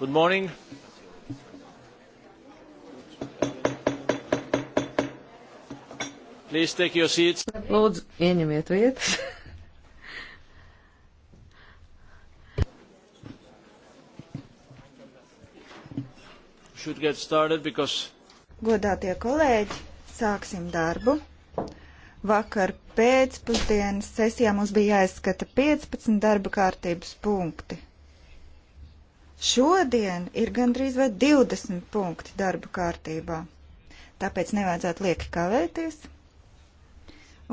Good morning. Please take your seats. Lūdzu, ieņemiet vietas. Should get started because... Godātie kolēģi, sāksim darbu. Vakar pēcpusdienas sesijā mums bija jāizskata 15 darba kārtības punkti Šodien ir gandrīz vai 20 punkti darba kārtībā, tāpēc nevajadzētu lieki kavēties.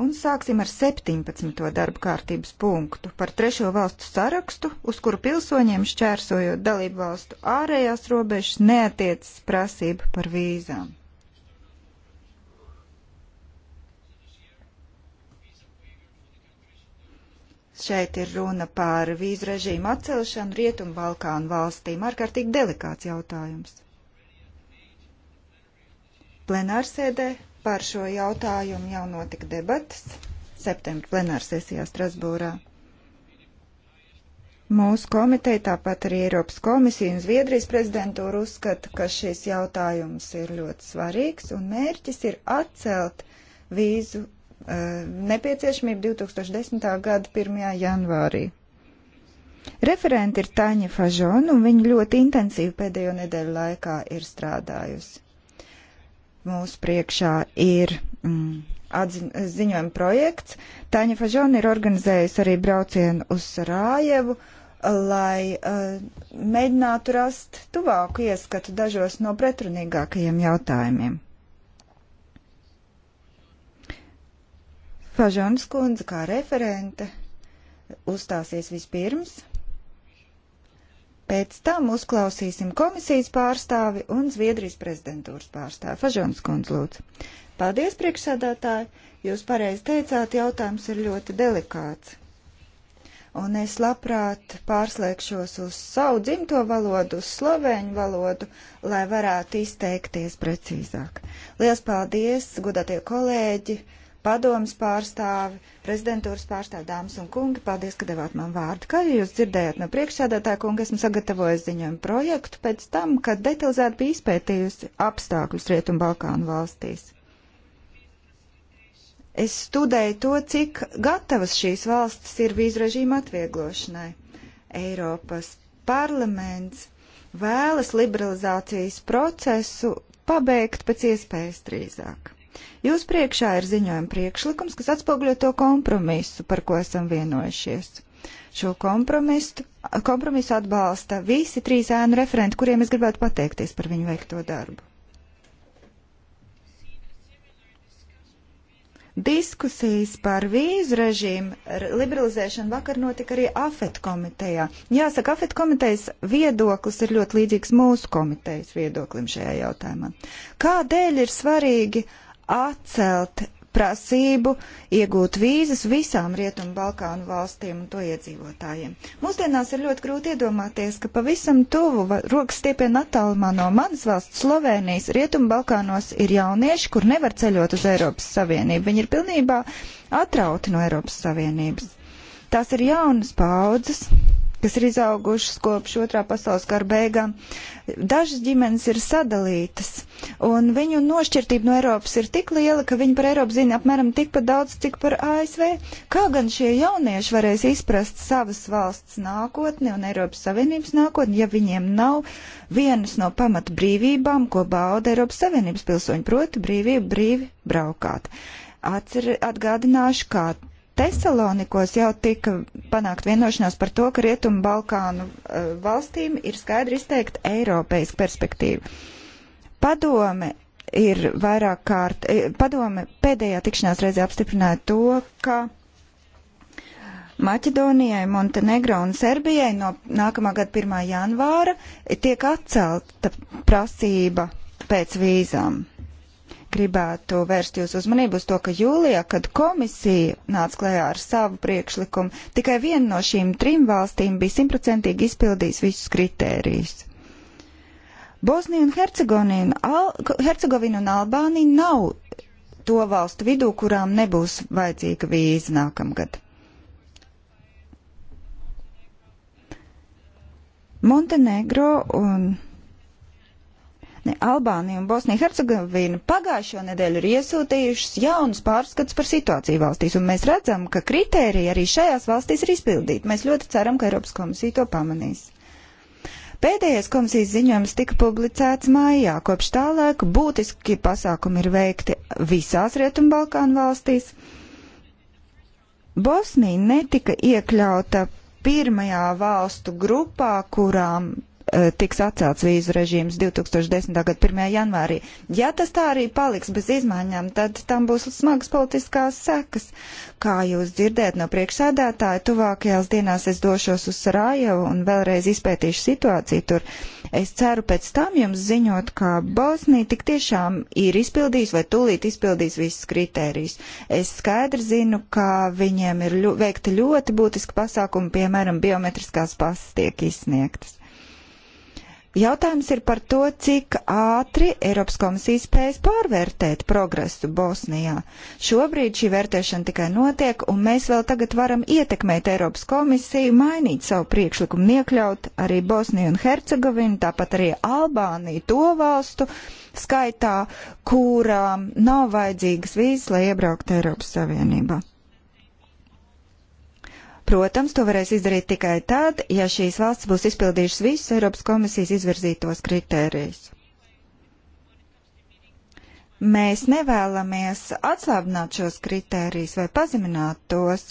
Un sāksim ar 17. darba kārtības punktu par trešo valstu sarakstu, uz kuru pilsoņiem šķērsojot dalību valstu ārējās robežas neatiecas prasība par vīzām. Šeit ir runa par vīzu režīmu atcelšanu Rietumu Balkānu valstīm. Ārkārtīgi delikāts jautājums. Plenārsēdē par šo jautājumu jau notika debatas septembra plenārsesijā Strasbūrā. Mūsu komiteja, tāpat arī Eiropas komisija un Zviedrijas prezidentūra uzskata, ka šis jautājums ir ļoti svarīgs un mērķis ir atcelt vīzu Eh, nepieciešamību 2010. gada 1. janvārī. Referenti ir Tāņa Fažona, un viņa ļoti intensīvi pēdējo nedēļu laikā ir strādājusi. Mūsu priekšā ir mm, ziņojuma projekts. Tāņa Fažona ir organizējusi arī braucienu uz Sarājevu, lai uh, mēģinātu rast tuvāku ieskatu dažos no pretrunīgākajiem jautājumiem. Pažons kundze kā referente uzstāsies vispirms. Pēc tam uzklausīsim komisijas pārstāvi un Zviedrijas prezidentūras pārstāvi. Fažons kundze, lūdzu. Paldies, priekšsādātāji. Jūs pareizi teicāt, jautājums ir ļoti delikāts. Un es labprāt pārslēgšos uz savu dzimto valodu, uz slovēņu valodu, lai varētu izteikties precīzāk. Lielas paldies, godātie kolēģi! padomas pārstāvi, prezidentūras pārstāvi, dāmas un kungi, paldies, ka devāt man vārdu. Kā jūs dzirdējāt no priekšsēdētāja kunga, esmu sagatavojis ziņojumu projektu pēc tam, kad detalizēti bija izpētījusi apstākļus Rietumu Balkānu valstīs. Es studēju to, cik gatavas šīs valstis ir vīzu režīmu atvieglošanai. Eiropas parlaments vēlas liberalizācijas procesu pabeigt pēc iespējas drīzāk. Jūs priekšā ir ziņojuma priekšlikums, kas atspoguļo to kompromisu, par ko esam vienojušies. Šo kompromisu, kompromisu atbalsta visi trīs ēnu referenti, kuriem es gribētu pateikties par viņu veikto darbu. Diskusijas par vīzu režīmu liberalizēšanu vakar notika arī AFET komitejā. Jāsaka, AFET komitejas viedoklis ir ļoti līdzīgs mūsu komitejas viedoklim šajā jautājumā. Kādēļ ir svarīgi uh, atcelt prasību iegūt vīzas visām Rietumu Balkānu valstīm un to iedzīvotājiem. Mūsdienās ir ļoti grūti iedomāties, ka pavisam tuvu rokas stiepienu attālumā no manas valsts Slovenijas Rietumu Balkānos ir jaunieši, kur nevar ceļot uz Eiropas Savienību. Viņi ir pilnībā atrauti no Eiropas Savienības. Tās ir jaunas paudzes, kas ir izaugušas kopš otrā pasaules kara beigām. Dažas ģimenes ir sadalītas, un viņu nošķirtība no Eiropas ir tik liela, ka viņi par Eiropu zina apmēram tikpat daudz, cik par ASV. Kā gan šie jaunieši varēs izprast savas valsts nākotni un Eiropas Savienības nākotni, ja viņiem nav vienas no pamat brīvībām, ko bauda Eiropas Savienības pilsoņi, proti brīvību brīvi braukāt? Atcer, atgādināšu, kā Tesalonikos jau tika panākt vienošanās par to, ka Rietumu Balkānu uh, valstīm ir skaidri izteikta Eiropeiska perspektīva. Padome ir vairāk kārt, eh, padome pēdējā tikšanās reizē apstiprināja to, ka Maķedonijai, Montenegro un Serbijai no nākamā gada 1. janvāra tiek atcelta prasība pēc vīzām gribētu vērst jūsu uzmanību uz to, ka jūlijā, kad komisija nāca klajā ar savu priekšlikumu, tikai viena no šīm trim valstīm bija simtprocentīgi izpildījis visus kritērijus. Bosnija un Hercegovina, Al Hercegovina un Albānija nav to valstu vidū, kurām nebūs vajadzīga vīza nākamgad. Montenegro un nākotni. Albānija un Bosnija-Hercegovina pagājušo nedēļu ir iesūtījušas jaunus pārskats par situāciju valstīs, un mēs redzam, ka kritērija arī šajās valstīs ir izpildīta. Mēs ļoti ceram, ka Eiropas komisija to pamanīs. Pēdējais komisijas ziņojums tika publicēts mājā. Kopš tā laika būtiski pasākumi ir veikti visās Rietumbalkānu valstīs. Bosnija netika iekļauta pirmajā valstu grupā, kurām Eh, tiks atcelts vīzu režīms 2010. gada 1. janvārī. Ja tas tā arī paliks bez izmaiņām, tad tam būs smagas politiskās sekas. Kā jūs dzirdēt no priekšsēdētāja, tuvākajās dienās es došos uz Sarajevu un vēlreiz izpētīšu situāciju tur. Es ceru pēc tam jums ziņot, ka Bosnija tik tiešām ir izpildījusi vai tūlīt izpildīs visus kritērijus. Es skaidri zinu, ka viņiem ir ļu, veikta ļoti būtiska pasākuma, piemēram, biometriskās pasas tiek izsniegtas. Jautājums ir par to, cik ātri Eiropas komisija spējas pārvērtēt progresu Bosnijā. Šobrīd šī vērtēšana tikai notiek, un mēs vēl tagad varam ietekmēt Eiropas komisiju, mainīt savu priekšlikumu, iekļaut arī Bosniju un Hercegovinu, tāpat arī Albāniju, to valstu skaitā, kurām nav vajadzīgas vīzes, lai iebrauktu Eiropas Savienībā. Protams, to varēs izdarīt tikai tad, ja šīs valstis būs izpildījušas visus Eiropas komisijas izvirzītos kritērijus. Mēs nevēlamies atslābināt šos kritērijus vai pazemināt tos.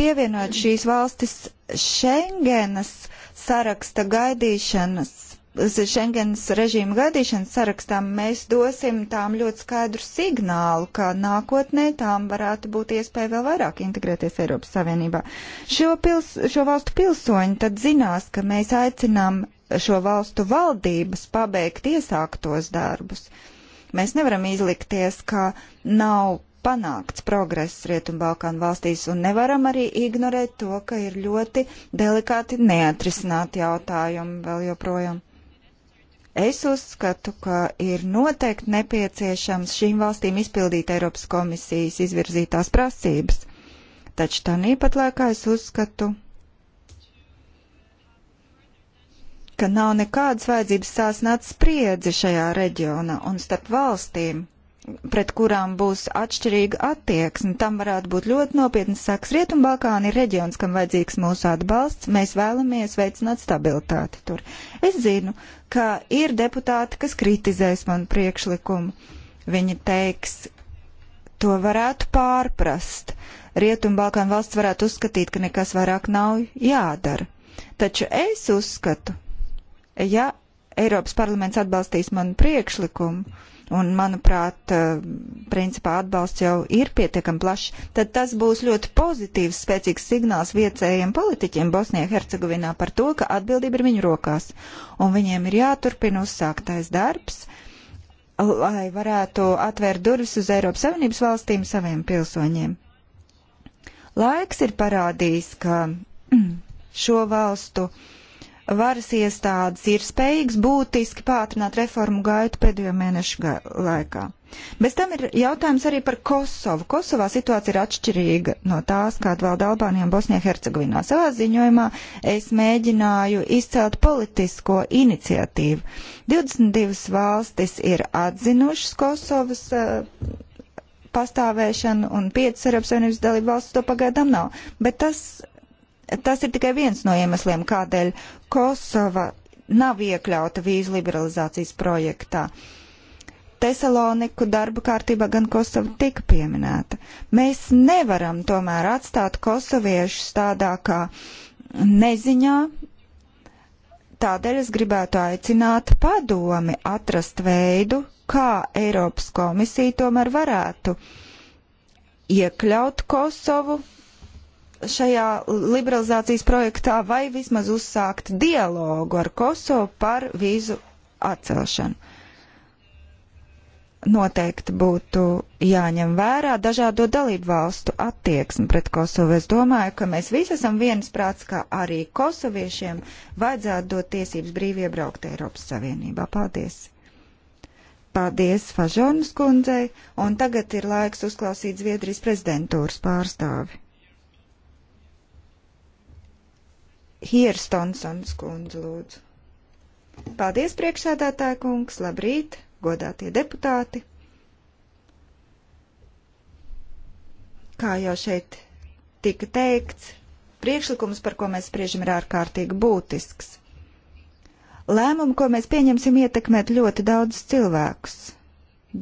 Pievienot šīs valstis Schengenas saraksta gaidīšanas Schengens režīmu gaidīšanas sarakstam mēs dosim tām ļoti skaidru signālu, ka nākotnē tām varētu būt iespēja vēl vairāk integrēties Eiropas Savienībā. Šo, pils, šo valstu pilsoņi tad zinās, ka mēs aicinām šo valstu valdības pabeigt iesāktos darbus. Mēs nevaram izlikties, ka nav panākts progress Rietumbalkānu valstīs, un nevaram arī ignorēt to, ka ir ļoti delikāti neatrisināti jautājumi vēl joprojām. Es uzskatu, ka ir noteikti nepieciešams šīm valstīm izpildīt Eiropas komisijas izvirzītās prasības. Taču tā nīpat laikā es uzskatu, ka nav nekādas vajadzības sāsnāt spriedzi šajā reģionā un starp valstīm pret kurām būs atšķirīga attieksme. Tam varētu būt ļoti nopietnas saks. Rietumbalkāni ir reģions, kam vajadzīgs mūsu atbalsts. Mēs vēlamies veicināt stabilitāti tur. Es zinu, ka ir deputāti, kas kritizēs manu priekšlikumu. Viņi teiks, to varētu pārprast. Rietumbalkānu valsts varētu uzskatīt, ka nekas vairāk nav jādara. Taču es uzskatu, ja Eiropas parlaments atbalstīs manu priekšlikumu, un, manuprāt, eh, principā atbalsts jau ir pietiekami plašs, tad tas būs ļoti pozitīvs, spēcīgs signāls vietējiem politiķiem Bosnijā Hercegovinā par to, ka atbildība ir viņu rokās, un viņiem ir jāturpina uzsāktais darbs, lai varētu atvērt durvis uz Eiropas Savienības valstīm saviem pilsoņiem. Laiks ir parādījis, ka šo valstu uh, varas iestādes ir spējīgas būtiski pātrināt reformu gaitu pēdējo mēnešu gai laikā. Bez tam ir jautājums arī par Kosovu. Kosovā situācija ir atšķirīga no tās, kāda valda Albānijā un Bosnijā-Hercegovinā. Savā ziņojumā es mēģināju izcelt politisko iniciatīvu. 22 valstis ir atzinušas Kosovas uh, pastāvēšanu un 5 Eiropas Savienības dalību valsts to pagaidām nav. Bet tas Tas ir tikai viens no iemesliem, kādēļ Kosova nav iekļauta vīzu liberalizācijas projektā. Tesaloniku darba kārtībā gan Kosova tika pieminēta. Mēs nevaram tomēr atstāt kosoviešus tādā kā neziņā. Tādēļ es gribētu aicināt padomi atrast veidu, kā Eiropas komisija tomēr varētu iekļaut Kosovu šajā liberalizācijas projektā vai vismaz uzsākt dialogu ar Kosovu par vīzu atcelšanu. Noteikti būtu jāņem vērā dažādo dalību valstu attieksmi pret Kosovu. Es domāju, ka mēs visi esam viensprāts, ka arī kosoviešiem vajadzētu dot tiesības brīvi iebraukt Eiropas Savienībā. Paldies! Paldies Fažonas kundzei, un tagad ir laiks uzklausīt Zviedrijas prezidentūras pārstāvi. Hierstonsons kundze lūdzu. Paldies, priekšsēdētāja kungs, labrīt, godātie deputāti. Kā jau šeit tika teikts, priekšlikums, par ko mēs spriežam, ir ārkārtīgi būtisks. Lēmumu, ko mēs pieņemsim, ietekmēt ļoti daudz cilvēkus.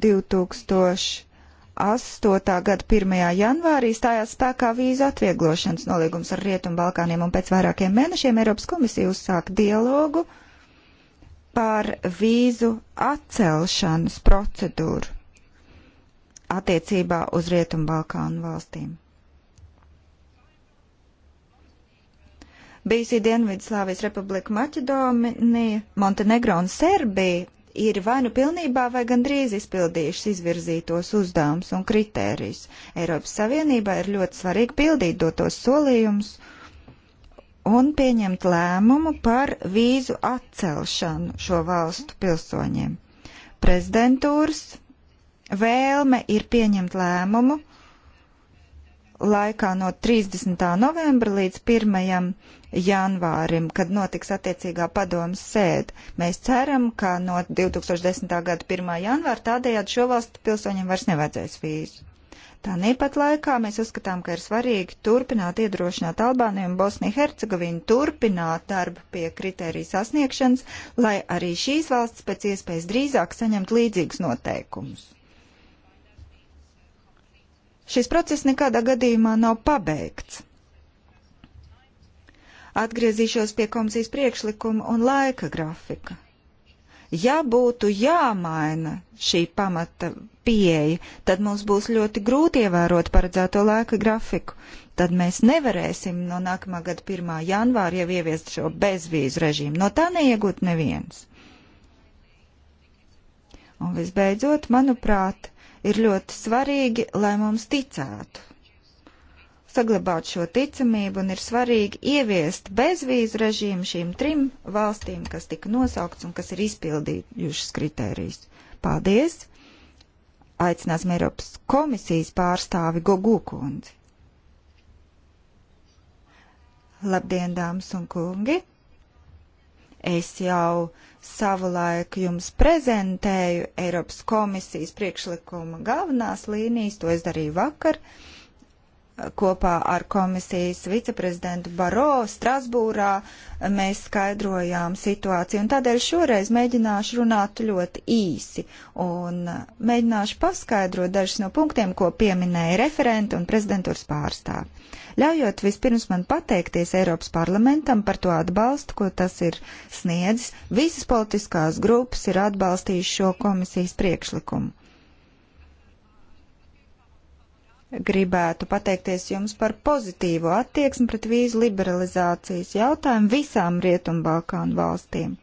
2000. 2008. gada 1. janvārī stājās spēkā vīzu atvieglošanas nolīgums ar Rietumu Balkāniem, un pēc vairākiem mēnešiem Eiropas komisija uzsāka dialogu par vīzu atcelšanas procedūru attiecībā uz Rietumu Balkānu valstīm. Bijusi Dienvidslāvijas Republika Maķedonija, Montenegro un Serbija ir vai nu pilnībā vai gandrīz izpildījušas izvirzītos uzdevumus un kritērijus. Eiropas Savienībā ir ļoti svarīgi pildīt dotos solījumus un pieņemt lēmumu par vīzu atcelšanu šo valstu pilsoņiem. Prezidentūras vēlme ir pieņemt lēmumu laikā no 30. novembra līdz 1 janvārim, kad notiks attiecīgā padomas sēde. Mēs ceram, ka no 2010. gada 1. janvāra tādējādi šo valstu pilsoņiem vairs nevajadzēs vīzu. Tāpat laikā mēs uzskatām, ka ir svarīgi turpināt iedrošināt Albāniju un Bosniju Hercegovinu turpināt darbu pie kritēriju sasniegšanas, lai arī šīs valsts pēc iespējas drīzāk saņemtu līdzīgus noteikumus. Šis process nekādā gadījumā nav pabeigts. Atgriezīšos pie komisijas priekšlikuma un laika grafika. Ja būtu jāmaina šī pamata pieeja, tad mums būs ļoti grūti ievērot paredzēto laika grafiku. Tad mēs nevarēsim no nākamā gada 1. janvāra jau ieviest šo bezvīzu režīmu. No tā neiegūt neviens. Un visbeidzot, manuprāt, ir ļoti svarīgi, lai mums ticētu saglabāt šo ticamību un ir svarīgi ieviest bezvīzu režīmu šīm trim valstīm, kas tika nosaukts un kas ir izpildījušas kritērijas. Paldies! Aicināsim Eiropas komisijas pārstāvi Gogu kundzi. Labdien, dāmas un kungi! Es jau savu laiku jums prezentēju Eiropas komisijas priekšlikuma galvenās līnijas, to es darīju vakar. Uh, kopā ar komisijas viceprezidentu Baro Strasbūrā mēs skaidrojām situāciju, un tādēļ šoreiz mēģināšu runāt ļoti īsi un mēģināšu paskaidrot dažus no punktiem, ko pieminēja referenti un prezidentūras pārstāvi. Ļaujot vispirms man pateikties Eiropas parlamentam par to atbalstu, ko tas ir sniedzis, visas politiskās grupas ir atbalstījušas šo komisijas priekšlikumu. gribētu pateikties jums par pozitīvo attieksmi pret vīzu liberalizācijas jautājumu visām Rietumbalkānu valstīm.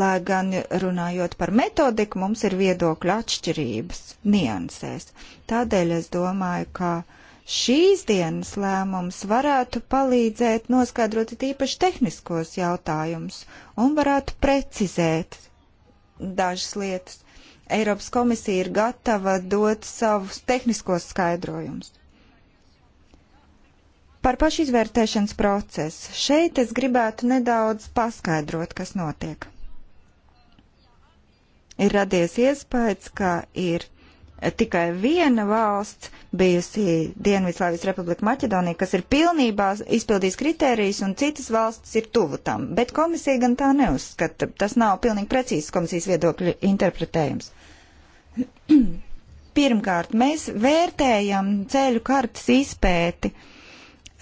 Lai gan runājot par metodiku, mums ir viedokļu atšķirības niansēs. Tādēļ es domāju, ka šīs dienas lēmums varētu palīdzēt noskaidrot tīpaši tehniskos jautājumus un varētu precizēt dažas lietas Eiropas komisija ir gatava dot savus tehniskos skaidrojumus. Par pašizvērtēšanas procesu. Šeit es gribētu nedaudz paskaidrot, kas notiek. Ir radies iespējas, ka ir tikai viena valsts, bijusi Dienvidslāvijas Republika Maķedonija, kas ir pilnībā izpildījis kritērijus, un citas valstis ir tuvu tam. Bet komisija gan tā neuzskata. Tas nav pilnīgi precīzs komisijas viedokļa interpretējums. Pirmkārt, mēs vērtējam ceļu kartas izpēti,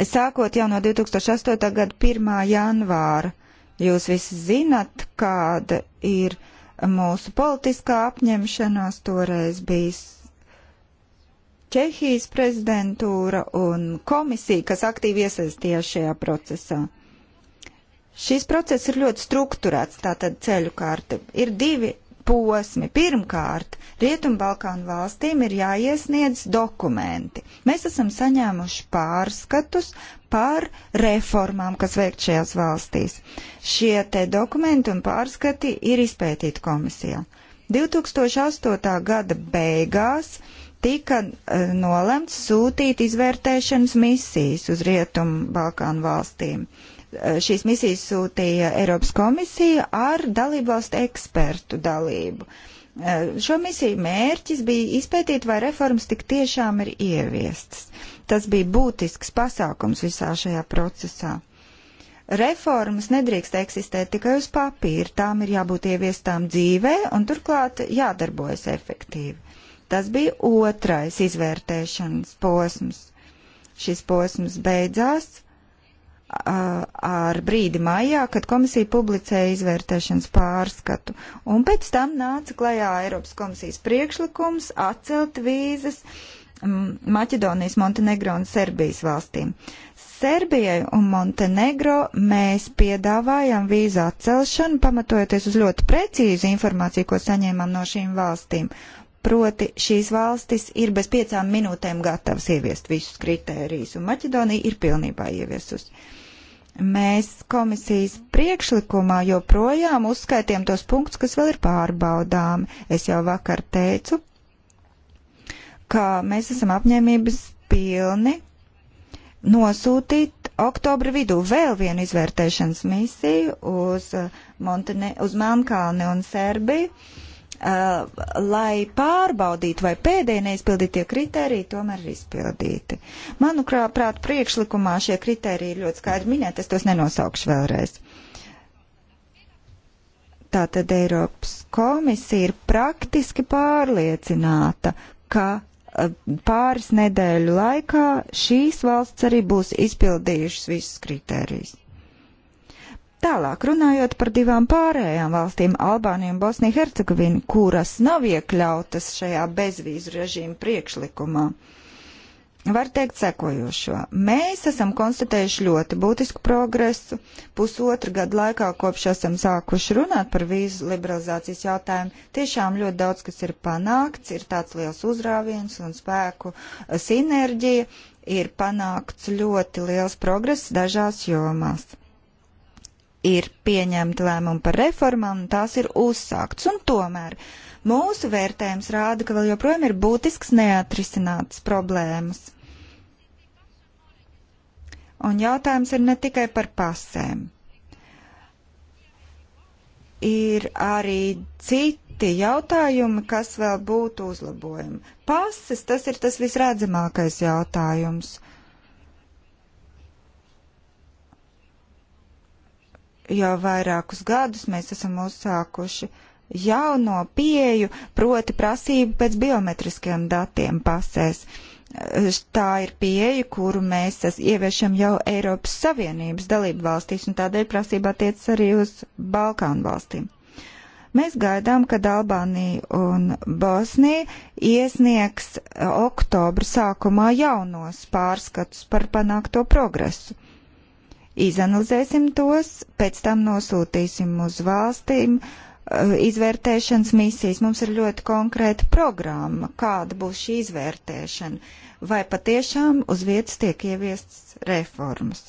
sākot jau no 2008. gada 1. janvāra. Jūs visi zinat, kāda ir mūsu politiskā apņemšanās toreiz bijis Čehijas prezidentūra un komisija, kas aktīvi iesaistījās šajā procesā. Šis process ir ļoti strukturēts, tātad ceļu kārta. Ir divi posmi. Pirmkārt, Rietumbalkānu valstīm ir jāiesniedz dokumenti. Mēs esam saņēmuši pārskatus par reformām, kas veikt šajās valstīs. Šie te dokumenti un pārskati ir izpētīti komisijā. 2008. gada beigās tika uh, nolemts sūtīt izvērtēšanas misijas uz Rietumu Balkānu valstīm. Uh, Eh, šīs misijas sūtīja Eiropas komisija ar dalībvalstu ekspertu dalību. Eh, šo misiju mērķis bija izpētīt, vai reformas tik tiešām ir ieviestas. Tas bija būtisks pasākums visā šajā procesā. Reformas nedrīkst eksistēt tikai uz papīra, tām ir jābūt ieviestām dzīvē un turklāt jādarbojas efektīvi. Tas bija otrais izvērtēšanas posms. Šis posms beidzās ar brīdi maijā, kad komisija publicēja izvērtēšanas pārskatu. Un pēc tam nāca klajā Eiropas komisijas priekšlikums atcelt vīzas mm, Maķedonijas, Montenegro un Serbijas valstīm. Serbijai un Montenegro mēs piedāvājam vīzu atcelšanu, pamatojoties uz ļoti precīzu informāciju, ko saņēmām no šīm valstīm. Proti šīs valstis ir bez piecām minūtēm gatavas ieviest visus kritērijus, un Maķedonija ir pilnībā ieviesusi. Uh, Mēs komisijas priekšlikumā joprojām uzskaitījām tos punktus, kas vēl ir pārbaudāmi. Es jau vakar teicu, ka mēs esam apņēmības pilni nosūtīt oktobra vidū vēl vienu izvērtēšanas misiju uz, Montene uz Melnkalni un Serbiju Uh, lai pārbaudītu, vai pēdējie neizpildītie kriteriji tomēr ir izpildīti. Manuprāt, priekšlikumā šie kriteriji ir ļoti skaidri minēti, es tos nenosaukšu vēlreiz. Tātad Eiropas komisija ir praktiski pārliecināta, ka uh, pāris nedēļu laikā šīs valsts arī būs izpildījušas visus kritērijus. Tālāk runājot par divām pārējām valstīm, Albāniju un Bosniju Hercegovinu, kuras nav iekļautas šajā bezvīzu režīmu priekšlikumā. Var teikt sekojošo. Mēs esam konstatējuši ļoti būtisku progresu. Pusotru gadu laikā, kopš esam sākuši runāt par vīzu liberalizācijas jautājumu, tiešām ļoti daudz, kas ir panākts, ir tāds liels uzrāviens un spēku sinerģija, ir panākts ļoti liels progress dažās jomās ir pieņemti lēmumi par reformām, un tās ir uzsākts. Un tomēr mūsu vērtējums rāda, ka vēl joprojām ir būtisks neatrisināts problēmas. Un jautājums ir ne tikai par pasēm. Ir arī citi jautājumi, kas vēl būtu uzlabojumi. Pases, tas ir tas visredzamākais jautājums. Uh, Jau vairākus gadus mēs esam uzsākuši jauno pieju, proti prasību pēc biometriskiem datiem pasēs. Tā ir pieeja, kuru mēs ieviešam jau Eiropas Savienības dalību valstīs, un tādēļ prasība attiecas arī uz Balkānu valstīm. Mēs gaidām, kad Albānija un Bosnija iesniegs eh, oktobra sākumā jaunos pārskatus par panākto progresu. Izanalizēsim tos, pēc tam nosūtīsim uz valstīm uh, izvērtēšanas misijas. Mums ir ļoti konkrēta programma, kāda būs šī izvērtēšana, vai patiešām uz vietas tiek ieviestas reformas.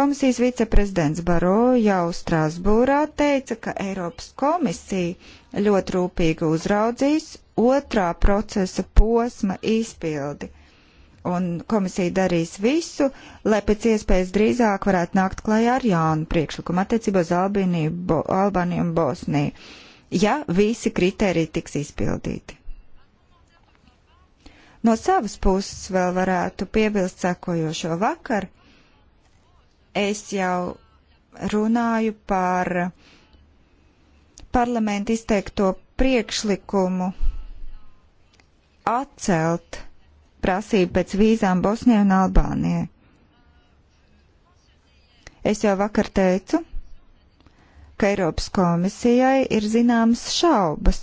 Komisijas viceprezidents Baro jau Strasbūrā teica, ka Eiropas komisija ļoti rūpīgi uzraudzīs otrā procesa posma izpildi un komisija darīs visu, lai pēc iespējas drīzāk varētu nākt klajā ar jaunu priekšlikumu attiecībā uz Albāniju, Bo, Albāniju un Bosniju, ja visi kriteriji tiks izpildīti. No savas puses vēl varētu piebilst sekojošo vakar. Es jau runāju par parlamentu izteikto priekšlikumu atcelt prasību pēc vīzām Bosnijai un Albānijai. Es jau vakar teicu, ka Eiropas komisijai ir zināmas šaubas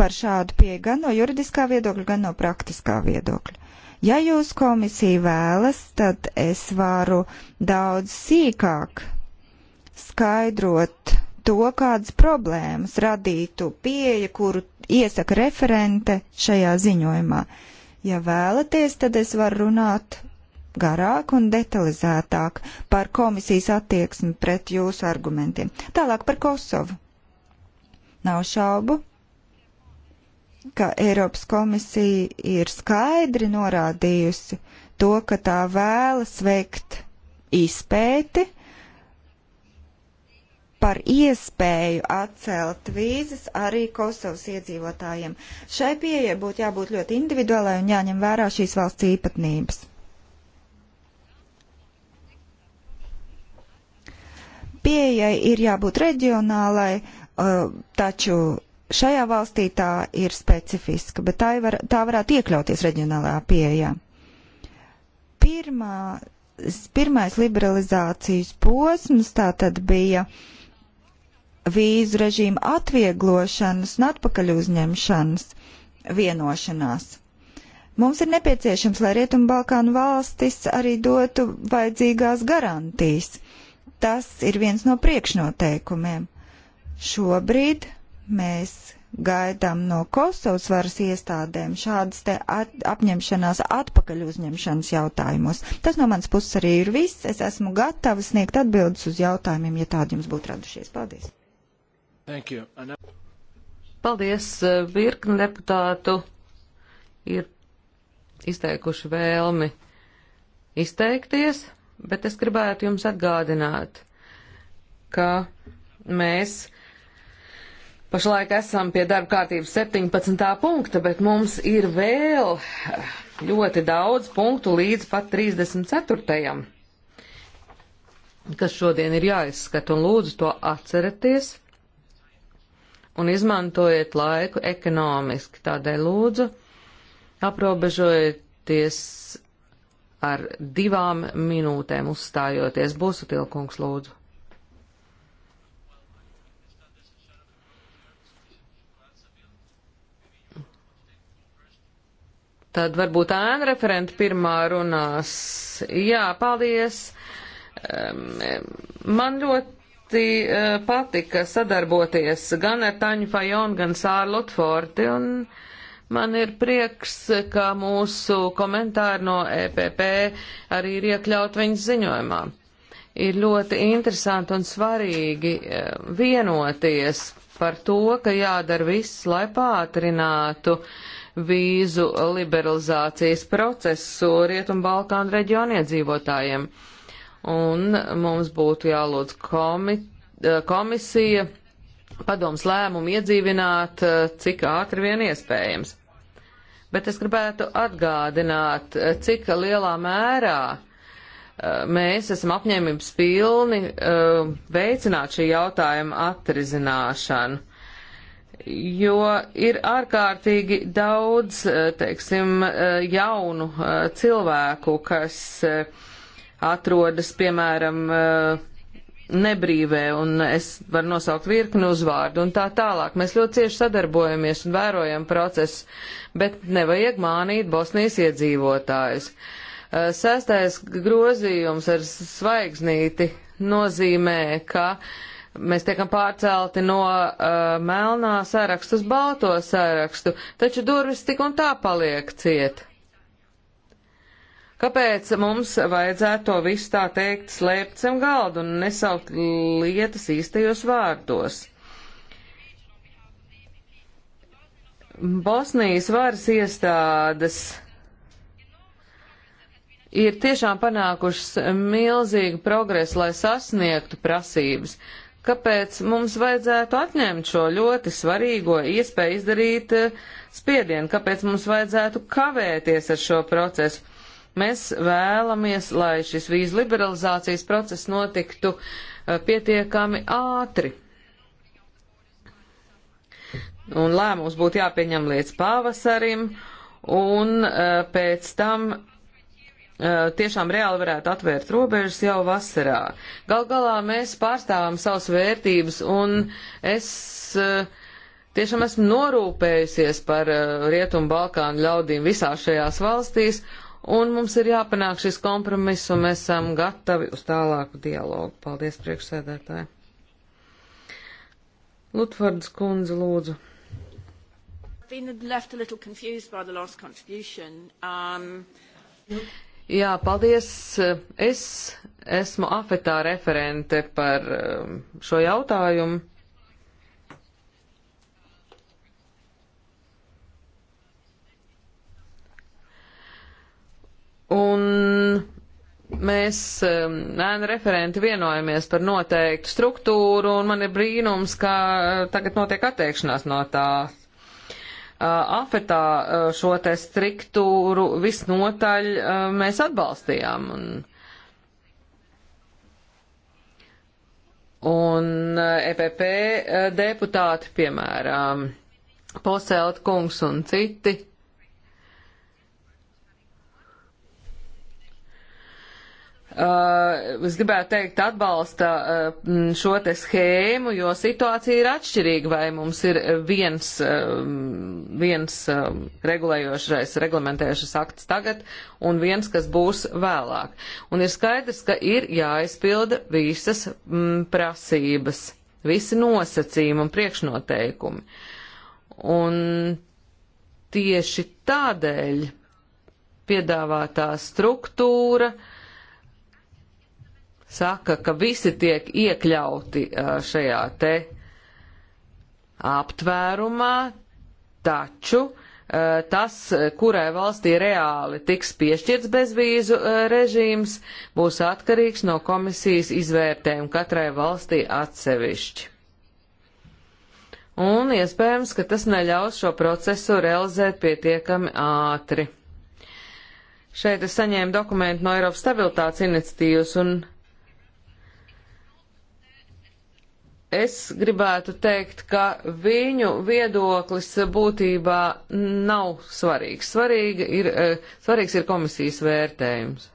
par šādu pieeju gan no juridiskā viedokļa, gan no praktiskā viedokļa. Ja jūs komisiju vēlas, tad es varu daudz sīkāk skaidrot to, kādas problēmas radītu pieeja, kuru iesaka referente šajā ziņojumā. Uh, Ja vēlaties, tad es varu runāt garāk un detalizētāk par komisijas attieksmi pret jūsu argumentiem. Tālāk par Kosovu. Nav šaubu, ka Eiropas komisija ir skaidri norādījusi to, ka tā vēlas veikt izpēti par iespēju atcelt vīzas arī Kosovas iedzīvotājiem. Šai pieeja būtu jābūt ļoti individuālai un jāņem vērā šīs valsts īpatnības. Pieejai ir jābūt reģionālai, uh, taču šajā valstī tā ir specifiska, bet tā, var, tā varētu iekļauties reģionālajā pieejā. Pirmā, pirmais liberalizācijas posms tā tad bija uh, vīzu režīmu atvieglošanas un atpakaļ uzņemšanas vienošanās. Mums ir nepieciešams, lai Rietumbalkānu valstis arī dotu vajadzīgās garantijas. Tas ir viens no priekšnoteikumiem. Šobrīd mēs gaidām no Kosovas varas iestādēm šādas te at apņemšanās atpakaļ uzņemšanas jautājumos. Tas no manas puses arī ir viss. Es esmu gatava sniegt atbildes uz jautājumiem, ja tādi jums būtu radušies. Paldies! Paldies, eh, virkni deputātu ir izteikuši vēlmi izteikties, bet es gribētu jums atgādināt, ka mēs pašlaik esam pie darba kārtības 17. punkta, bet mums ir vēl ļoti daudz punktu līdz pat 34. kas šodien ir jāizskata, un lūdzu to atceraties un izmantojiet laiku ekonomiski. Tādēļ lūdzu aprobežojieties ar divām minūtēm uzstājoties. Būsu tilkungs lūdzu. Tad varbūt ēna referenta pirmā runās. Jā, paldies. Man ļoti ļoti uh, patika sadarboties gan ar Taņu Fajonu, gan Sāru Lutforti, un man ir prieks, ka mūsu komentāri no EPP arī ir iekļaut viņas ziņojumā. Ir ļoti interesanti un svarīgi uh, vienoties par to, ka jādara viss, lai pātrinātu vīzu liberalizācijas procesu Rietumbalkānu reģionu iedzīvotājiem. Uh, un mums būtu jālūdz komi, eh, komisija padoms lēmumu iedzīvināt, eh, cik ātri vien iespējams. Bet es gribētu atgādināt, eh, cik lielā mērā mēs esam apņēmības pilni veicināt šī jautājuma atrisināšanu jo ir ārkārtīgi daudz, teiksim, jaunu cilvēku, kas atrodas, piemēram, eh, nebrīvē, un es varu nosaukt virkni uzvārdu un tā tālāk. Mēs ļoti cieši sadarbojamies un vērojam procesu, bet nevajag mānīt Bosnijas iedzīvotājus. Eh, sestais grozījums ar svaigsnīti nozīmē, ka mēs tiekam pārcelti no uh, melnā sarakstu uz balto sarakstu, taču durvis tik un tā paliek ciet. Kāpēc mums vajadzētu to visu tā teikt slēpt zem galda un nesaukt lietas īstajos vārdos? Bosnijas varas iestādes ir tiešām panākušas milzīgu progresu, lai sasniegtu prasības. Kāpēc mums vajadzētu atņemt šo ļoti svarīgo iespēju izdarīt spiedienu? Kāpēc mums vajadzētu kavēties ar šo procesu? Mēs vēlamies, lai šis vīzu liberalizācijas process notiktu eh, pietiekami ātri. Un lēmums būtu jāpieņem līdz pavasarim, un eh, pēc tam eh, tiešām reāli varētu atvērt robežas jau vasarā. Gal galā mēs pārstāvam savas vērtības, un es tiešām esmu norūpējusies par Rietumu Balkānu ļaudīm visās šajās valstīs, Un mums ir jāpanāk šis kompromiss, un mēs esam gatavi uz tālāku dialogu. Paldies, priekšsēdētāji. Lutvards kundze, lūdzu. Um... Jā, paldies. Es esmu afetā referente par um, šo jautājumu. Un mēs um, ēnu referenti vienojamies par noteiktu struktūru, un man ir brīnums, ka uh, tagad notiek attiekšanās no tās. Uh, Afetā uh, šo te struktūru visnotaļ mēs atbalstījām. Un, un EPP deputāti, piemēram, Poselt kungs un citi Uh, es gribētu teikt, atbalsta uh, šo te schēmu, jo situācija ir atšķirīga, vai mums ir viens, um, viens um, regulējošais, reglamentējušas akts tagad un viens, kas būs vēlāk. Un ir skaidrs, ka ir jāizpilda visas prasības, visi nosacījumi un priekšnoteikumi. Un tieši tādēļ piedāvātā struktūra uh, saka, ka visi tiek iekļauti šajā te aptvērumā, taču tas, kurai valstī reāli tiks piešķirts bezvīzu režīms, būs atkarīgs no komisijas izvērtējuma katrai valstī atsevišķi. Un iespējams, ka tas neļaus šo procesu realizēt pietiekami ātri. Šeit es saņēmu dokumentu no Eiropas stabilitātes iniciatīvas un es gribētu teikt, ka viņu viedoklis būtībā nav svarīgs. Svarīga ir, e, svarīgs ir komisijas vērtējums.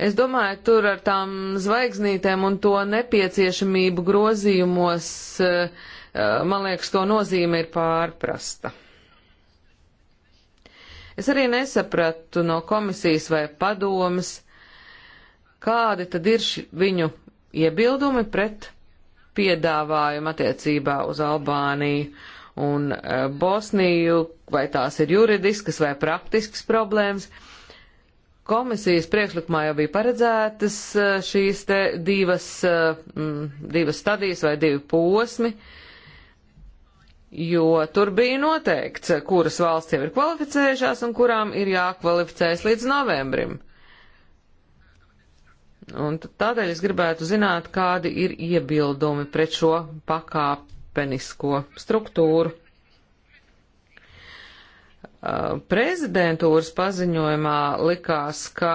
Es domāju, tur ar tām zvaigznītēm un to nepieciešamību grozījumos, e, e, man liekas, to nozīme ir pārprasta. Es arī nesapratu no komisijas vai padomas, kādi tad ir ši, viņu iebildumi pret piedāvājumu attiecībā uz Albāniju un e, Bosniju, vai tās ir juridiskas vai praktiskas problēmas. Komisijas priekšlikumā jau bija paredzētas e, šīs te divas, e, divas stadijas vai divi posmi, jo tur bija noteikts, kuras valsts jau ir kvalificējušās un kurām ir jākvalificējas līdz novembrim. Un tādēļ es gribētu zināt, kādi ir iebildumi pret šo pakāpenisko struktūru. Prezidentūras paziņojumā likās, ka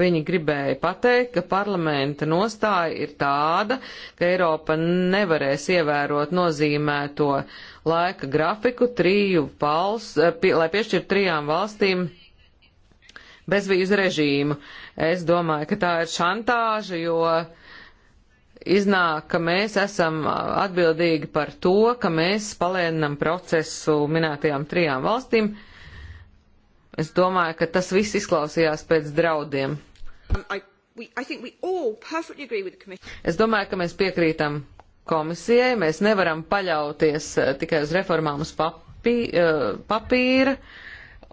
Viņi gribēja pateikt, ka parlamenta nostāja ir tāda, ka Eiropa nevarēs ievērot nozīmēto laika grafiku triju valsts, lai piešķirtu trijām valstīm bezvīzu režīmu. Es domāju, ka tā ir šantāža, jo iznāk, ka mēs esam atbildīgi par to, ka mēs palēninam procesu minētajām trijām valstīm. Es domāju, ka tas viss izklausījās pēc draudiem. Um, es domāju, ka mēs piekrītam komisijai, mēs nevaram paļauties uh, tikai uz reformām uz papī, uh, papīra. Uh,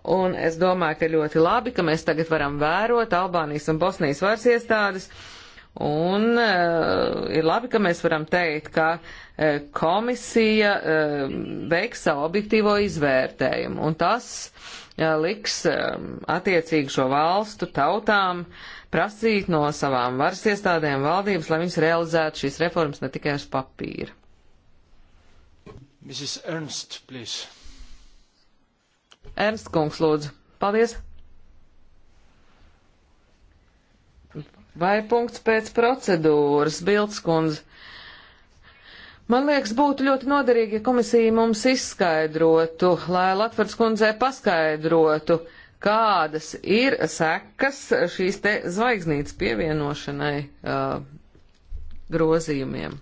Un es domāju, ka ļoti labi, ka mēs tagad varam vērot Albānijas un Bosnijas varas iestādes. Un uh, ir labi, ka mēs varam teikt, ka uh, komisija uh, veiks savu objektīvo izvērtējumu. Un tas uh, liks uh, attiecīgi šo valstu tautām prasīt no savām varas iestādēm valdības, lai viņas realizētu šīs reformas ne tikai uz papīra. Mrs. Ernst, please. Ernst Kungs, lūdzu. Paldies. Vai punkts pēc procedūras, Bilds kundze? Man liekas, būtu ļoti noderīgi, ja komisija mums izskaidrotu, lai Latvijas kundzē paskaidrotu, kādas ir sekas šīs te zvaigznītes pievienošanai uh, grozījumiem.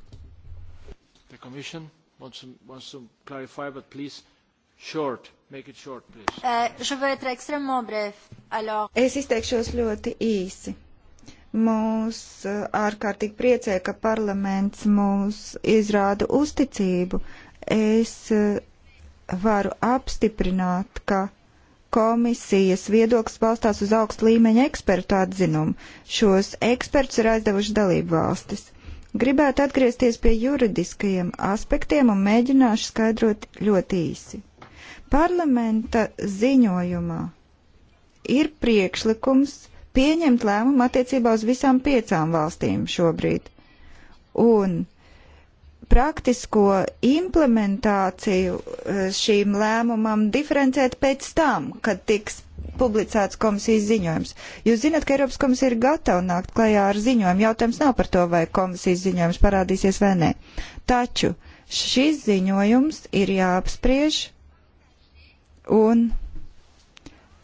Wants to, wants to clarify, Short. Make it short, please. Uh, Alors... Es izteikšos ļoti īsi. Mūs ārkārtīgi priecē, ka parlaments mūs izrāda uzticību. Es varu apstiprināt, ka komisijas viedoklis balstās uz augstu līmeņa ekspertu atzinumu. Šos ekspertus ir aizdevuši dalību valstis. Gribētu atgriezties pie juridiskajiem aspektiem un mēģināšu skaidrot ļoti īsi. Parlamenta ziņojumā ir priekšlikums pieņemt lēmumu attiecībā uz visām piecām valstīm šobrīd. Un praktisko implementāciju eh, šīm lēmumam diferencēt pēc tam, kad tiks publicēts komisijas ziņojums. Jūs zināt, ka Eiropas komisija ir gatava nākt klajā ar ziņojumu. Jautājums nav par to, vai komisijas ziņojums parādīsies vai nē. Taču šis ziņojums ir jāapspriež un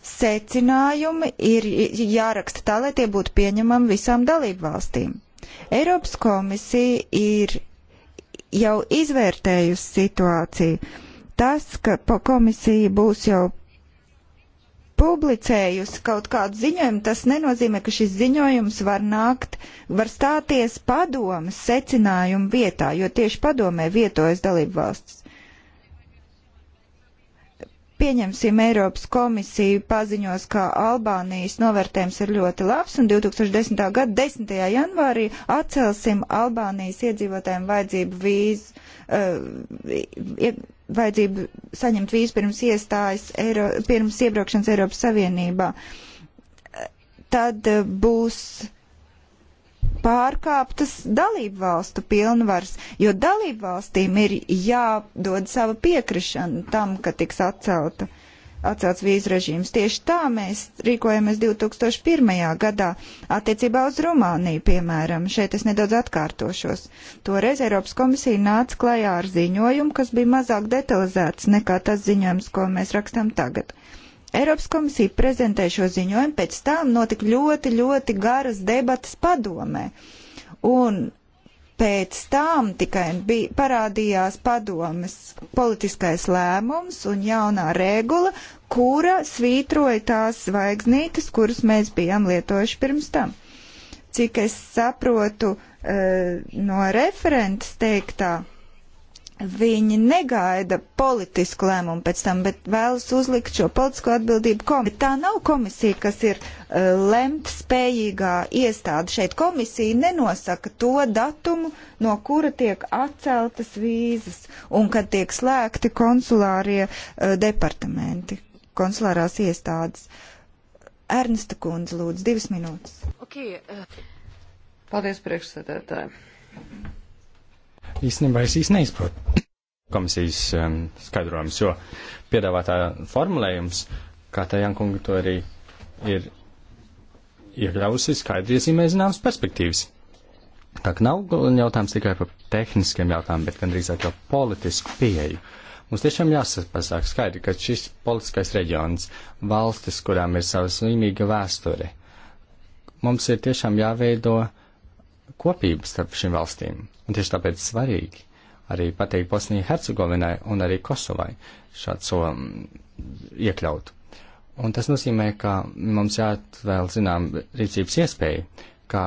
secinājumi ir jāraksta tā, lai tie būtu pieņemami visām dalību valstīm. Eiropas komisija ir jau izvērtējusi situāciju. Tas, ka komisija būs jau publicējusi kaut kādu ziņojumu, tas nenozīmē, ka šis ziņojums var nākt, var stāties padomas secinājumu vietā, jo tieši padomē vietojas dalību valsts. Pieņemsim, Eiropas komisija paziņos, ka Albānijas novērtējums ir ļoti labs, un 2010. gada 10. janvārī atcelsim Albānijas iedzīvotājiem vajadzību vīzu, uh, vajadzību saņemt vīzu pirms iestājas, Eiro, pirms iebraukšanas Eiropas Savienībā. Tad uh, būs pārkāptas dalību valstu pilnvars, jo dalību valstīm ir jādod sava piekrišana tam, ka tiks atcelta, atcelts vīzu režīms. Tieši tā mēs rīkojamies 2001. gadā attiecībā uz Rumāniju, piemēram. Šeit es nedaudz atkārtošos. Toreiz Eiropas komisija nāca klajā ar ziņojumu, kas bija mazāk detalizēts nekā tas ziņojums, ko mēs rakstam tagad. Eiropas komisija prezentēja šo ziņojumu, pēc tam notika ļoti, ļoti garas debatas padomē. Un pēc tam tikai bija parādījās padomes politiskais lēmums un jaunā regula, kura svītroja tās zvaigznītes, kuras mēs bijām lietojuši pirms tam. Cik es saprotu eh, no referentes teiktā, Viņi negaida politisku lēmumu pēc tam, bet vēlas uzlikt šo politisko atbildību komisiju. Tā nav komisija, kas ir uh, lemt spējīgā iestāde. Šeit komisija nenosaka to datumu, no kura tiek atceltas vīzas un kad tiek slēgti konsulārie uh, e, departamenti, konsulārās iestādes. Ernesta kundze, lūdzu, divas minūtes. Okay. E. Paldies, priekšsēdētāji īstenībā es īsti neizprotu komisijas um, skaidrojums, jo piedāvātā formulējums, kā tā Jankunga to arī ir iekļausi, skaidri iezīmē zināmas perspektīvas. Tā kā nav jautājums tikai par tehniskiem jautājumiem, bet gan drīzāk jau politisku pieeju. Mums tiešām jāsapazāk skaidri, ka šis politiskais reģions, valstis, kurām ir savas līmīga vēsture, mums ir tiešām jāveido uh, kopību starp šīm valstīm. Un tieši tāpēc svarīgi arī pateikt Bosnijai, Hercegovinai un arī Kosovai šādu so iekļaut. Un tas nozīmē, ka mums jāatvēl zinām rīcības iespēju, ka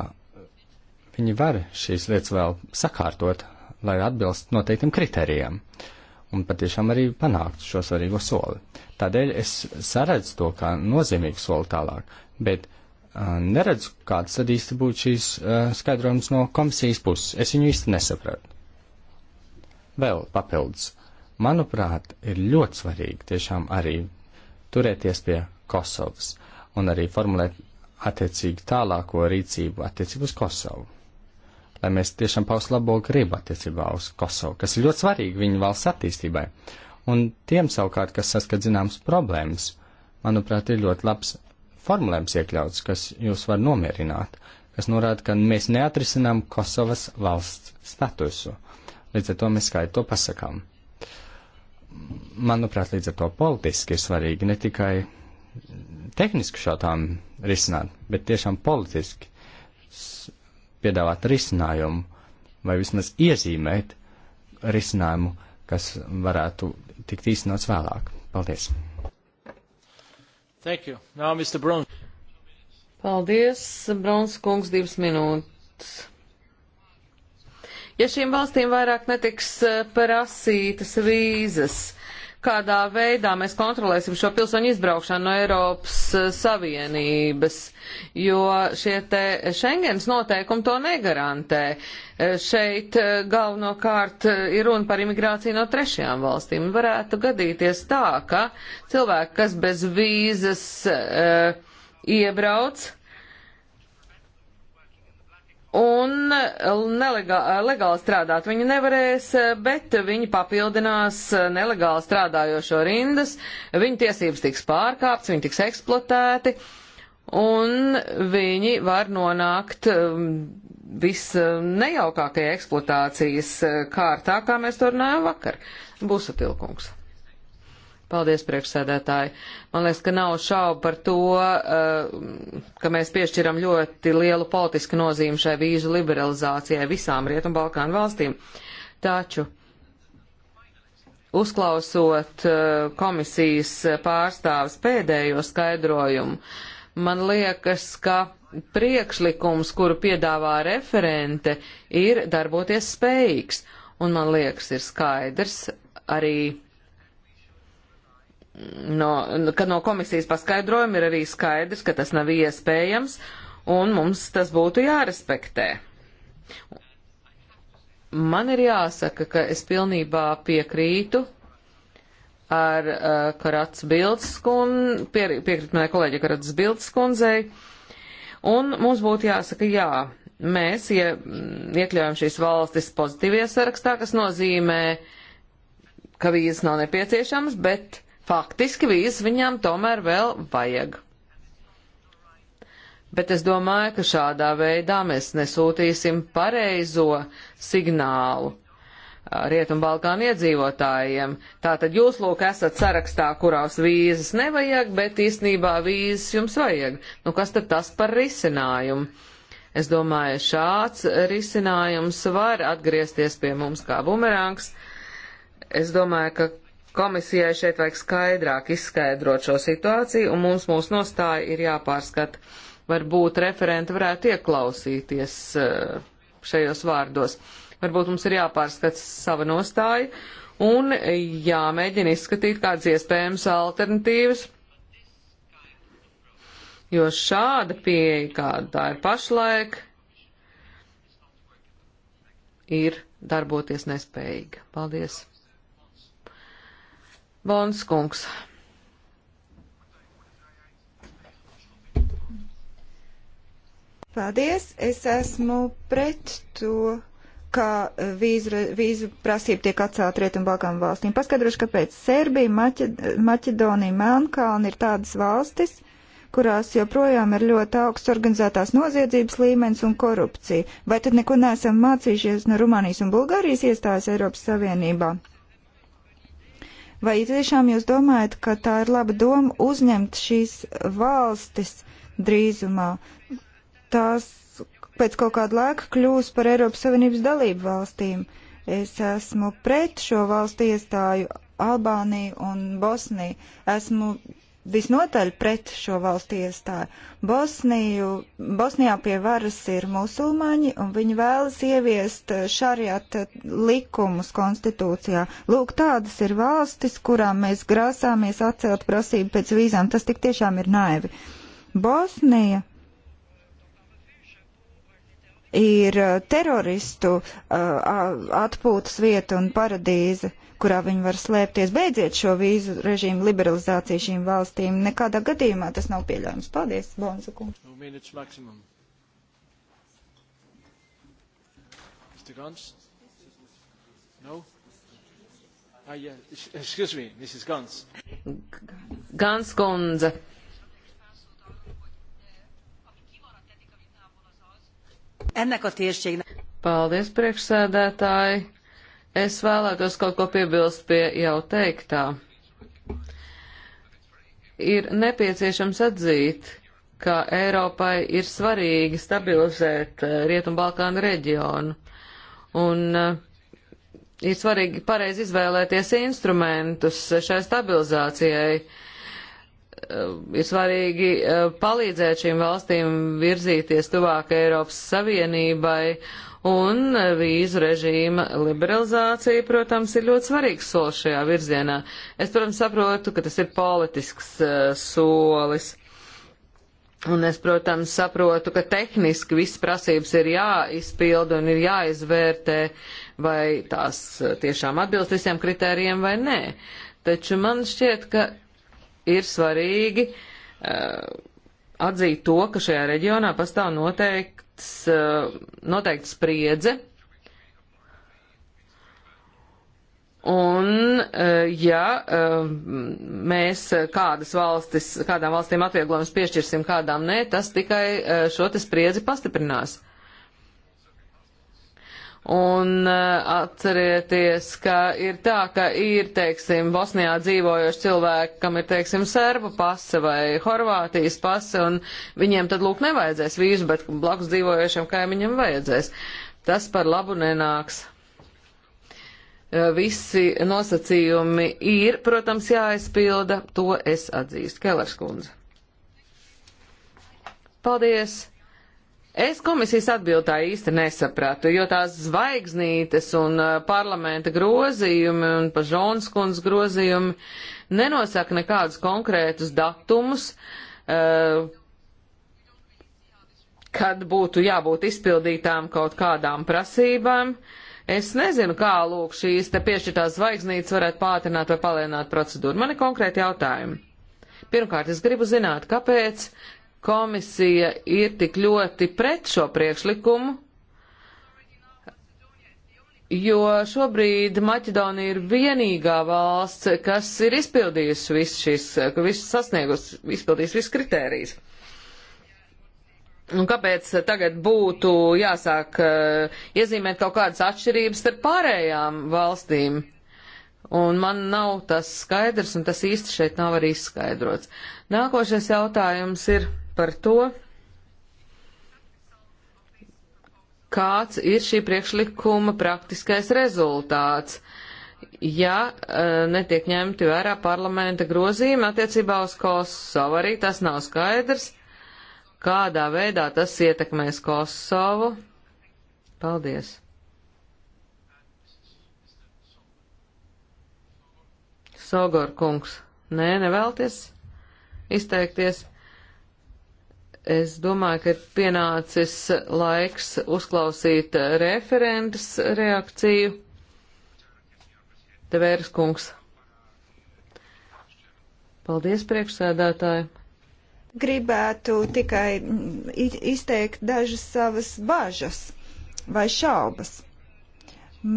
viņi var šīs lietas vēl sakārtot, lai atbilst noteiktam kriterijam un patiešām arī panākt šo svarīgo soli. Tādēļ es saredzu to kā nozīmīgu soli tālāk, bet Uh, neredzu, kāds tad īsti būtu šīs uh, skaidrojums no komisijas puses. Es viņu īsti nesapratu. Vēl papildus. Manuprāt, ir ļoti svarīgi tiešām arī turēties pie Kosovas un arī formulēt attiecīgi tālāko rīcību attiecību uz Kosovu. Lai mēs tiešām paust labo gribu attiecībā uz Kosovu, kas ir ļoti svarīgi viņu valsts attīstībai. Un tiem savukārt, kas saskat zināmas problēmas, manuprāt, ir ļoti labs formulējums iekļauts, kas jūs var nomierināt, kas norāda, ka mēs neatrisinām Kosovas valsts statusu. Līdz ar to mēs skaidri to pasakām. Manuprāt, līdz ar to politiski ir svarīgi ne tikai tehniski šādām risināt, bet tiešām politiski piedāvāt risinājumu vai vismaz iezīmēt risinājumu, kas varētu tikt īstenots vēlāk. Paldies! Thank you. Now, Mr. Brons. Paldies, Brons kungs, divas minūtes. Ja šīm valstīm vairāk netiks eh, prasītas vīzas, kādā veidā mēs kontrolēsim šo pilsoņu izbraukšanu no Eiropas eh, Savienības, jo šie te Schengens noteikumi to negarantē. Eh, šeit eh, galvenokārt ir runa par imigrāciju no trešajām valstīm. Varētu gadīties tā, ka cilvēki, kas bez vīzas uh, iebrauc, uh, un nelegāli legāli strādāt viņi nevarēs, bet viņi papildinās nelegāli strādājošo rindas, viņu tiesības tiks pārkāpts, viņi tiks eksploatēti, un viņi var nonākt um, visnejaukākajā um, eksploatācijas uh, kārtā, kā mēs to runājām vakar. Būs atilkums. Paldies, priekšsēdētāji. Man liekas, ka nav šaubu par to, eh, ka mēs piešķiram ļoti lielu politisku nozīmi šai vīzu liberalizācijai visām Rietumbalkānu valstīm. Taču, uzklausot eh, komisijas pārstāvis pēdējo skaidrojumu, man liekas, ka priekšlikums, kuru piedāvā referente, ir darboties spējīgs. Un man liekas, ir skaidrs arī no, ka no komisijas paskaidrojuma ir arī skaidrs, ka tas nav iespējams, un mums tas būtu jārespektē. Man ir jāsaka, ka es pilnībā piekrītu ar uh, Karats Bildes kundzi, pie, piekrīt manai kolēģi Karats Bildes kundzei, un mums būtu jāsaka jā. Mēs ja, iekļaujam šīs valstis pozitīvie sarakstā, kas nozīmē, ka vīzas nav nepieciešamas, bet faktiski vīzes viņām tomēr vēl vajag. Bet es domāju, ka šādā veidā mēs nesūtīsim pareizo signālu Rietumbalkānu iedzīvotājiem. Tātad jūs, lūk, esat sarakstā, kurās vīzes nevajag, bet īstenībā vīzes jums vajag. Nu, kas tad tas par risinājumu? Es domāju, šāds risinājums var atgriezties pie mums kā bumerāns. Es domāju, ka Komisijai šeit vajag skaidrāk izskaidrot šo situāciju, un mums mūsu nostāja ir jāpārskata. Varbūt referenti varētu ieklausīties eh, šajos vārdos. Varbūt mums ir jāpārskata sava nostāja un jāmēģina izskatīt kādas iespējamas alternatīvas. Jo šāda pieeja, kāda tā ir pašlaik, ir darboties nespējīga. Paldies! Vons kungs. Paldies, es esmu pret to, ka vīzu, vīzu prasība tiek atcelt Rietumbalkām valstīm. Paskaidrošu, kāpēc Serbija, Maķed Maķedonija, Melnkalna ir tādas valstis, kurās joprojām ir ļoti augsts organizētās noziedzības līmenis un korupcija. Vai tad neko neesam mācījušies no Rumānijas un Bulgārijas iestājas Eiropas Savienībā? Vai tiešām jūs domājat, ka tā ir laba doma uzņemt šīs valstis drīzumā? Tās pēc kaut kāda laika kļūs par Eiropas Savienības dalību valstīm. Es esmu pret šo valstu iestāju Albāniju un Bosniju. Esmu visnotaļ pret šo valstu iestāju. Bosniju, Bosnijā pie varas ir musulmaņi, un viņi vēlas ieviest eh, šariata likumus konstitūcijā. Lūk, tādas ir valstis, kurām mēs grāsāmies atcelt prasību pēc vīzām. Tas tik tiešām ir naivi. Bosnija ir eh, teroristu uh, atpūtas vieta un paradīze. Uh, kurā viņi var slēpties. Beidziet šo vīzu režīmu liberalizāciju šīm valstīm. Nekādā gadījumā tas nav pieļaujams. Paldies, Bonza kungs. No? Ah, yeah. Excuse me, Mrs. Gans. Gans kundze. Ennek a térségnek. Paldies, priekšsēdētāji. Es vēlētos kaut ko piebilst pie jau teiktā. Ir nepieciešams atzīt, ka Eiropai ir svarīgi stabilizēt eh, Rietumbalkānu reģionu. Un eh, ir svarīgi pareizi izvēlēties instrumentus šai stabilizācijai. Eh, ir svarīgi palīdzēt šīm valstīm virzīties tuvāk Eiropas Savienībai un vīzu režīma liberalizācija, protams, ir ļoti svarīgs solis šajā virzienā. Es, protams, saprotu, ka tas ir politisks uh, solis. Un es, protams, saprotu, ka tehniski visas prasības ir jāizpilda un ir jāizvērtē, vai tās eh, tiešām atbilst visiem kritērijiem vai nē. Taču man šķiet, ka ir svarīgi uh, atzīt to, ka šajā reģionā pastāv noteikts, eh, noteikts spriedze. Un, eh, ja eh, mēs kādas valstis, kādām valstīm atvieglojums piešķirsim, kādām nē, tas tikai šo te spriedzi pastiprinās. Uh, Un eh, atcerieties, ka ir tā, ka ir, teiksim, Bosnijā dzīvojoši cilvēki, kam ir, teiksim, serbu pase vai Horvātijas pase, un viņiem tad, lūk, nevajadzēs vīzu, bet blakus dzīvojošiem kaimiņiem vajadzēs. Tas par labu nenāks. Eh, visi nosacījumi ir, protams, jāizpilda, to es atzīstu. Kelers kundze. Paldies! Es komisijas atbildēju īsti nesapratu, jo tās zvaigznītes un parlamenta grozījumi un pažons kundas grozījumi nenosaka nekādus konkrētus datumus, kad būtu jābūt izpildītām kaut kādām prasībām. Es nezinu, kā lūk šīs te piešķirtās zvaigznītes varētu pātrināt vai palēnāt procedūru. Man ir konkrēti jautājumi. Pirmkārt, es gribu zināt, kāpēc komisija ir tik ļoti pret šo priekšlikumu, jo šobrīd Maķedonija ir vienīgā valsts, kas ir izpildījusi visu šīs, visu sasniegusi, izpildījusi visu kritērijas. Un kāpēc tagad būtu jāsāk uh, iezīmēt kaut kādas atšķirības starp pārējām valstīm? Un man nav tas skaidrs, un tas īsti šeit nav arī izskaidrots. Nākošais jautājums ir par to, kāds ir šī priekšlikuma praktiskais rezultāts, ja e, netiek ņemti vērā parlamenta grozījumi attiecībā uz Kosovu. Arī tas nav skaidrs, kādā veidā tas ietekmēs Kosovu. Paldies! Sogor kungs, nē, nevēlties izteikties. Es domāju, ka ir pienācis laiks uzklausīt referentes reakciju. Tevērs kungs. Paldies priekšsēdētāji. Gribētu tikai mm, izteikt dažas savas bažas vai šaubas.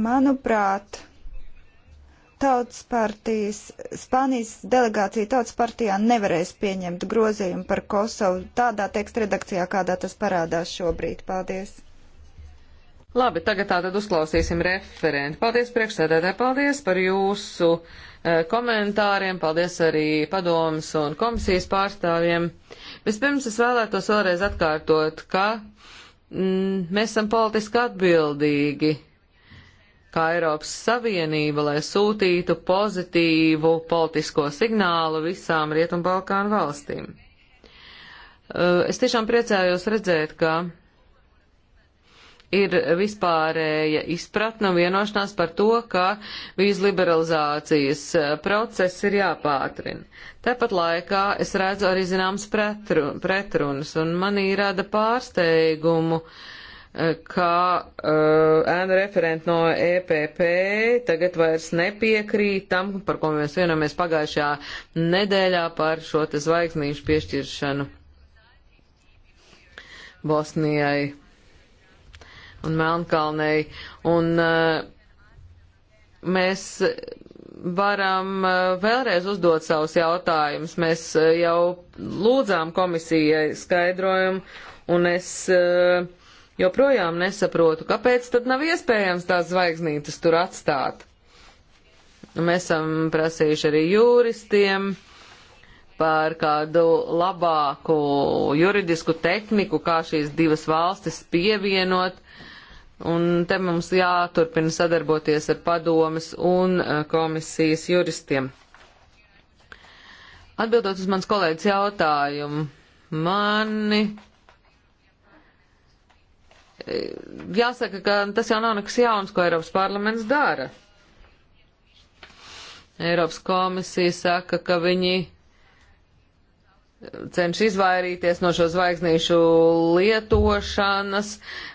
Manuprāt, Tautas partijas, Spānijas delegācija Tautas partijā nevarēs pieņemt grozījumu par Kosovu tādā teksta redakcijā, kādā tas parādās šobrīd. Paldies! Labi, tagad tātad uzklausīsim referentu. Paldies priekšsēdētāji, paldies par jūsu e, komentāriem, paldies arī padomas un komisijas pārstāvjiem. Vispirms es vēlētos vēlreiz atkārtot, ka mm, mēs esam politiski atbildīgi kā Eiropas Savienība, lai sūtītu pozitīvu politisko signālu visām Rietumbalkānu valstīm. Uh, es tiešām priecājos redzēt, ka ir vispārēja izpratne un vienošanās par to, ka vīzu liberalizācijas uh, process ir jāpātrina. Tāpat laikā es redzu arī zināmas pretrun, pretrunas, un manī rada pārsteigumu uh, ka eh, ēnu uh, referenti no EPP tagad vairs nepiekrīt tam, par ko mēs vienojamies pagājušajā nedēļā par šo te zvaigznīšu piešķiršanu Bosnijai un Melnkalnei. Un uh, mēs varam eh, vēlreiz uzdot savus jautājumus. Mēs jau lūdzām komisijai skaidrojumu, un es uh, joprojām nesaprotu, kāpēc tad nav iespējams tās zvaigznītes tur atstāt. Mēs esam prasījuši arī juristiem par kādu labāku juridisku tehniku, kā šīs divas valstis pievienot. Un te mums jāturpina sadarboties ar padomas un e, komisijas juristiem. Atbildot uz mans kolēģis jautājumu, mani Jāsaka, ka tas jau nav nekas jauns, ko Eiropas parlaments dara. Eiropas komisija saka, ka viņi cenš izvairīties no šo zvaigznīšu lietošanas.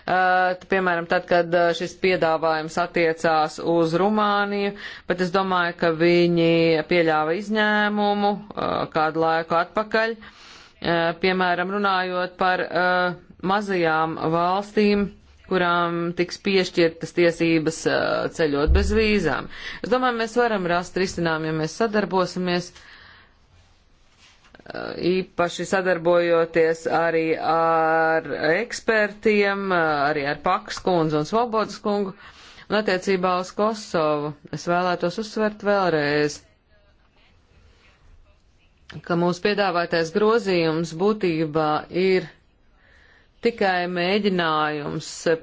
Uh, piemēram, tad, kad šis piedāvājums attiecās uz Rumāniju, bet es domāju, ka viņi pieļāva izņēmumu uh, kādu laiku atpakaļ. Uh, piemēram, runājot par uh, mazajām valstīm, kurām tiks piešķirtas tiesības uh, ceļot bez vīzām. Es domāju, mēs varam rast risinājumu, ja mēs sadarbosimies, uh, īpaši sadarbojoties arī ar ekspertiem, uh, arī ar Paks kundzu un Svobodas kungu. Un attiecībā uz Kosovu es vēlētos uzsvert vēlreiz, ka mūsu piedāvātais grozījums būtībā ir tikai mēģinājums e,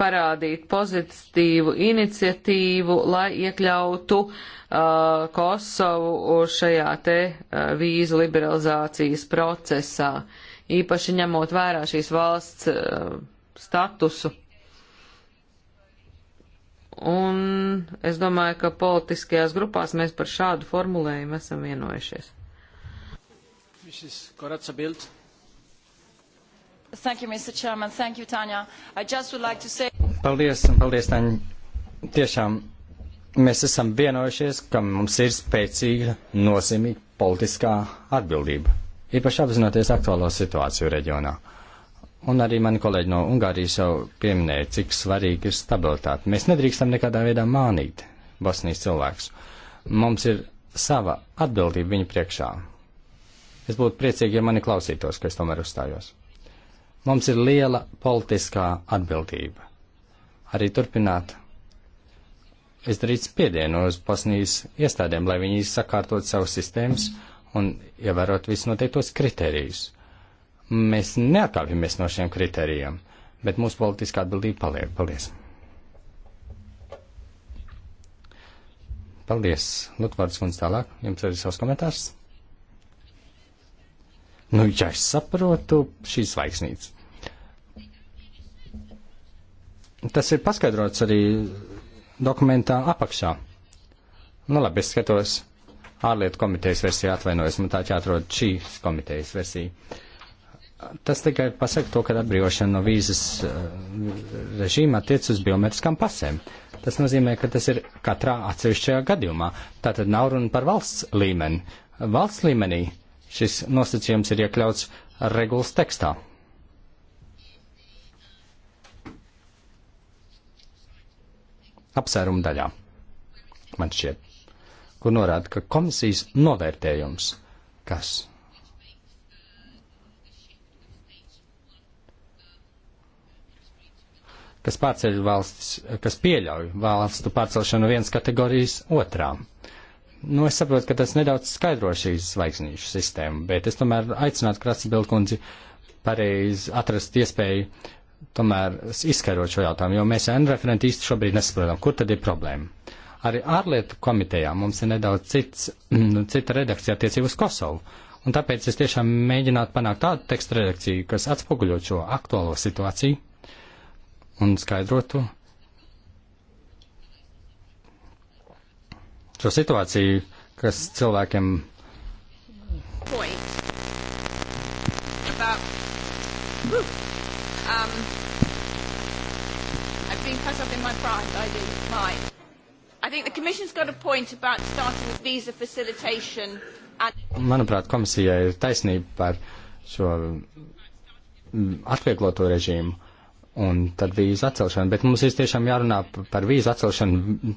parādīt pozitīvu iniciatīvu, lai iekļautu uh, Kosovu šajā te uh, vīzu liberalizācijas procesā, īpaši ņemot vērā šīs valsts uh, statusu. Un es domāju, ka politiskajās grupās mēs par šādu formulējumu esam vienojušies. Mrs. Koratsa Bild. Thank you, Mr. Chairman. Thank you, Tanya. I just would like to say... Paldies, un paldies, Tanya. Tiešām mēs esam vienojušies, ka mums ir spēcīga, nozīmīga politiskā atbildība, īpaši apzinoties aktuālo situāciju reģionā. Un arī mani kolēģi no Ungārijas jau pieminēja, cik svarīga ir stabilitāte. Mēs nedrīkstam nekādā veidā mānīt Bosnijas cilvēkus. Mums ir sava atbildība viņu priekšā. Es būtu priecīgi, ja mani klausītos, ka es tomēr uzstājos. Mums ir liela politiskā atbildība arī turpināt izdarīt spiedienu uz Bosnijas iestādēm, lai viņi sakārtot savas sistēmas un ievērot visus noteiktos kriterijus. Mēs neatkāpjamies no šiem kriterijiem, bet mūsu politiskā atbildība paliek. Paldies! Paldies, Lutvārds kundze tālāk. Jums arī savs komentārs? Nu, ja es saprotu, šīs vaiksnītes. Tas ir paskaidrots arī dokumentā apakšā. Nu labi, es skatos ārlietu komitejas versiju, atvainojos, man tā jāatrod šīs komitejas versija. Tas tikai pasaka to, ka atbrīvošana no vīzas eh, režīma attiec uz biometriskām pasēm. Tas nozīmē, ka tas ir katrā atsevišķajā gadījumā. Tā tad nav runa par valsts līmeni. Valsts līmenī šis nosacījums ir iekļauts regulas tekstā. apsvērumu daļā, man šķiet, kur norāda, ka komisijas novērtējums, kas kas pārceļ valstis, kas pieļauj valstu pārcelšanu vienas kategorijas otrā. Nu, es saprotu, ka tas nedaudz skaidro šīs zvaigznīšu sistēmu, bet es tomēr aicinātu Krasibildkundzi pareizi atrast iespēju tomēr izskaidrot šo jautājumu, jo mēs ēnu referenti īsti šobrīd nesaprotam, kur tad ir problēma. Arī ārlietu komitejā mums ir nedaudz cits, nu, cita redakcija attiecībā uz Kosovu. Un tāpēc es tiešām mēģinātu panākt tādu tekstu redakciju, kas atspoguļot šo aktuālo situāciju un skaidrotu šo situāciju, kas cilvēkiem Commission's got a point about starting with visa facilitation. And... Manuprāt, komisijai ir taisnība par šo mm, atviegloto režīmu un tad vīzu atcelšanu, bet mums ir tiešām jārunā par vīzu atcelšanu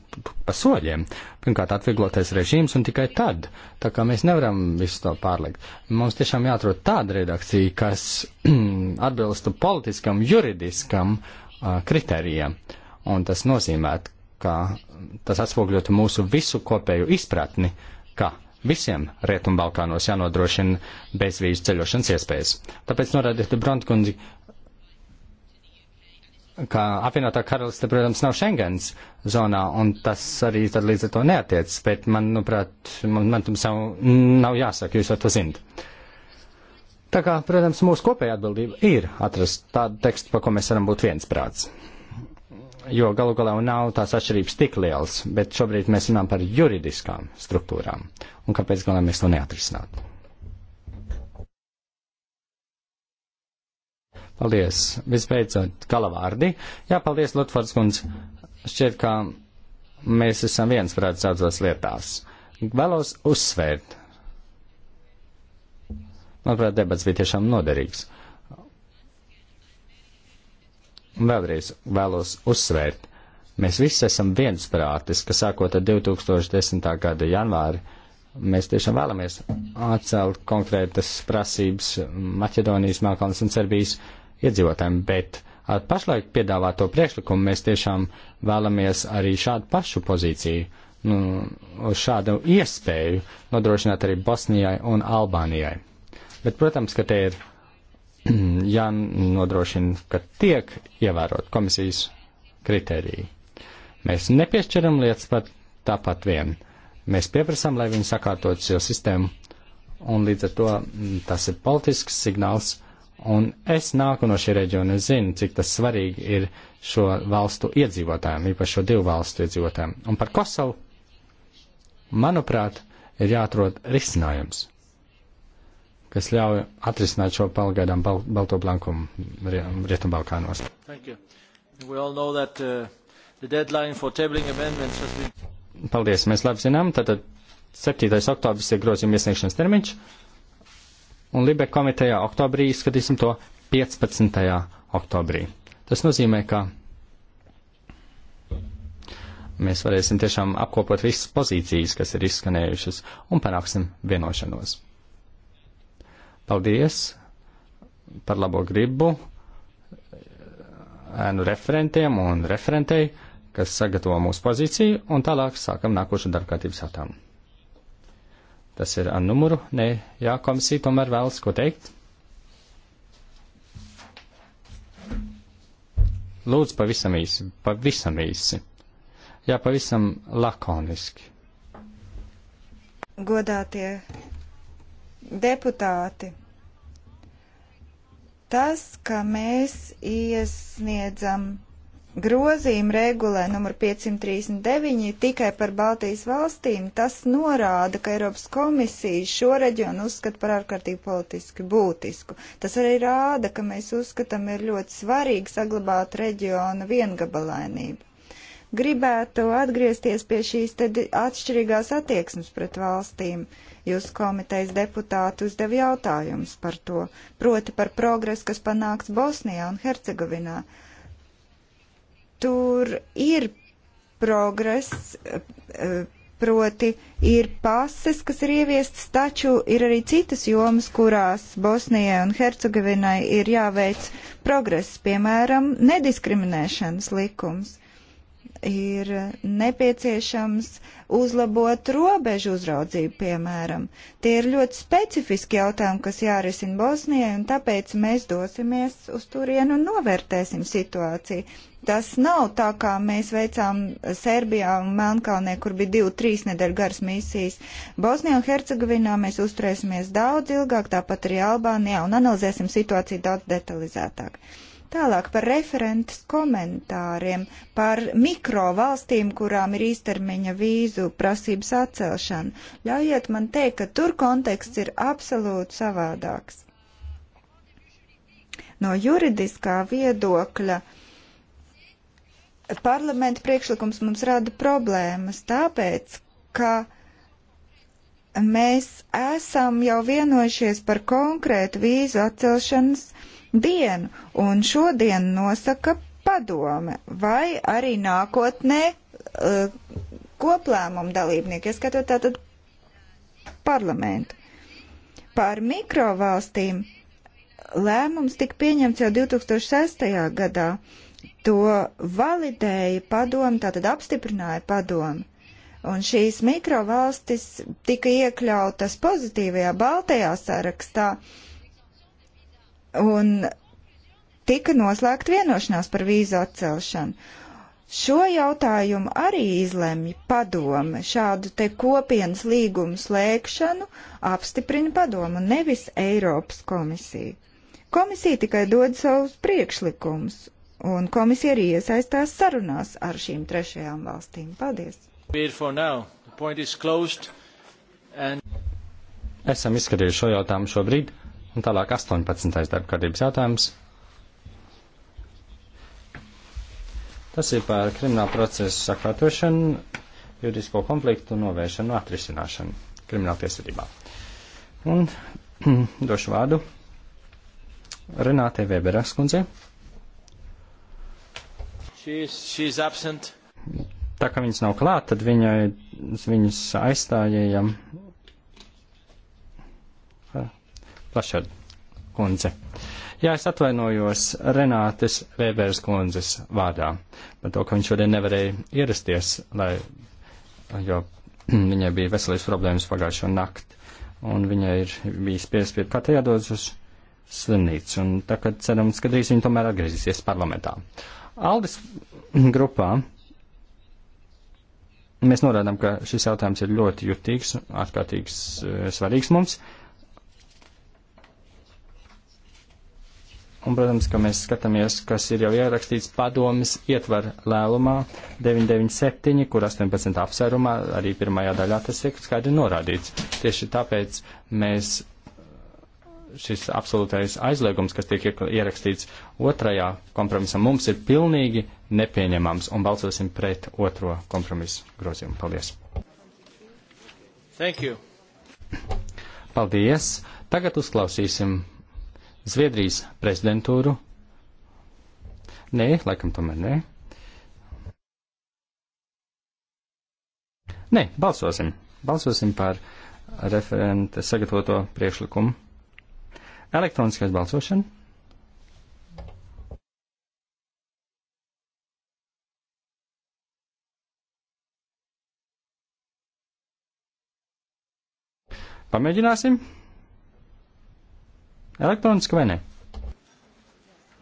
pa soļiem. Pirmkārt, atvieglotais režīms un tikai tad, tā kā mēs nevaram visu to pārlikt. Mums tiešām jāatrod tāda redakcija, kas atbilstu politiskam, juridiskam uh, kriterijam, un tas nozīmē, ka tas atspoguļotu mūsu visu kopēju izpratni, ka visiem Rietumbalkānos jānodrošina bezvīzu ceļošanas iespējas. Tāpēc norādiet, Brontkundzi, ka apvienotā karaliste, protams, nav Schengens zonā, un tas arī tad līdz ar to neatiec, bet man, nuprāt, man, man tam savu nav jāsaka, jūs jau to zinat. Tā kā, protams, mūsu kopēja atbildība ir atrast tādu tekstu, pa ko mēs varam būt viensprāts jo galu galā nav tās atšķirības tik lielas, bet šobrīd mēs runājam par juridiskām struktūrām. Un kāpēc galā mēs to neatrisinātu? Paldies. Visbeidzot, galavārdi. Jā, paldies, Lutfords kundz. Šķiet, ka mēs esam viens prāts daudzās lietās. Vēlos uzsvērt. Manuprāt, debats bija tiešām noderīgs. Uh, Un vēlreiz vēlos uzsvērt, mēs visi esam viensprātis, ka sākot ar 2010. gada janvāri, mēs tiešām vēlamies atcelt konkrētas prasības Maķedonijas, Melkalnas un Serbijas iedzīvotājiem, bet ar pašlaik piedāvāto priekšlikumu mēs tiešām vēlamies arī šādu pašu pozīciju nu, šādu iespēju nodrošināt arī Bosnijai un Albānijai. Bet, protams, ka te ir jānodrošina, ka tiek ievērot komisijas kritēriji. Mēs nepiešķiram lietas pat tāpat vien. Mēs pieprasām, lai viņi sakārtot šo sistēmu, un līdz ar to mm, tas ir politisks signāls, un es nāku no šī reģiona, es zinu, cik tas svarīgi ir šo valstu iedzīvotājiem, īpaši šo divu valstu iedzīvotājiem. Un par Kosovu, manuprāt, ir jāatrod risinājums kas ļauj atrisināt šo palgaidām bal balto blankumu Rietumbalkānos. Uh, Paldies, mēs labi zinām, tātad 7. oktobris ir grozījuma iesniegšanas termiņš, un Libek komitejā oktobrī izskatīsim to 15. oktobrī. Tas nozīmē, ka mēs varēsim tiešām apkopot visas pozīcijas, kas ir izskanējušas, un panāksim vienošanos. Paldies par labo gribu ēnu referentiem un referentei, kas sagatavo mūsu pozīciju, un tālāk sākam nākošo darbkārtības jautājumu. Tas ir ar numuru, ne, jā, komisija tomēr vēlas ko teikt. Lūdzu, pavisam īsi, pavisam īsi. Jā, pavisam lakoniski. Godātie Deputāti, tas, ka mēs iesniedzam grozījumu regulē numur 539 tikai par Baltijas valstīm, tas norāda, ka Eiropas komisija šo reģionu uzskata par ārkārtīgi politiski būtisku. Tas arī rāda, ka mēs uzskatām ir ļoti svarīgi saglabāt reģiona viengabalainību. Gribētu atgriezties pie šīs atšķirīgās attieksmes pret valstīm. Uh, Jūsu komitejas deputāti uzdev jautājumus par to, proti par progresu, kas panāks Bosnijā un Hercegovinā. Tur ir progress, proti ir pases, kas ir ieviestas, taču ir arī citas jomas, kurās Bosnijai un Hercegovinai ir jāveic progress, piemēram, nediskriminēšanas likums ir nepieciešams uzlabot robežu uzraudzību, piemēram. Tie ir ļoti specifiski jautājumi, kas jārisina Bosnijai, un tāpēc mēs dosimies uz turienu un novērtēsim situāciju. Tas nav tā, kā mēs veicām Serbijā un Melnkalnē, kur bija divu, trīs nedēļu garas misijas. Bosnijā un Hercegovinā mēs uzturēsimies daudz ilgāk, tāpat arī Albānijā, un analizēsim situāciju daudz detalizētāk. Uh, Tālāk par referentes komentāriem par mikro valstīm, kurām ir īstermiņa vīzu prasības atcelšana. Ļaujiet man teikt, ka tur konteksts ir absolūti savādāks. No juridiskā viedokļa parlamenta priekšlikums mums rada problēmas, tāpēc, ka mēs esam jau vienojušies par konkrētu vīzu atcelšanas uh, dienu, un šodien nosaka padome, vai arī nākotnē uh, koplēmumu dalībnieki, ieskatot tātad parlamentu. Par mikrovalstīm lēmums tika pieņemts jau 2006. gadā. To validēja padomu, tātad apstiprināja padomu. Un šīs mikrovalstis tika iekļautas pozitīvajā baltajā sarakstā. Uh, un tika noslēgt vienošanās par vīzu atcelšanu. Šo jautājumu arī izlemj padome. Šādu te kopienas līgumu slēgšanu apstiprina padome, nevis Eiropas komisija. Komisija tikai dod savus priekšlikumus, un komisija arī iesaistās sarunās ar šīm trešajām valstīm. Paldies! And... Esam izskatījuši šo jautājumu šobrīd. Un tālāk 18. darba kārtības jautājums. Tas ir par kriminālu procesu sakārtošanu, juridisko konfliktu novēršanu, atrisināšanu krimināla tiesvedībā. Un došu vārdu Renātei Weberas kundzei. Tā kā viņas nav klāt, tad viņai, viņas aizstājējam Plašad kundze. Jā, es atvainojos Renātes Vēbēras kundzes vārdā par to, ka viņš šodien nevarēja ierasties, lai, jo viņai bija veselības problēmas pagājušo nakti, un viņai ir bijis piespiedu kā te jādodas uz slimnīcu, un tagad cerams, ka drīz viņa tomēr atgriezīsies parlamentā. Aldis grupā mēs norādām, ka šis jautājums ir ļoti jutīgs, atkārtīgs, svarīgs mums, Un, protams, ka mēs skatāmies, kas ir jau ierakstīts padomis ietver lēlumā 997, kur 18. apsērumā arī pirmajā daļā tas ir skaidri norādīts. Tieši tāpēc mēs šis absolūtais aizliegums, kas tiek ierakstīts otrajā kompromisā, mums ir pilnīgi nepieņemams un balsosim pret otro kompromisu grozījumu. Paldies! Thank you! Paldies! Tagad uzklausīsim Zviedrijas prezidentūru. Nē, laikam tomēr nē. Nē, balsosim. Balsosim par referenta sagatavoto priekšlikumu. Elektroniskais balsošana. Pamēģināsim. Elektroniski vai ne?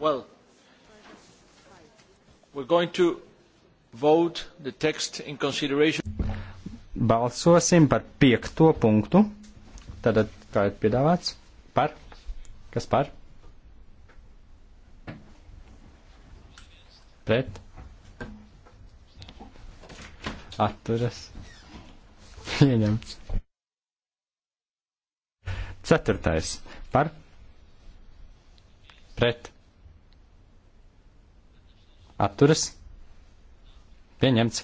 Well, we're going to vote the text in consideration. Balsosim par piekto punktu. Tad, kā ir piedāvāts, par? Kas par? Pret? Atturas. Pieņemts. Ceturtais. Par? pret, atturas, pieņemts.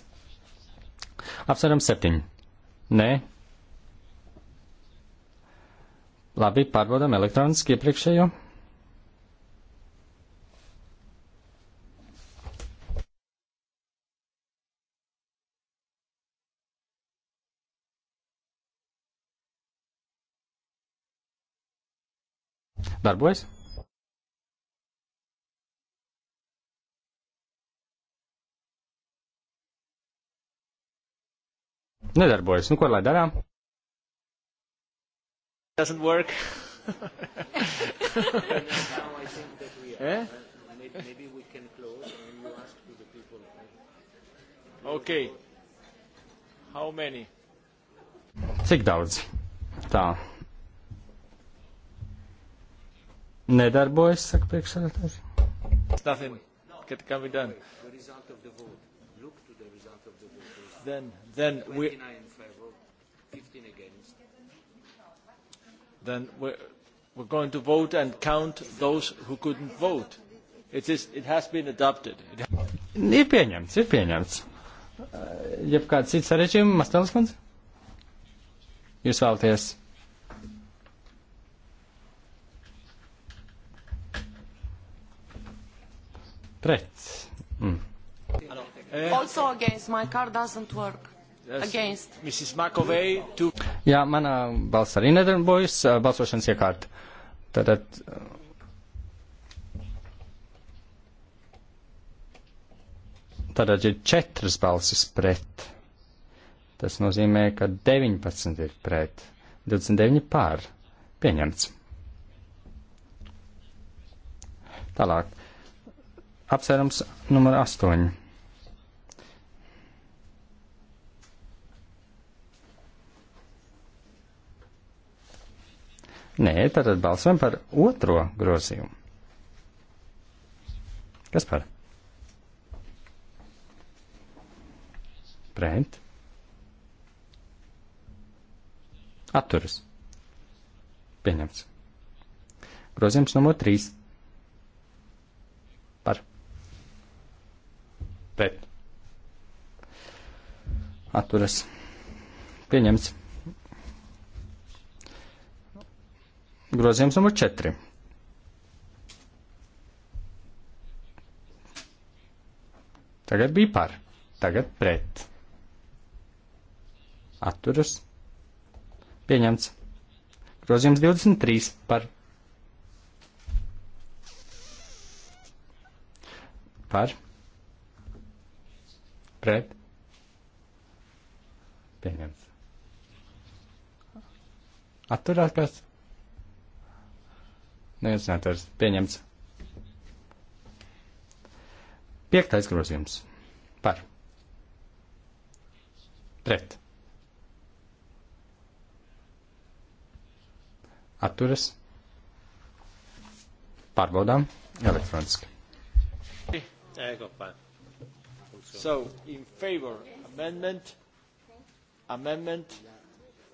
Apsveram septiņu. Nē. Labi, pārbaudam elektroniski iepriekšējo. Darbojas? Nedarbojas. Nu, ko lai darām? Doesn't work. eh? Maybe we can close and you ask to the people. Okay. How many? Cik daudz? Tā. Nedarbojas, saka priekšsēdētājs. Nothing. Get can be done. The result of the vote then, then 29 we... 29 in favor, 15 against. Then we're, we're going to vote and count those who couldn't vote. It, is, it has been adopted. It... Ir pieņemts, ir pieņemts. Jebkāds cits sarežģījums, Mastels kundze? Jūs vēlaties? Pret. Mm. Uh, also against. My car doesn't work. Yes. Against. Mrs. McAvey, to... Jā, manā balss arī nedarbojas, eh, balsošanas iekārta. Tātad. Eh, tātad ir četras balsis pret. Tas nozīmē, ka 19 ir pret, 29 pār. Pieņemts. Tālāk. Apsvērums numur 8. Nē, tātad balsojam par otro grozījumu. Kas par? Pret. Atturas. Pieņemts. Grozījums numur 3. Par. Pret. Atturas. Pieņemts. Grozījums numur 4. Tagad bija par, tagad pret. Atturas. Pieņemts. Grozījums 23 par. Par. Pret. Pieņemts. Atturās kāds. Neviens neatveras. Pieņemts. Piektais grozījums. Par. Pret. Atturas. Pārbaudām elektroniski. Ego, pār. So, in favor, amendment, amendment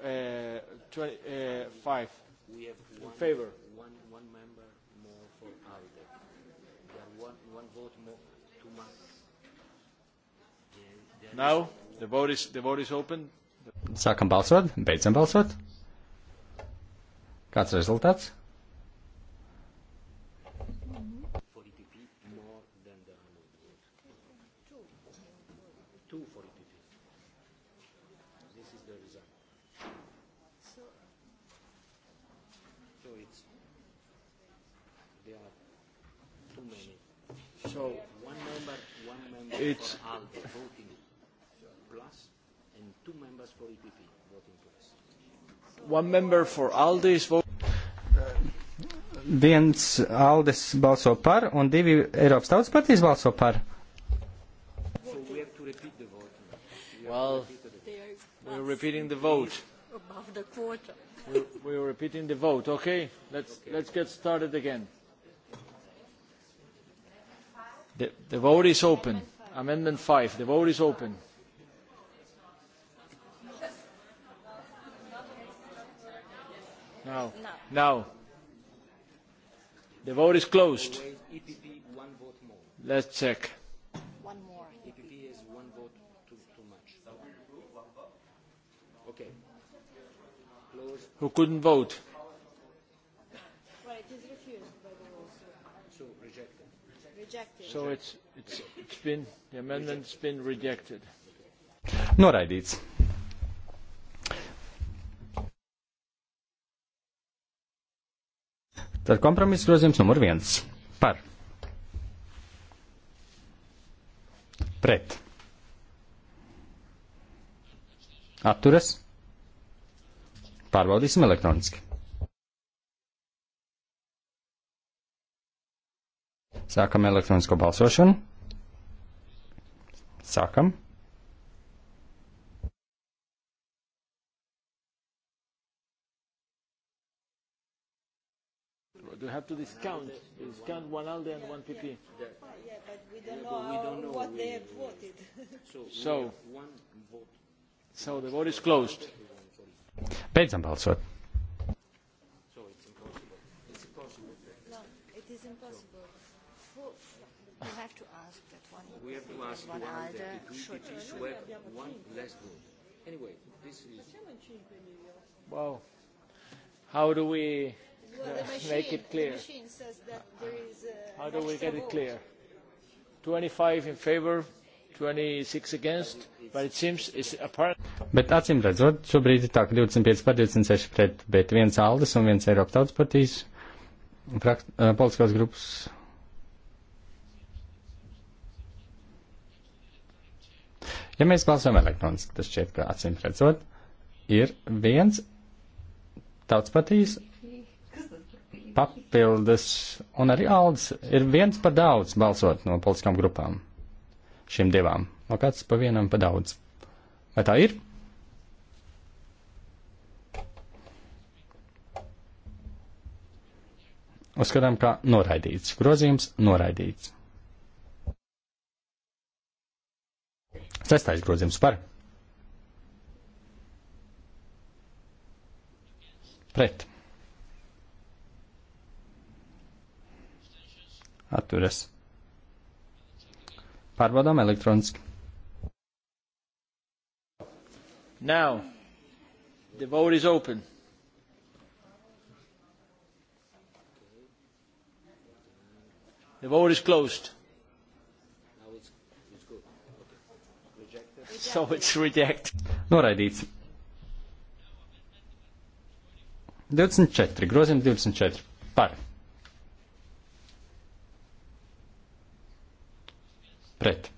uh, eh, 25. Eh, in favor. vote more, too much. Yeah, Now the vote is the vote is open. Sākam balsot, beidzam balsot. Kāds rezultāts? it's ALDE voting plus and two members for EPP voting plus. One member for ALDE is voting viens Aldis balso par un divi Eiropas Tautas partijas balso par. So we we well, we're repeating the vote. Above the quarter. we're, we're repeating the vote. Okay, let's okay. let's get started again. The, the vote is open. Amendment 5. The vote is open. Now. Now. The vote is closed. EPP, one vote more. Let's check. One more. EPP is one vote too, too much. Okay. Close. Who couldn't vote? Well, it is refused by the rules. So rejected. Rejected. So it's It's, it's been, the amendment's been rejected. Noraidīts. Tad kompromiss grozījums numur viens. Par. Pret. Atturas. Pārbaudīsim elektroniski. Sākam elektronisko balsošanu. Sākam. Do you have to discount? Discount one ALDE and one PP. Yeah, but we don't know, we don't know what they have voted. so, so the vote is closed. Beidzam balsot. You have to ask we have to ask one ALDE if, we, if each web one less vote. Anyway, this is... Wow. How do we well, the machine, make it clear? The machine says that there is a uh, How do we get vote? it clear? 25 in favor, 26 against, but it seems it's apparent. Bet acīm redzot, šobrīd ir tā, ka 25 par 26 pret, bet viens Aldis un viens Eiropa tautas partijas politiskās grupas Ja mēs balsojam elektroniski, tas šķiet, ka acīm redzot, ir viens tautspatīs papildus un arī aldas ir viens par daudz balsot no politiskām grupām. Šiem divām. No kāds pa vienam pa daudz. Vai tā ir? Uzskatām, ka noraidīts. Grozījums noraidīts. Sestais grozījums par. Pret. Atturas. Pārbaudām elektroniski. Now, the vote is open. The vote is closed. So it's reject. Noraidīts. 24, grozījums 24. Par. Pret.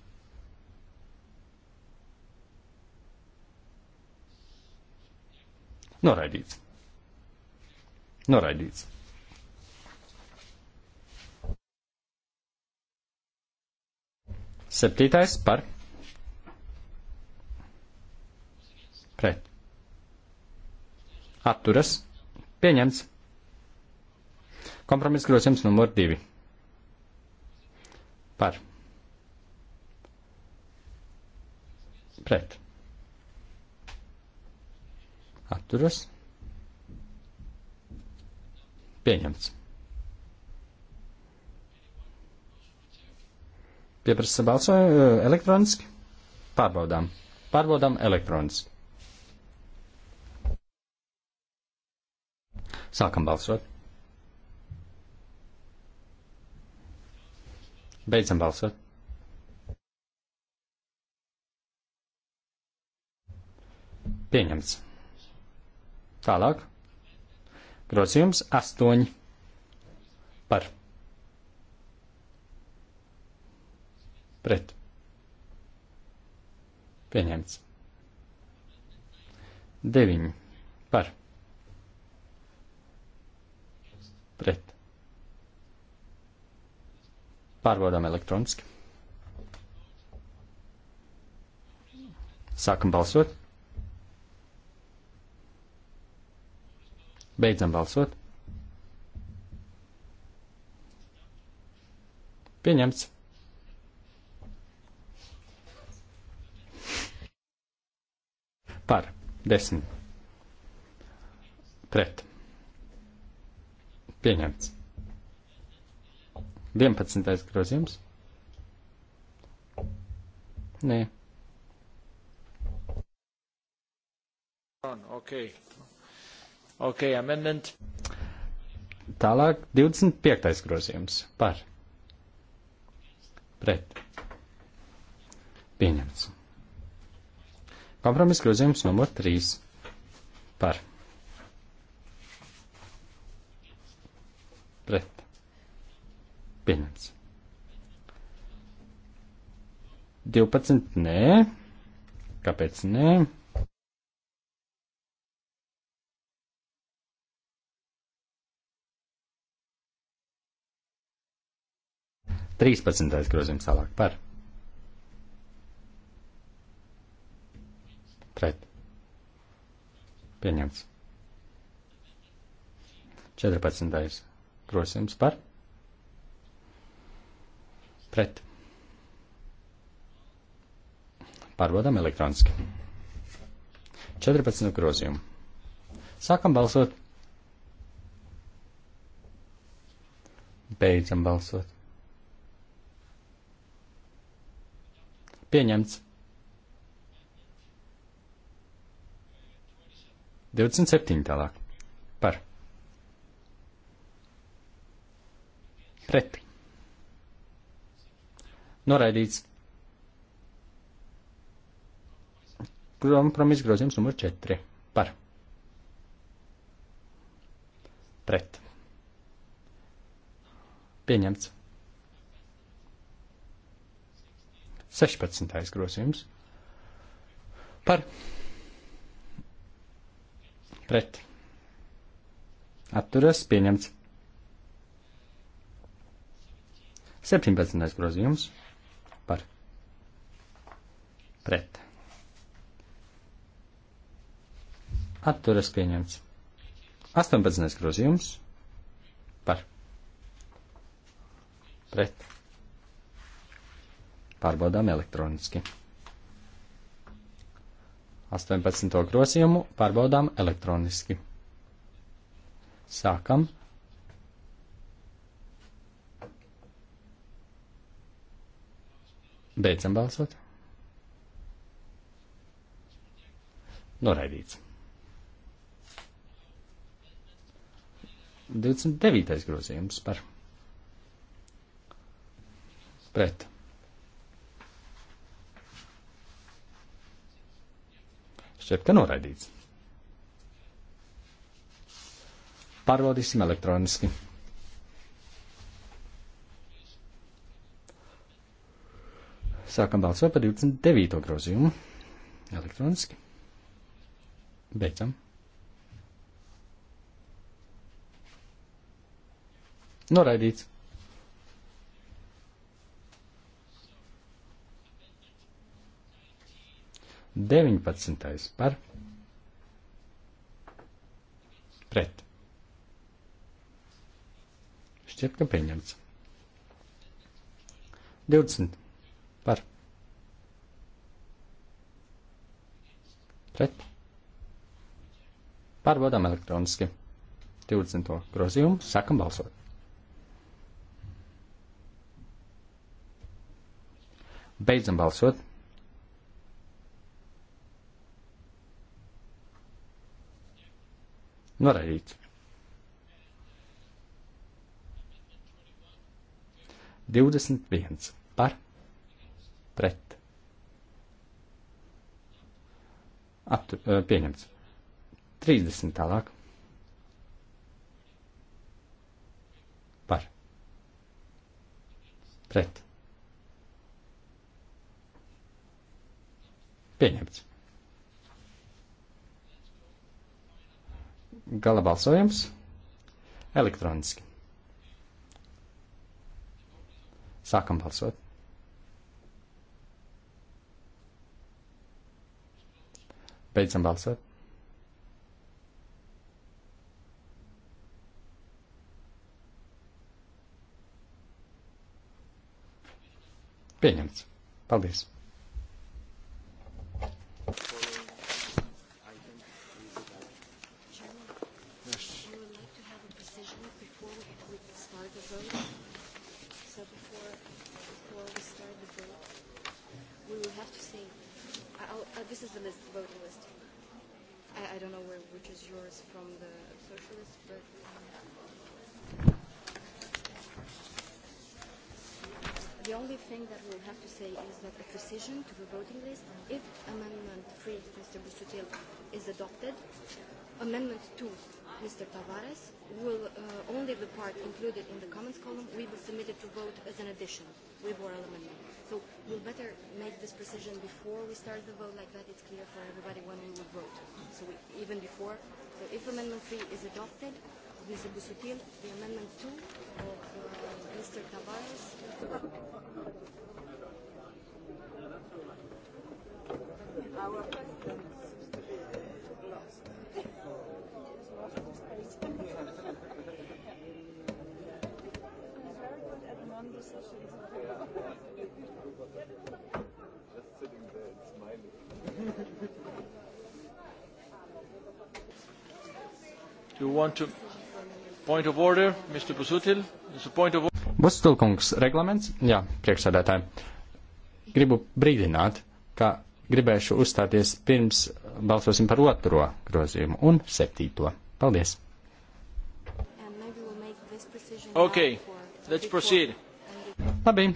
Noraidīts. Noraidīts. Septītais par Pret. Atturas. Pieņemts. Kompromiss grozījums numur 2. Par. Pret. Atturas. Pieņemts. Pieprasa balsoju eh, elektroniski. Pārbaudām. Pārbaudām elektroniski. Sākam balsot. Beidzam balsot. Pieņemts. Tālāk. Grozījums 8 par pret. Pieņemts. 9 par pret Pret. Pārbaudām elektroniski. Sākam balsot. Beidzam balsot. Pieņemts. Par desmit. Pret. Pieņemts. 11. grozījums. Nē. Okay. Okay, amendment. Tālāk 25. grozījums par pret. Pieņemts. Kompromiss grozījums numur 3 par pret Pieņemts. 12. Nē. Kāpēc nē? Trīspadsmitais grozījums tālāk par. Pret. Pieņemts. Četrpadsmitais grozījums par. Pret. Pārbaudām elektroniski. 14 grozījumu. Sākam balsot. Beidzam balsot. Pieņemts. 27 tālāk. Par. Pret. Noraidīts. Kompromis grozījums numur 4. Par. Pret. Pieņemts. 16. grozījums. Par. Pret. Atturas pieņemts. 17. grozījums pret. Atturas pieņemts. 18. grozījums par pret. Pārbaudām elektroniski. 18. grozījumu pārbaudām elektroniski. Sākam. Beidzam balsot. Noraidīts. 29. grozījums par pret. Šķiet, ka noraidīts. Pārbaudīsim elektroniski. Sākam balsot par 29. grozījumu elektroniski. Beidzam. Noraidīts. Deviņpadsmitais par pret. Šķiet, ka pieņemts. 20 par pret Pārbaudām elektroniski. 20. grozījumu. Sākam balsot. Beidzam balsot. Noraidīts. 21 par pret. Aptu, pieņemts. 30 tālāk. Par. Pret. Pieņemts. Gala balsojums elektroniski. Sākam balsot. Beidzam balsot. Pieņemts. Paldies. Uh, this is the list, voting list. I, I don't know where, which is yours from the socialists, but. Um, The only thing that we'll have to say is that a precision to the voting list, if Amendment 3, Mr. Busutil, is adopted, Amendment 2, Mr. Tavares, will uh, only the part included in the comments column we will submit it to vote as an addition with oral amendment. So we'll better make this precision before we start the vote, like that it's clear for everybody when we will vote. So we, even before, so if Amendment 3 is adopted, Mr. Busutil, the Amendment 2 will Mr. Tavares. Our president seems to be lost. He's very good at non-decisions. Just sitting there and smiling. Do you want to? Point of order, Mr. Busutil. Point of order. Busutil kungs, reglaments? Jā, priekšsēdētāji. Gribu brīdināt, ka gribēšu uzstāties pirms balsosim par otro grozījumu un septīto. Paldies. Okay, let's proceed. Labi.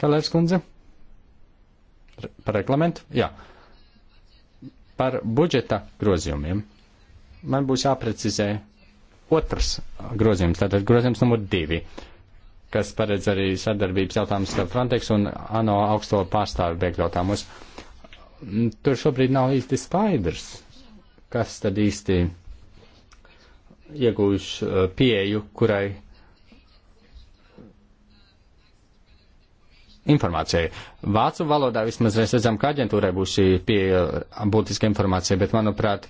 Kalērs kundze? Par reglamentu? Jā. Yeah. Par budžeta grozījumiem man būs jāprecizē otrs grozījums, tātad grozījums numur divi, kas paredz arī sadarbības jautājumus ar Frontex un ANO augsto pārstāvi bēgļotāmus. Mm, tur šobrīd nav īsti skaidrs, kas tad īsti iegūš uh, pieeju, kurai informācijai. Vācu valodā vismaz mēs redzam, ka aģentūrai būs šī pieeja būtiska informācija, bet, manuprāt,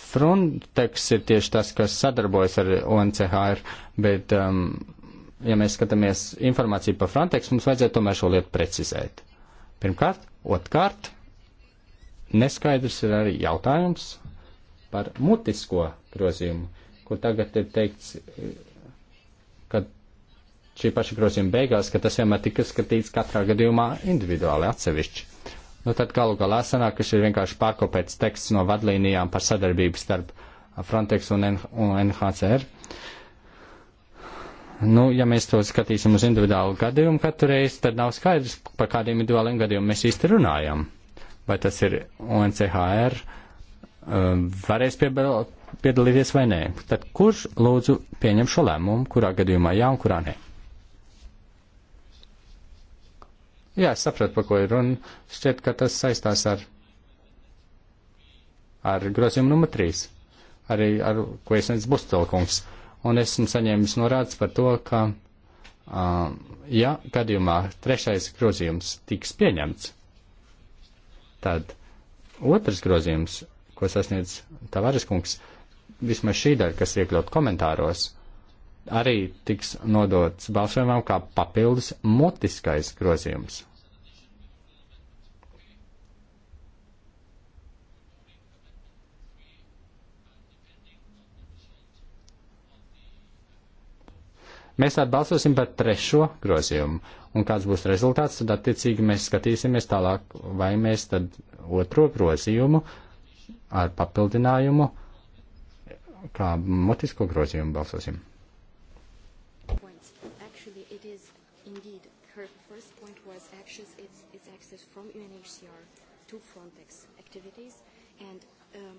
Frontex ir tieši tas, kas sadarbojas ar ONCHR, bet, um, ja mēs skatāmies informāciju par Frontex, mums vajadzētu tomēr šo lietu precizēt. Pirmkārt, otrkārt, neskaidrs ir arī jautājums par mutisko grozījumu, kur tagad ir teikts šī paša grozījuma beigās, ka tas vienmēr tika skatīts katrā gadījumā individuāli atsevišķi. Nu, tad galu galā sanāk, ka šis ir vienkārši pārkopēts teksts no vadlīnijām par sadarbību starp Frontex un, NH un NHCR. Nu, ja mēs to skatīsim uz individuālu gadījumu katru reizi, tad nav skaidrs, par kādiem individuāliem gadījumiem mēs īsti runājam. Vai tas ir UNCHR, um, varēs piedalīties vai nē. Tad kurš lūdzu pieņem šo lēmumu, kurā gadījumā jā un kurā nē? Jā, es sapratu, par ko ir runa. Šķiet, ka tas saistās ar, ar grozījumu numur 3, arī ar ko iesniedz Bustelkungs. Un esmu saņēmis norādes par to, ka, um, ja gadījumā trešais grozījums tiks pieņemts, tad otrs grozījums, ko sasniedz Tavares kungs, vismaz šī daļa, kas iekļaut komentāros, arī tiks nodots balsojumam kā papildus mutiskais grozījums. Mēs tad balsosim par trešo grozījumu, un kāds būs rezultāts, tad attiecīgi mēs skatīsimies tālāk, vai mēs tad otro grozījumu ar papildinājumu, kā motisko grozījumu balsosim. It's, it's from UNHCR to Frontex activities and um,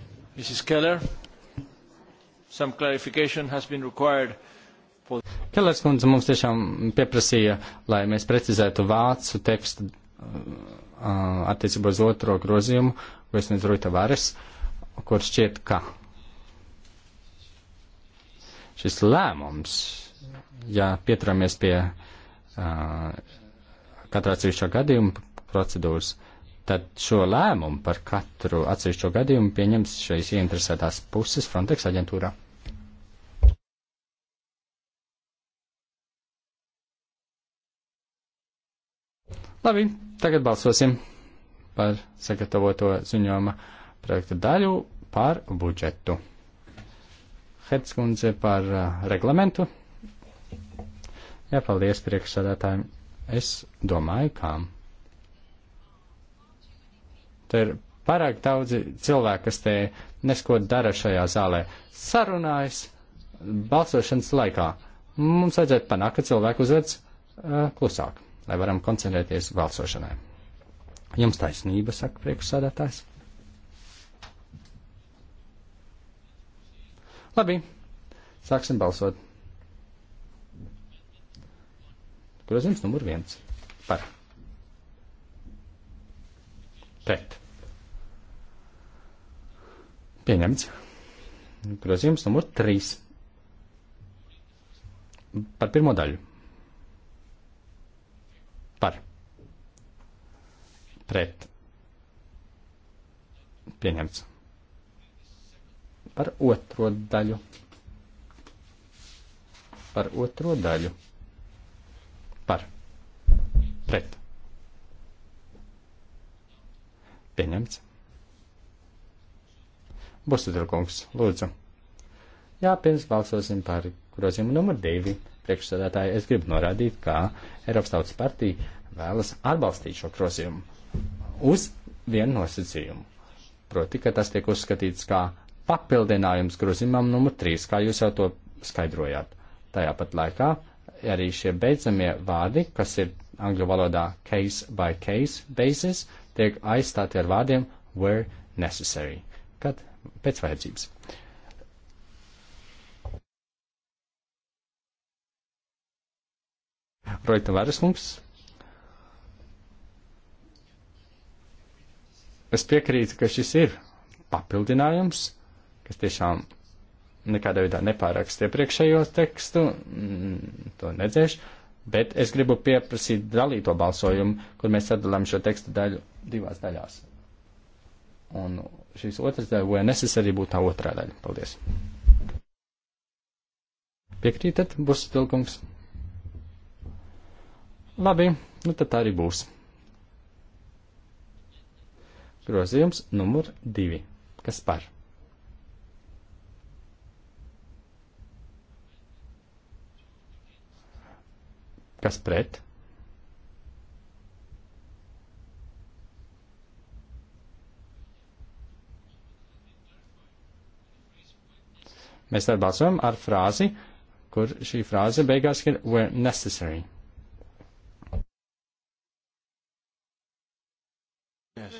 Mrs. Keller, some clarification has been required. For... Kellers kundze mums tiešām pieprasīja, lai mēs precizētu vācu tekstu uh, uh attiecībā uz otro grozījumu, ko es nezinu, Tavares, kur šķiet, ka šis lēmums, ja pieturamies pie uh, katrā atsevišķā gadījuma procedūras, uh, Tad šo lēmumu par katru atsevišķo gadījumu pieņems šīs ieinteresētās puses Frontex aģentūrā. Labi, tagad balsosim par sagatavoto ziņojuma projekta daļu par budžetu. Hetskundze par uh, reglamentu. Jā, paldies priekšsādātājiem. Es domāju, kā. Te ir pārāk daudzi cilvēki, kas te nesko dara šajā zālē. Sarunājas balsošanas laikā. Mums vajadzētu panākt, ka cilvēki uzvedas uh, klusāk, lai varam koncentrēties balsošanai. Jums taisnība, saka priekšsādātājs. Labi, sāksim balsot. Grozījums numur viens par. Pret. Pieņemts. Grozījums numur 3. Par pirmo daļu. Par. Pret. Pieņemts. Par otro daļu. Par otro daļu. Par. Pret. Pieņemts. Busutilkungs, lūdzu. Jā, pirms balsosim par grozījumu numur divi. Priekšsēdētāji, es gribu norādīt, ka Eiropas Tautas partija vēlas atbalstīt šo grozījumu uz vienu nosacījumu. Proti, ka tas tiek uzskatīts kā papildinājums grozījumam numur trīs, kā jūs jau to skaidrojāt. Tajā pat laikā arī šie beidzamie vārdi, kas ir angļu valodā case by case basis, uh, tiek aizstāti ar vārdiem where necessary, kad pēc vajadzības. Projekta Vēreskungs. Es piekrītu, ka šis ir papildinājums, kas tiešām nekādā veidā nepārakst iepriekšējo tekstu, mm, to nedzēšu, Bet es gribu pieprasīt dalīto balsojumu, kur mēs sadalām šo tekstu daļu divās daļās. Un šīs otras daļas, vai necesari būtu tā otrā daļa. Paldies. Piekrītat, būs tilkums? Labi, nu tad tā arī būs. Grozījums numur divi. Kas par? Kas pret? Mēs tad balsojam ar frāzi, kur šī frāze beigās ir where necessary. Yes.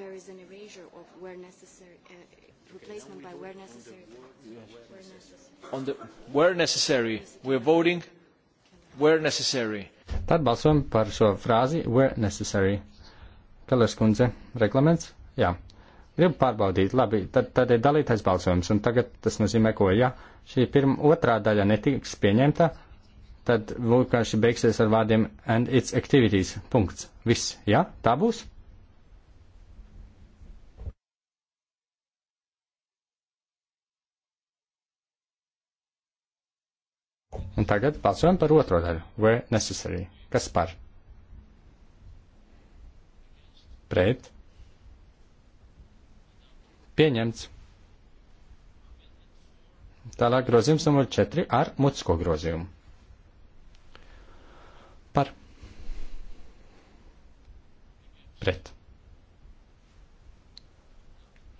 There is an erasure of where necessary, uh, replacement by where necessary. Yes. Where necessary. On the where necessary, we're voting where necessary. Tad balsojam par šo frāzi where necessary. Kalers kundze, reglaments? Jā. Gribu pārbaudīt, labi, tad, tad ir dalītais balsojums, un tagad tas nozīmē, ko, ja šī pirma, otrā daļa netiks pieņemta, tad vienkārši beigsies ar vārdiem and its activities. Punkts. Viss, jā, ja? tā būs? Un tagad balsojam par otro daļu. Where necessary. Kas par? Pret. Pieņemts. Tālāk grozījums numur 4 ar mutisko grozījumu. Par. Pret.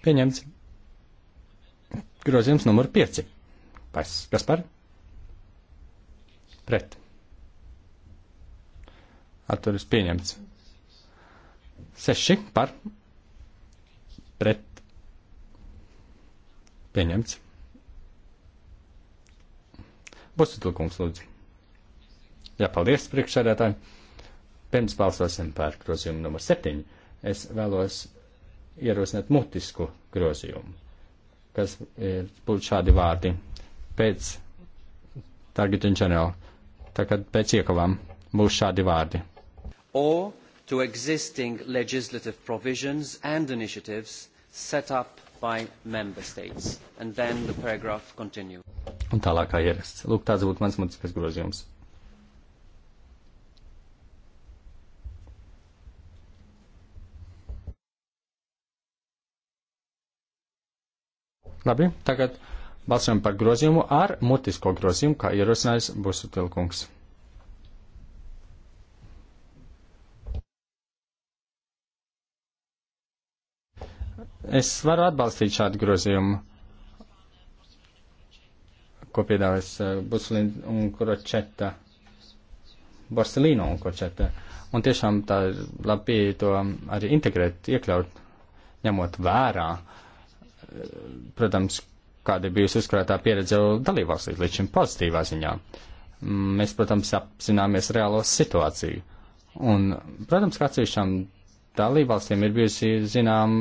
Pieņemts. Grozījums numur 5. Pas, kas par? Pret. Atturas pieņemts. 6 par. Pret. Pieņemts. Būs tulkums, lūdzu. Jā, paldies, priekšsēdētāji. Pirms balsosim par grozījumu numur 7, es vēlos ierosināt mutisku grozījumu, kas ir, būtu šādi vārdi. Pēc target in general tā kā pēc iekavām būs šādi vārdi. Or to existing legislative provisions and initiatives set up by member states. And then the paragraph continues. Un tālāk kā ieraksts. Lūk, tāds būtu mans mutiskais grozījums. Labi, tagad Balsojam par grozījumu ar mutisko grozījumu, kā ierosinājis Busutilkungs. Es varu atbalstīt šādu grozījumu, ko piedāvājas eh, Busulīna un Kročeta, Borselīno un Kročeta. Un tiešām tā ir labi pieeja to arī integrēt, iekļaut, ņemot vērā, eh, protams, kāda ir bijusi uzkrātā pieredze dalībvalstīs līdz šim pozitīvā ziņā. Mēs, protams, apzināmies reālo situāciju. Un, protams, kā atsevišķām dalībvalstīm ir bijusi, zinām,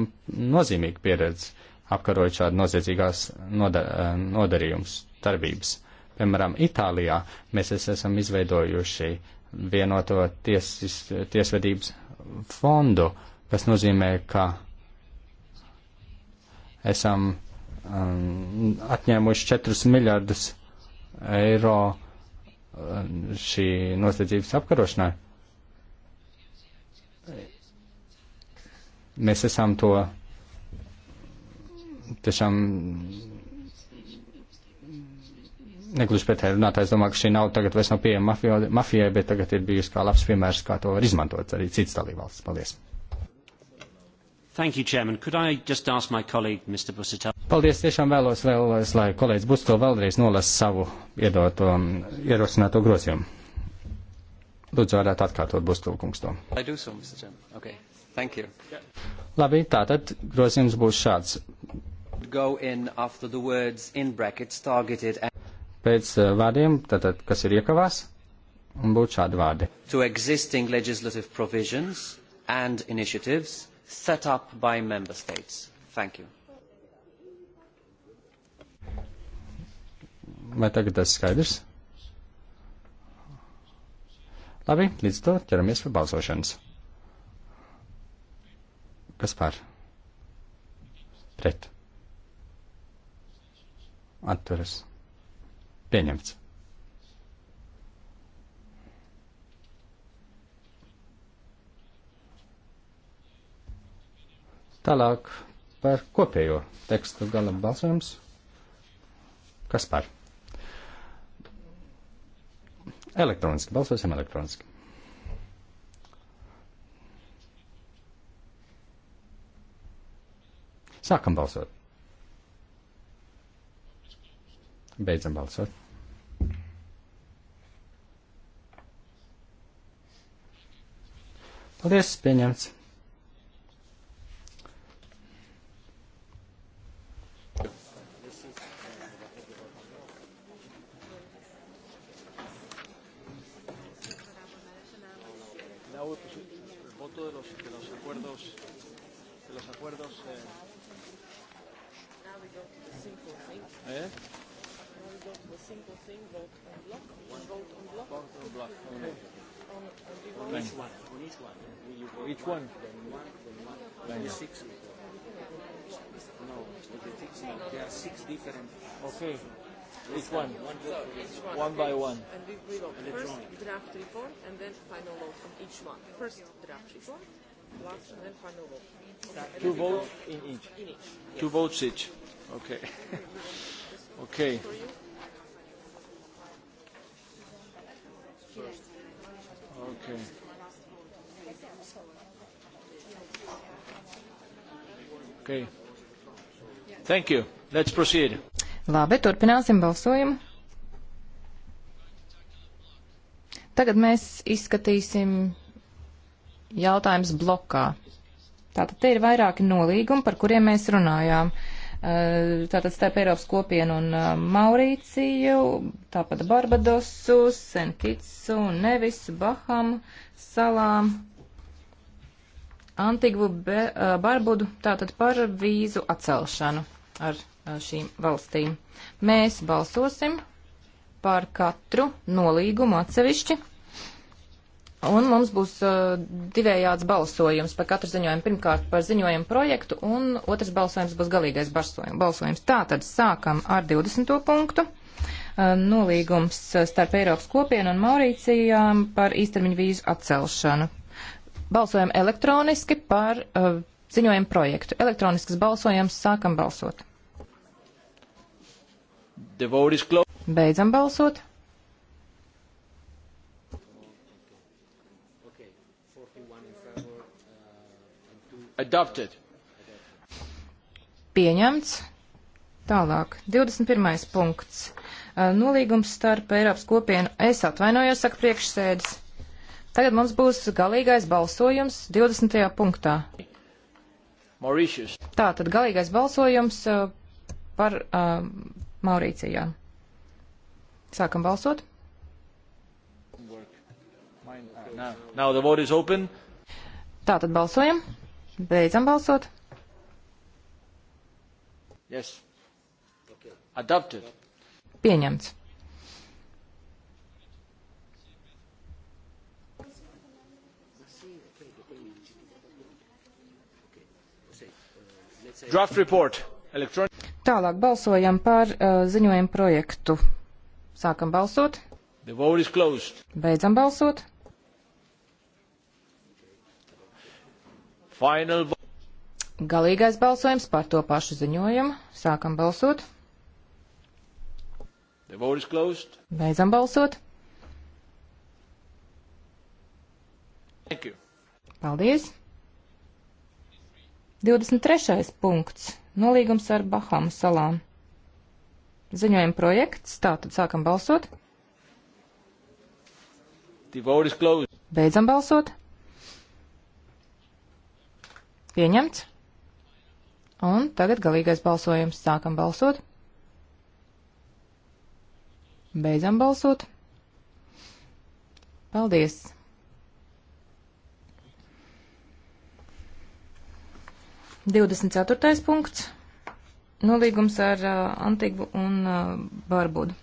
nozīmīga pieredze apkarojot šādu noziedzīgās nodar eh, nodarījumus, darbības. Piemēram, Itālijā mēs esam izveidojuši vienoto tiesis, tiesvedības fondu, kas nozīmē, ka esam um, atņēmuši 4 miljardus eiro um, šī noslēdzības apkarošanai. Mēs esam to tiešām negluži pretēji runāt. Es domāju, ka šī nauda tagad vairs nav pieejama mafijai, bet tagad ir bijusi kā labs piemērs, kā to var izmantot arī citas dalībvalstis. Paldies! Thank you, Chairman. Could I just ask my colleague, Mr. Busitel? Paldies, tiešām vēlos, vēlos lai kolēģis Busitel vēlreiz nolas savu iedoto, um, ierosināto grozījumu. Lūdzu, varētu atkārtot Busitel kungs to. I do so, Mr. Chairman. Okay. Thank you. Yeah. Labi, tātad grozījums būs šāds. Go in after the words in brackets targeted and... Pēc uh, vārdiem, tātad, kas ir iekavās, un būtu šādi vārdi. To existing legislative provisions and initiatives set up by member states. Thank you. Vai tagad tas skaidrs? Labi, līdz to ķeramies pie balsošanas. Kas par? Pret. Atturas. Pieņemts. Tālāk par kopējo tekstu gala balsojums. Kas par? Elektroniski. Balsosim elektroniski. Sākam balsot. Beidzam balsot. Paldies, pieņemts. one. First draft reform, last and then final vote. Okay. Two votes in each. In each. Yes. Two votes each. Okay. okay. Okay. Okay. Thank you. Let's proceed. Labi, turpināsim balsojumu. Tagad mēs izskatīsim jautājums blokā. Tātad te ir vairāki nolīgumi, par kuriem mēs runājām. Eh, tātad starp Eiropas kopienu un eh, Maurīciju, tāpat Barbadosu, Senkitsu, Nevisu, Bahamu, salām, Antigvu, Be, eh, Barbudu, tātad par vīzu atcelšanu ar šīm valstīm. Mēs balsosim par katru nolīgumu atsevišķi. Un mums būs uh, divējāds balsojums par katru ziņojumu. Pirmkārt par ziņojumu projektu, un otrs balsojums būs galīgais balsojums. Tātad sākam ar 20. punktu. Uh, nolīgums starp Eiropas kopienu un Maurīcijām par īstermiņu vīzu atcelšanu. Balsojam elektroniski par uh, ziņojumu projektu. Elektronisks balsojums sākam balsot. Beidzam balsot. Adopted. Pieņemts. Tālāk. 21. punkts. Uh, nolīgums starp Eiropas kopienu. Es atvainojos, saka priekšsēdis. Tagad mums būs galīgais balsojums 20. punktā. Mauritius. Tā tad galīgais balsojums uh, par uh, Maurīcijā. Sākam balsot. Now, now the vote is open. Tātad balsojam. Beidzam balsot. Yes. Adopted. Pieņemts. Draft report. Electronic... Tālāk balsojam par uh, ziņojumu projektu. Sākam balsot. The vote is closed. Beidzam balsot. Final... Galīgais balsojums par to pašu ziņojumu. Sākam balsot. Beidzam balsot. Paldies. 23. punkts. Nolīgums ar Bahamu salām. Ziņojuma projekts. Tātad sākam balsot. Beidzam balsot. Pieņemts. Un tagad galīgais balsojums. Sākam balsot. Beidzam balsot. Paldies! Divdesmit ceturtais punkts. Nolīgums ar uh, Antigu un uh, Barbudu.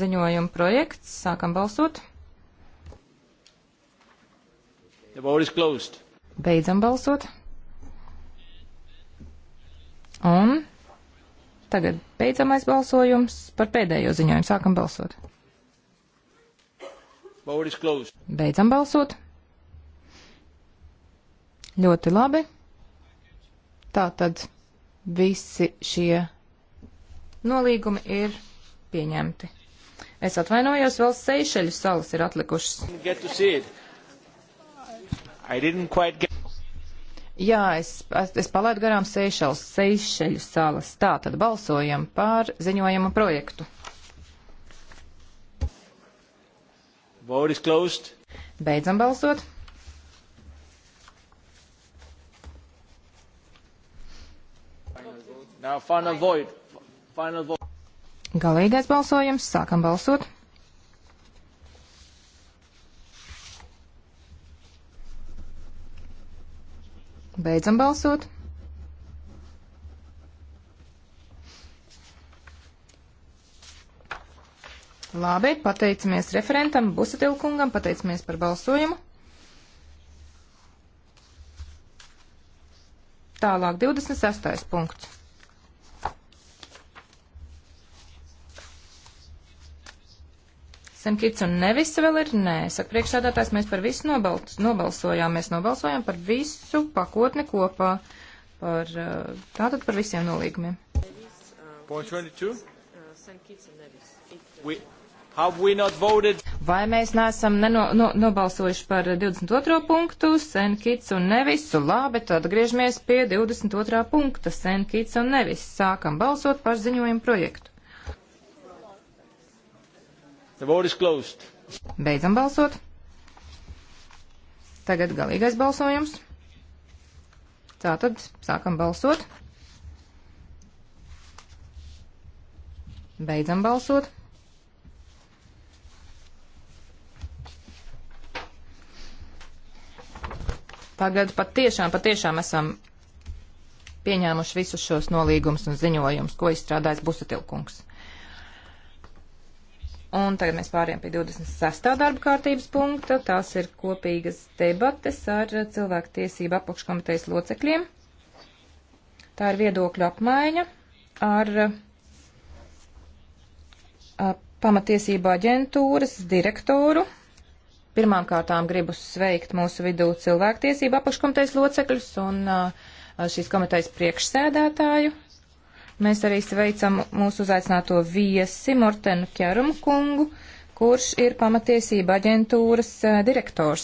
Ziņojuma projekts. Sākam balsot. Beidzam balsot. Un tagad beidzamais balsojums par pēdējo ziņojumu. Sākam balsot. Beidzam balsot. Ļoti labi. Tātad visi šie nolīgumi ir pieņemti. Es atvainojos, vēl Seišeļu salas ir atlikušas. Get... Jā, es, es palaidu garām Seišels, Seišeļu salas. Tā tad balsojam par ziņojumu projektu. Vote is closed. Beidzam balsot. Now final vote. Final vote. Galīgais balsojums. Sākam balsot. Beidzam balsot. Labi, pateicamies referentam Busatilkungam, pateicamies par balsojumu. Tālāk 26. punkts. Semkits un nevisa vēl ir? Nē, saka priekšsēdētājs, mēs par visu nobals, nobalsojām. Mēs nobalsojām par visu pakotni kopā. Par, eh, tātad par visiem nolīgumiem. Uh, Vai mēs neesam neno, no, nobalsojuši par 22. punktu, Senkits un nevisu? Labi, tad griežamies pie 22. punkta, Senkits un nevis. Sākam balsot par ziņojumu projektu. The vote is closed. Beidzam balsot. Tagad galīgais balsojums. Tātad sākam balsot. Beidzam balsot. Tagad patiešām, patiešām esam pieņēmuši visus šos nolīgumus un ziņojumus, ko izstrādājas Busatilkungs. Un tagad mēs pāriem pie 26. darba kārtības punkta. Tās ir kopīgas debates ar cilvēku tiesību apakškomitejas locekļiem. Tā ir viedokļu apmaiņa ar a, pamatiesību aģentūras direktoru. Pirmām kārtām gribu sveikt mūsu vidū cilvēktiesību apakškomitejas locekļus un a, šīs komitejas priekšsēdētāju Mēs arī sveicam mūsu uzaicināto viesi Mortenu Kjarumu kungu, kurš ir pamatiesība aģentūras eh, direktors.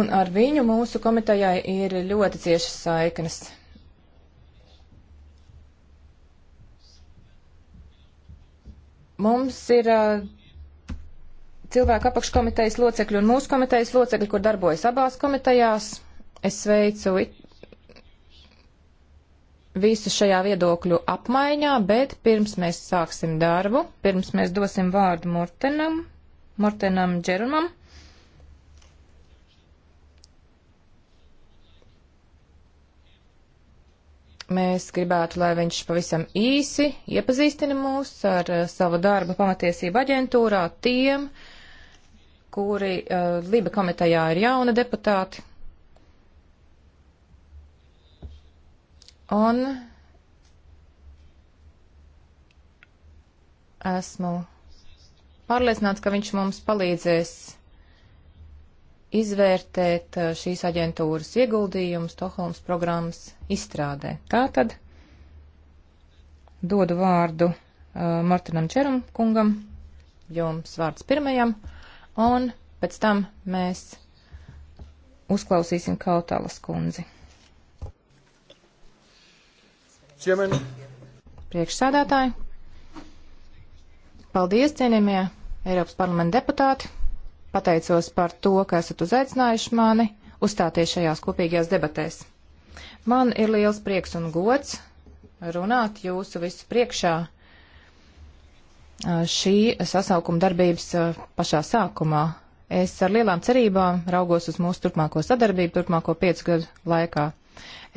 Un ar viņu mūsu komitejai ir ļoti ciešas saiknes. Mums ir eh, cilvēku apakškomitejas locekļi un mūsu komitejas locekļi, kur darbojas abās komitejās. Es sveicu it visu šajā viedokļu apmaiņā, bet pirms mēs sāksim darbu, pirms mēs dosim vārdu Mortenam, Mortenam Džerumam. Mēs gribētu, lai viņš pavisam īsi iepazīstina mūs ar eh, savu darbu pamatiesību aģentūrā tiem, kuri uh, eh, Liba komitejā ir jauni deputāti, Un esmu pārliecināts, ka viņš mums palīdzēs izvērtēt uh, šīs aģentūras ieguldījumu Stokholmas programmas izstrādē. Tātad dodu vārdu uh, Martinam Čerum kungam, jums vārds pirmajam, un pēc tam mēs uzklausīsim Kautalas kundzi. Chairman. Priekšsēdētāji. Paldies, cienījamie Eiropas parlamenta deputāti. Pateicos par to, ka esat uzaicinājuši mani uzstāties šajās kopīgajās debatēs. Man ir liels prieks un gods runāt jūsu visu priekšā šī sasaukuma darbības pašā sākumā. Es ar lielām cerībām raugos uz mūsu turpmāko sadarbību turpmāko piecu gadu laikā.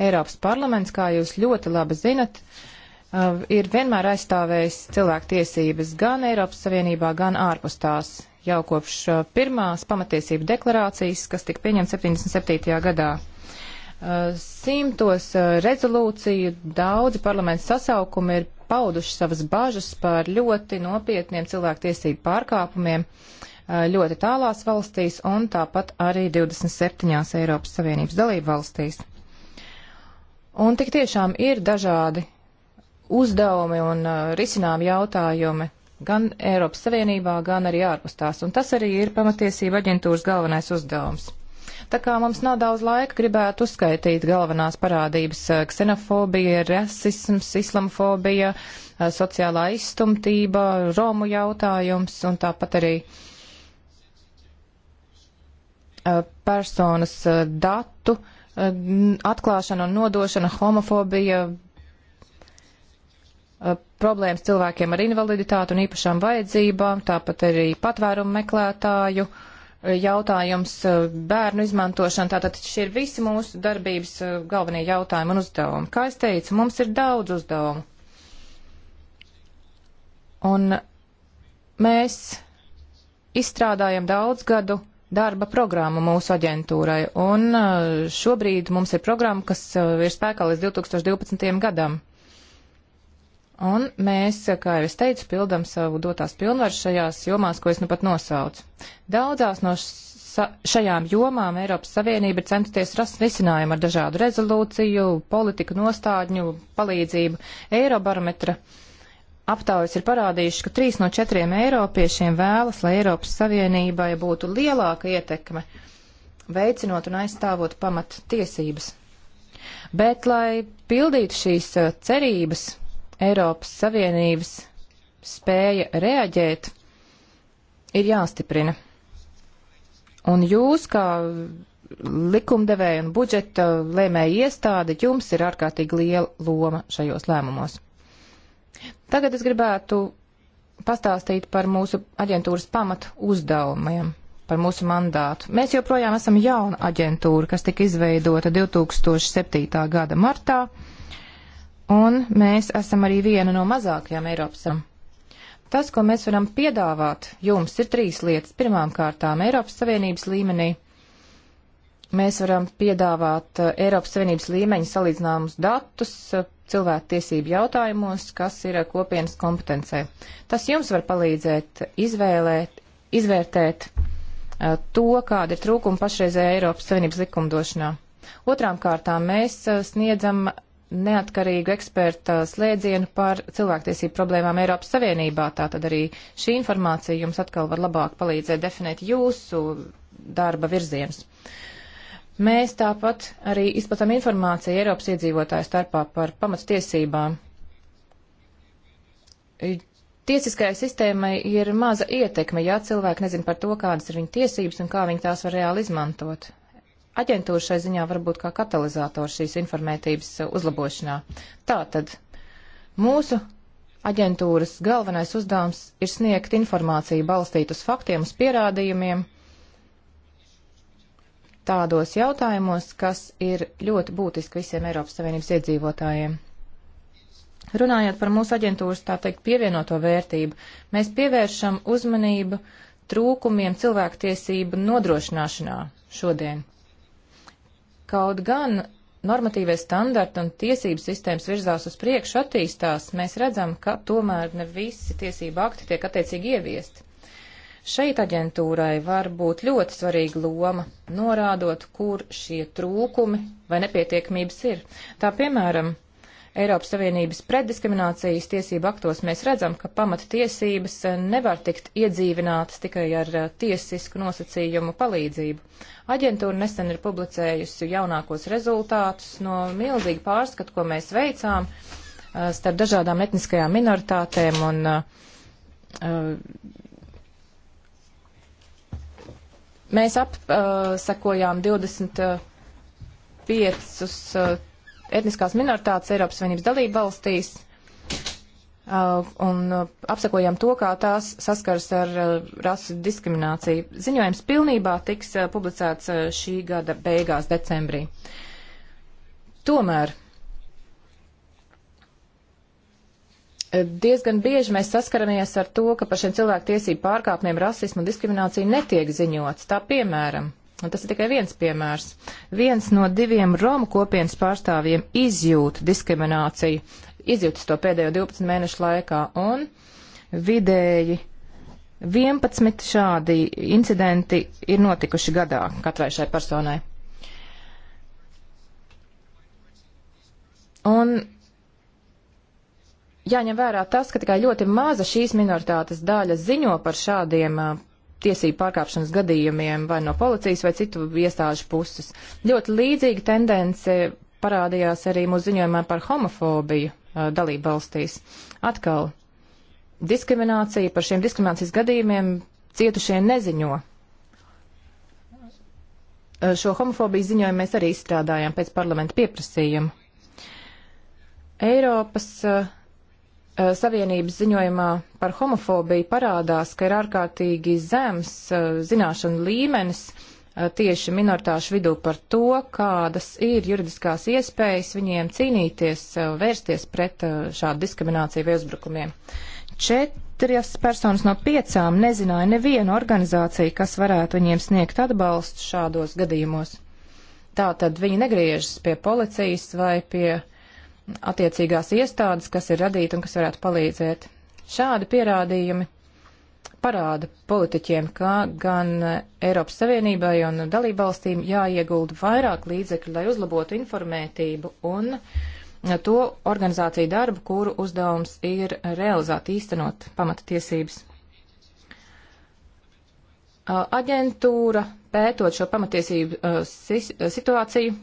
Eiropas parlaments, kā jūs ļoti labi zinat, uh, ir vienmēr aizstāvējis cilvēku tiesības gan Eiropas Savienībā, gan ārpus tās jau kopš uh, pirmās pamatiesību deklarācijas, kas tika pieņemta 77. gadā. Uh, simtos rezolūciju daudzi parlamentu sasaukumi ir pauduši savas bažas par ļoti nopietniem cilvēktiesību pārkāpumiem ļoti tālās valstīs un tāpat arī 27. Eiropas Savienības dalību valstīs. Un tik tiešām ir dažādi uzdevumi un uh, risinām jautājumi gan Eiropas Savienībā, gan arī ārpus tās. Un tas arī ir pamatiesība aģentūras galvenais uzdevums. Tā kā mums nav daudz laika, gribētu uzskaitīt galvenās parādības uh, - ksenofobija, rasisms, islamofobija, uh, sociālā izstumtība, romu jautājums un tāpat arī uh, personas datu atklāšana un nodošana, homofobija, problēmas cilvēkiem ar invaliditātu un īpašām vajadzībām, tāpat arī patvērumu meklētāju jautājums, bērnu izmantošana. Tātad šie ir visi mūsu darbības galvenie jautājumi un uzdevumi. Kā es teicu, mums ir daudz uzdevumu. Un mēs izstrādājam daudz gadu darba programma mūsu aģentūrai, un uh, šobrīd mums ir programma, kas uh, ir spēkā līdz 2012. gadam. Un mēs, uh, kā jau es teicu, pildam savu dotās pilnvaru šajās jomās, ko es nu pat nosaucu. Daudzās no šajām jomām Eiropas Savienība ir centusies rast risinājumu ar dažādu rezolūciju, politiku nostādņu, palīdzību. Eirobarometra uh, Aptaujas ir parādījušas, ka trīs no četriem eiropiešiem vēlas, lai Eiropas Savienībai būtu lielāka ietekme, veicinot un aizstāvot pamat tiesības. Bet, lai pildītu šīs eh, cerības, Eiropas Savienības spēja reaģēt ir jāstiprina. Un jūs, kā likumdevēja un budžeta lēmēja iestāde, jums ir ārkārtīgi liela loma šajos lēmumos. Tagad es gribētu pastāstīt par mūsu aģentūras pamatu uzdevumiem, par mūsu mandātu. Mēs joprojām esam jauna aģentūra, kas tika izveidota 2007. gada martā, un mēs esam arī viena no mazākajām Eiropas. Tas, ko mēs varam piedāvāt jums, ir trīs lietas. Pirmām kārtām Eiropas Savienības līmenī mēs varam piedāvāt eh, Eiropas Savienības līmeņa salīdzināmus datus eh, cilvēku tiesību jautājumos, kas ir kopienas kompetencē. Tas jums var palīdzēt izvēlēt, izvērtēt eh, to, kāda ir trūkuma pašreizējā Eiropas Savienības likumdošanā. Otrām kārtām mēs eh, sniedzam neatkarīgu eksperta slēdzienu par cilvēktiesību problēmām Eiropas Savienībā. Tātad arī šī informācija jums atkal var labāk palīdzēt definēt jūsu darba virzienus. Uh, Mēs tāpat arī izplatām informāciju Eiropas iedzīvotāju starpā par pamatstiesībām. Tiesiskajai sistēmai ir maza ietekme, ja cilvēki nezin par to, kādas ir viņa tiesības un kā viņi tās var reāli izmantot. Aģentūra šai ziņā var būt kā katalizators šīs informētības uzlabošanā. Tātad mūsu aģentūras galvenais uzdevums ir sniegt informāciju balstīt uz faktiem, uz pierādījumiem tādos jautājumos, kas ir ļoti būtiski visiem Eiropas Savienības iedzīvotājiem. Runājot par mūsu aģentūras, tā teikt, pievienoto vērtību, mēs pievēršam uzmanību trūkumiem cilvēktiesību nodrošināšanā šodien. Kaut gan normatīvie standarti un tiesību sistēmas virzās uz priekšu attīstās, mēs redzam, ka tomēr ne visi tiesību akti tiek attiecīgi ieviesti. Šeit aģentūrai var būt ļoti svarīga loma, norādot, kur šie trūkumi vai nepietiekamības ir. Tā piemēram, Eiropas Savienības preddiskriminācijas tiesību aktos mēs redzam, ka pamata tiesības nevar tikt iedzīvinātas tikai ar eh, tiesisku nosacījumu palīdzību. Aģentūra nesen ir publicējusi jaunākos rezultātus no milzīga pārskata, ko mēs veicām eh, starp dažādām etniskajām minoritātēm un uh, Mēs apsekojām uh, 25 uh, etniskās minoritātes Eiropas Savienības dalību valstīs uh, un uh, apsekojām to, kā tās saskars ar uh, rasu diskrimināciju. Ziņojums pilnībā tiks uh, publicēts šī gada beigās decembrī. Tomēr Eh, diezgan bieži mēs saskaramies ar to, ka par šiem cilvēku tiesību pārkāpumiem rasismu un diskrimināciju netiek ziņots. Tā piemēram, un tas ir tikai viens piemērs, viens no diviem Romu kopienas pārstāvjiem izjūt diskrimināciju, izjūtas to pēdējo 12 mēnešu laikā, un vidēji 11 šādi incidenti ir notikuši gadā katrai šai personai. Un jāņem vērā tas, ka tikai ļoti maza šīs minoritātes daļa ziņo par šādiem uh, tiesību pārkāpšanas gadījumiem vai no policijas vai citu iestāžu puses. Ļoti līdzīga tendence parādījās arī mūsu ziņojumā par homofobiju uh, dalību valstīs. Atkal diskriminācija, par šiem diskriminācijas gadījumiem cietušie neziņo. Uh, šo homofobiju ziņojumu mēs arī izstrādājām pēc parlamenta pieprasījuma. Eiropas uh, Eh, Savienības ziņojumā par homofobiju parādās, ka ir ārkārtīgi zems eh, zināšanu līmenis eh, tieši minoritāšu vidū par to, kādas ir juridiskās iespējas viņiem cīnīties, vērsties pret šādu diskrimināciju vai uzbrukumiem. Četras personas no piecām nezināja nevienu organizāciju, kas varētu viņiem sniegt atbalstu šādos gadījumos. Tātad viņi negriežas pie policijas vai pie uh, attiecīgās iestādes, kas ir radīta un kas varētu palīdzēt. Šādi pierādījumi parāda politiķiem, ka gan Eiropas Savienībai un dalībvalstīm jāiegulda vairāk līdzekļu, lai uzlabotu informētību un to organizāciju darbu, kuru uzdevums ir realizēt, īstenot pamatiesības. Aģentūra pētot šo pamatiesību situāciju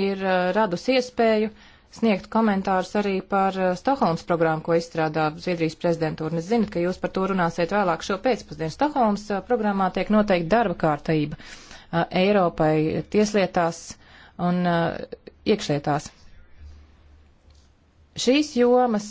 ir radusi iespēju uh, sniegt komentārus arī par eh, Stokholmas programmu, ko izstrādā Zviedrijas prezidentūra. Es zinu, ka jūs par to runāsiet vēlāk šo pēcpusdienu. Stokholmas eh, programmā tiek noteikti darba kārtība eh, Eiropai tieslietās un iekšlietās. Šīs jomas,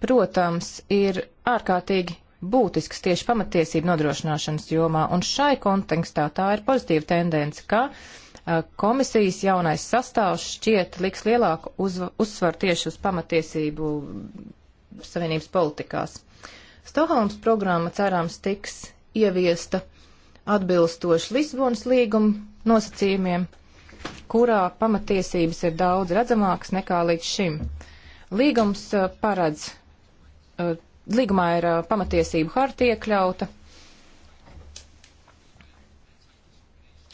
protams, ir ārkārtīgi būtisks tieši pamatiesību nodrošināšanas jomā, un šai kontekstā tā ir pozitīva tendence, ka uh, Eh, komisijas jaunais sastāvs šķiet liks lielāku uz, uzsvaru tieši uz pamatiesību savienības politikās. Stokholmas programma cerams tiks ieviesta atbilstoši Lisbonas līguma nosacījumiem, kurā pamatiesības ir daudz redzamākas nekā līdz šim. Līgums eh, paredz, eh, līgumā ir pamatiesību harta iekļauta,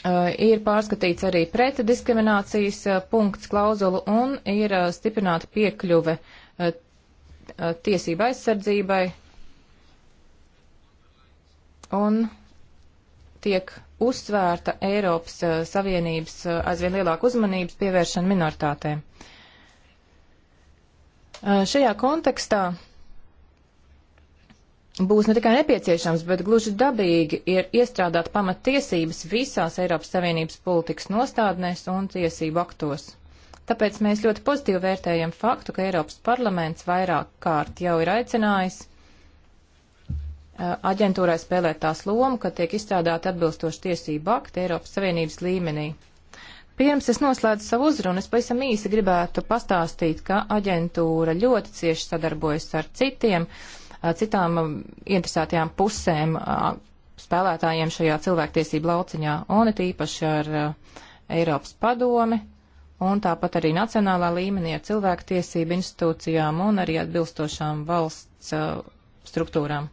Eh, ir pārskatīts arī pretdiskriminācijas eh, punkts klauzulu un ir eh, stiprināta piekļuve tiesība aizsardzībai un tiek uzsvērta Eiropas Savienības aizvien lielāka uzmanības pievēršana minoritātēm. Šajā kontekstā būs ne tikai nepieciešams, bet gluži dabīgi ir iestrādāt pamatiesības visās Eiropas Savienības politikas nostādnēs un tiesību aktos. Tāpēc mēs ļoti pozitīvi vērtējam faktu, ka Eiropas parlaments vairāk kārt jau ir aicinājis aģentūrai spēlēt tās lomu, ka tiek izstrādāti atbilstoši tiesību akti Eiropas Savienības līmenī. Pirms es noslēdzu savu uzrunu, es pavisam īsi gribētu pastāstīt, ka aģentūra ļoti cieši sadarbojas ar citiem uh, citām interesētajām pusēm, spēlētājiem šajā cilvēktiesību lauciņā, un it īpaši ar Eiropas padomi, un tāpat arī nacionālā līmenī ar cilvēktiesību institūcijām un arī atbilstošām valsts struktūrām.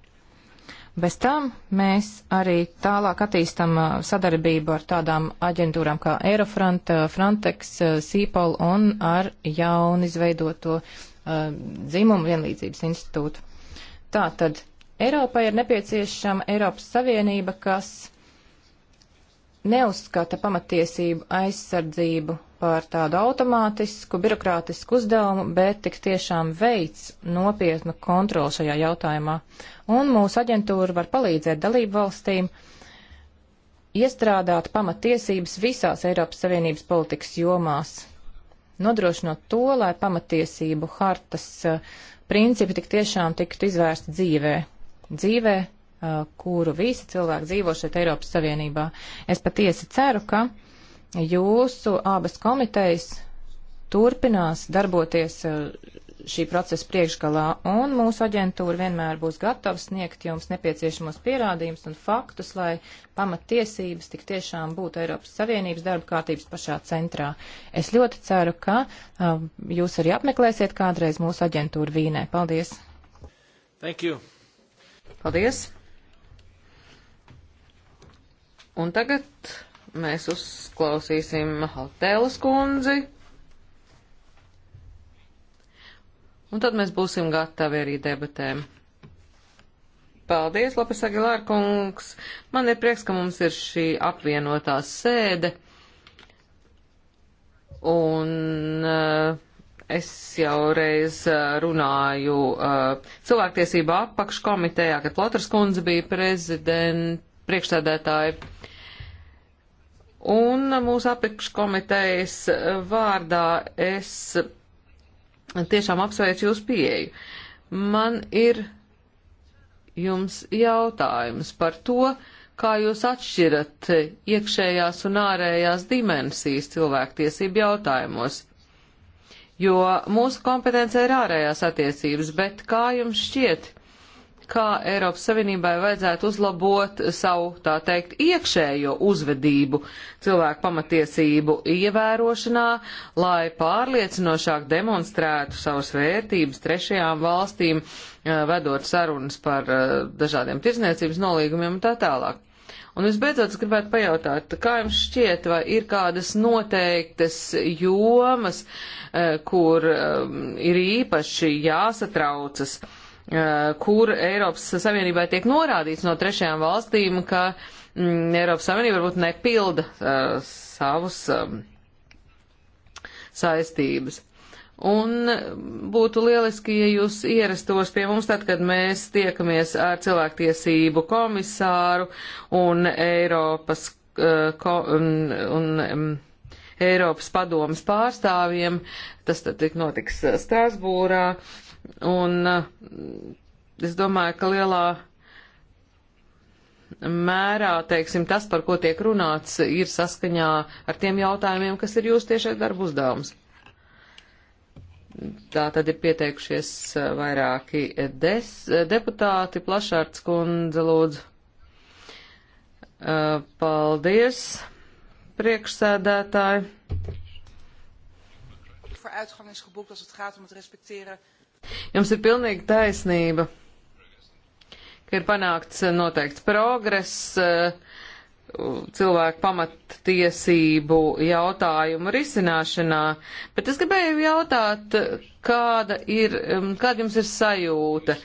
Bez tam mēs arī tālāk attīstam sadarbību ar tādām aģentūrām kā Aerofront, Frontex, Sīpol un ar jaunu izveidoto uh, dzimumu vienlīdzības institūtu. Tātad Eiropai ir nepieciešama Eiropas Savienība, kas neuzskata pamatiesību aizsardzību par tādu automātisku, birokrātisku uzdevumu, bet tik tiešām veids nopietnu kontroli šajā jautājumā. Un mūsu aģentūra var palīdzēt dalību valstīm iestrādāt pamatiesības visās Eiropas Savienības politikas jomās, nodrošinot to, lai pamatiesību hartas uh, principi tik tiešām tiktu izvērsti dzīvē. Dzīvē, uh, kuru visi cilvēki dzīvo šeit Eiropas Savienībā. Es patiesi ceru, ka jūsu abas komitejas turpinās darboties uh, šī procesa priekšgalā, un mūsu aģentūra vienmēr būs gatava sniegt jums nepieciešamos pierādījumus un faktus, lai pamatiesības tik tiešām būtu Eiropas Savienības darba kārtības pašā centrā. Es ļoti ceru, ka uh, jūs arī apmeklēsiet kādreiz mūsu aģentūru Vīnē. Paldies! Thank you! Paldies! Un tagad mēs uzklausīsim Haltēlas kundzi. Un tad mēs būsim gatavi arī debatēm. Paldies, Lapis Agilārkungs. Man ir prieks, ka mums ir šī apvienotā sēde. Un uh, es jau reiz eh, runāju uh, cilvēktiesība apakškomitejā, kad Lotras kundze bija prezidenta priekšsēdētāja. Un mūsu apakškomitejas vārdā es tiešām apsveicu jūsu pieeju. Man ir jums jautājums par to, kā jūs atšķirat iekšējās un ārējās dimensijas cilvēktiesību jautājumos. Jo mūsu kompetence ir ārējās attiecības, bet kā jums šķiet, kā Eiropas Savienībai vajadzētu uzlabot savu, tā teikt, iekšējo uzvedību cilvēku pamatiesību ievērošanā, lai pārliecinošāk demonstrētu savas vērtības trešajām valstīm, eh, vedot sarunas par eh, dažādiem tirzniecības nolīgumiem un tā tālāk. Un visbeidzot, es gribētu pajautāt, kā jums šķiet, vai ir kādas noteiktas jomas, eh, kur ir īpaši jāsatraucas kur Eiropas Savienībai tiek norādīts no trešajām valstīm, ka mm, Eiropas Savienība varbūt nepilda uh, savus um, saistības. Un būtu lieliski, ja jūs ierastos pie mums tad, kad mēs tiekamies ar cilvēktiesību komisāru un Eiropas, uh, ko, un, un, um, Eiropas padomas pārstāvjiem. Tas tad tik notiks Strasbūrā. Uh, Un e, es domāju, ka lielā mērā, teiksim, tas, par ko tiek runāts, ir saskaņā ar tiem jautājumiem, kas ir jūsu tiešais darba uzdevums. Tā tad ir pieteikušies e, vairāki des, e, deputāti, plašārts kundze, lūdzu. Paldies, priekšsēdētāji. Vooruitgang is geboekt als het gaat om het respecteren Jums ir pilnīgi taisnība, ka ir panākts eh, noteikts progress eh, cilvēku pamattiesību jautājumu risināšanā, bet es gribēju jautāt, kāda ir, kāda jums ir sajūta?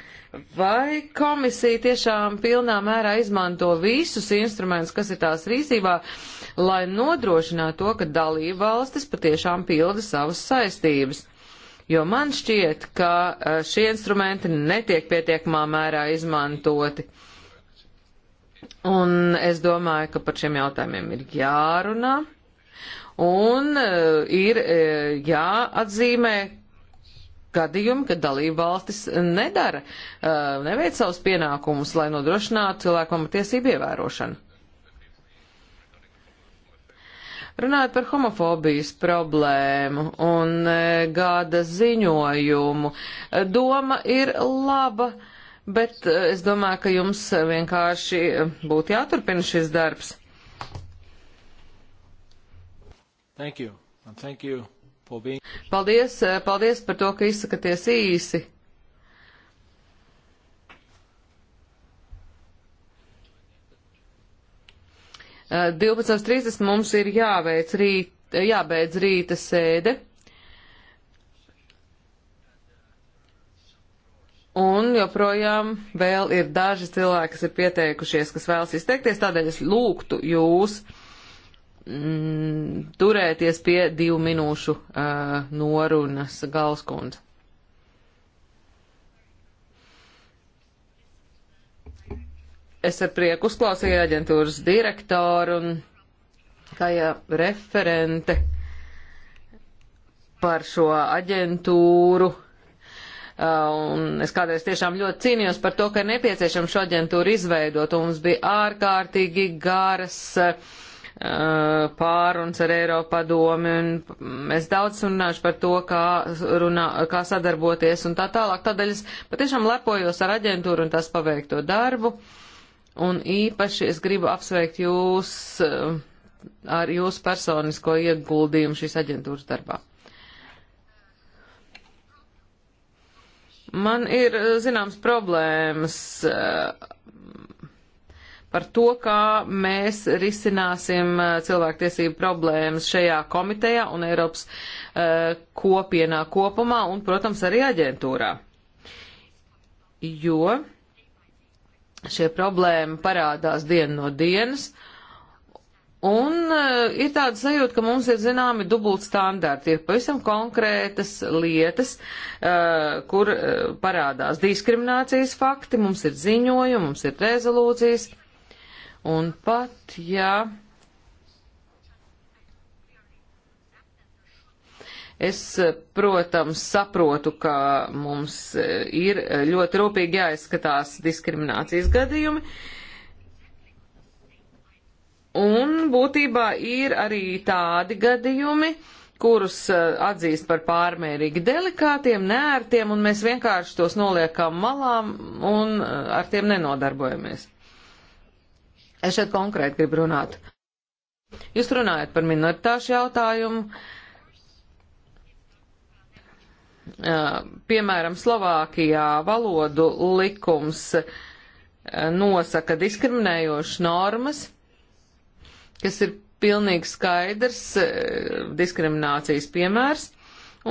Vai komisija tiešām pilnā mērā izmanto visus instrumentus, kas ir tās rīcībā, lai nodrošinātu to, ka dalība valstis patiešām pilda savas saistības? jo man šķiet, ka e, šie instrumenti netiek pietiekamā mērā izmantoti. Un es domāju, ka par šiem jautājumiem ir jārunā un e, ir e, jāatzīmē gadījumi, kad dalība valstis nedara, neveic savus pienākumus, lai nodrošinātu cilvēku pamatiesību ievērošanu. Runājot par homofobijas problēmu un e, gada ziņojumu, e, doma ir laba, bet e, es domāju, ka jums vienkārši būtu jāturpina šis darbs. Thank you. And thank you being... Paldies, paldies par to, ka izsakaties īsi. 12.30 eh, mums ir jāveic rīt, eh, jābeidz rīta sēde. Un joprojām vēl ir daži cilvēki, kas ir pieteikušies, kas vēlas izteikties, tādēļ es lūgtu jūs mm, turēties pie divu minūšu uh, norunas galskundze. Es ar prieku uzklausīju aģentūras direktoru un kā jau referente par šo aģentūru. Un es kādreiz tiešām ļoti cīnījos par to, ka ir nepieciešams šo aģentūru izveidot, un mums bija ārkārtīgi garas uh, pārunas ar Eiropa domi, un es daudz runāšu par to, kā, runā, kā sadarboties un tā tālāk. Tādēļ es patiešām lepojos ar aģentūru un tās paveikto darbu. Uh, Un īpaši es gribu apsveikt jūs eh, ar jūsu personisko ieguldījumu šīs aģentūras darbā. Man ir eh, zināms problēmas eh, par to, kā mēs risināsim cilvēktiesību problēmas šajā komitejā un Eiropas kopienā kopumā un, protams, arī aģentūrā. Jo šie problēma parādās dienu no dienas. Un uh, ir tāda sajūta, ka mums ir zināmi dubult standarti, ir pavisam konkrētas lietas, uh, kur uh, parādās diskriminācijas fakti, mums ir ziņojumi, mums ir rezolūcijas. Un pat, ja. Uh, Es, eh, protams, saprotu, ka mums eh, ir eh, ļoti rūpīgi jāizskatās diskriminācijas gadījumi. Un būtībā ir arī tādi gadījumi, kurus atzīst par pārmērīgi delikātiem, nērtiem, un mēs vienkārši tos noliekam malām un ar tiem nenodarbojamies. Es šeit konkrēti gribu runāt. Jūs runājat par minoritāšu jautājumu. Uh, Eh, piemēram, Slovākijā valodu likums eh, nosaka diskriminējošas normas, kas ir pilnīgi skaidrs eh, diskriminācijas piemērs,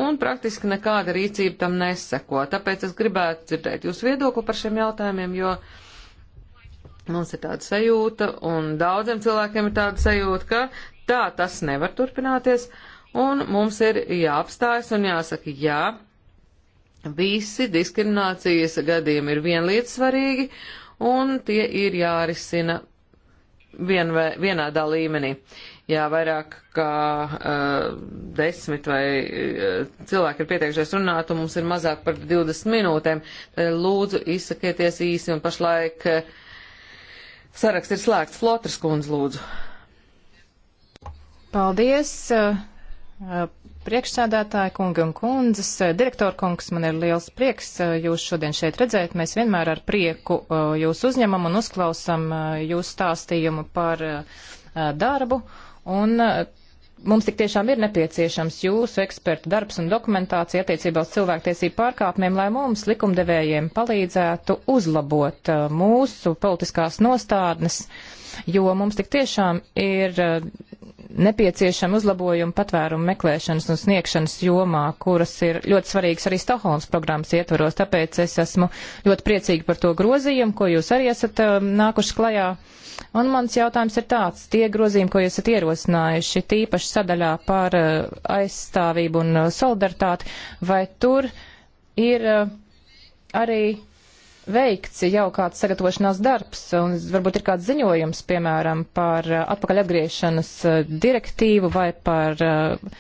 un praktiski nekāda rīcība tam neseko. Tāpēc es gribētu dzirdēt jūsu viedokli par šiem jautājumiem, jo mums ir tāda sajūta, un daudziem cilvēkiem ir tāda sajūta, ka tā tas nevar turpināties. Uh, un mums ir jāapstājas un jāsaka, jā, visi diskriminācijas gadījumi ir vienlīdz svarīgi, un tie ir jārisina vienvē, vienādā līmenī. Jā, vairāk kā uh, desmit vai uh, cilvēki ir pieteikušies runāt, un mums ir mazāk par 20 minūtēm. Tad eh, lūdzu, izsakieties īsi, un pašlaik uh, saraksts ir slēgts. Flotras kundze, lūdzu. Paldies. Uh... Priekšsādātāji, kungi un kundzes, direktor kungs, man ir liels prieks jūs šodien šeit redzēt. Mēs vienmēr ar prieku jūs uzņemam un uzklausam jūsu stāstījumu par darbu. Un mums tik tiešām ir nepieciešams jūsu ekspertu darbs un dokumentācija attiecībā uz cilvēktiesību pārkāpumiem, lai mums likumdevējiem palīdzētu uzlabot mūsu politiskās nostādnes, jo mums tik tiešām ir nepieciešami uzlabojumi patvērumu meklēšanas un sniegšanas jomā, kuras ir ļoti svarīgas arī Stokholmas programmas ietvaros. Tāpēc es esmu ļoti priecīgi par to grozījumu, ko jūs arī esat um, nākuši klajā. Un mans jautājums ir tāds, tie grozījumi, ko jūs esat ierosinājuši, tīpaši sadaļā par uh, aizstāvību un uh, solidaritāti, vai tur ir uh, arī veikts jau kāds sagatavošanās darbs, un varbūt ir kāds ziņojums, piemēram, par uh, atpakaļ atgriešanas uh, direktīvu vai par uh,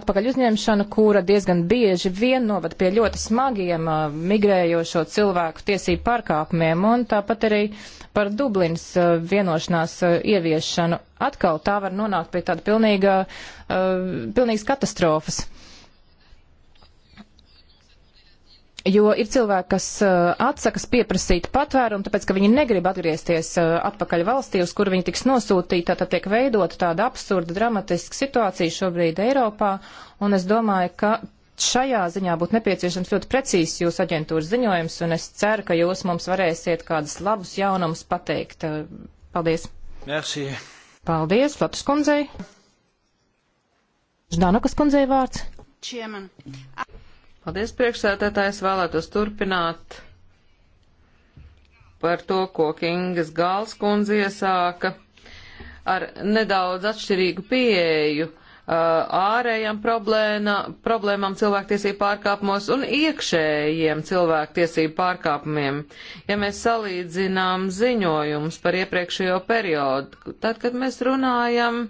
atpakaļ uzņemšanu, kura diezgan bieži vien novad pie ļoti smagiem migrējošo cilvēku tiesību pārkāpumiem, un tāpat arī par Dublinas vienošanās ieviešanu. Atkal tā var nonākt pie tāda pilnīga, pilnīgas katastrofas. Jo ir cilvēki, kas eh, atsakas pieprasīt patvērumu, tāpēc, ka viņi negrib atgriezties eh, atpakaļ valstī, uz kur viņi tiks nosūtīti. Tātad tiek veidota tāda absurda, dramatiska situācija šobrīd Eiropā, un es domāju, ka šajā ziņā būtu nepieciešams ļoti precīzs jūsu aģentūras ziņojums, un es ceru, ka jūs mums varēsiet kādus labus jaunumus pateikt. Eh, paldies! Merci. Paldies, Latvijas kundzei! Ždanukas kundzei vārds. Čiemen. Paldies, priekšsētētājs, vēlētos turpināt par to, ko Kingas Gāls kundze iesāka ar nedaudz atšķirīgu pieeju uh, ārējām problēma, problēmām cilvēktiesību pārkāpumos un iekšējiem cilvēktiesību pārkāpumiem. Ja mēs salīdzinām ziņojumus par iepriekšējo periodu, tad, kad mēs runājam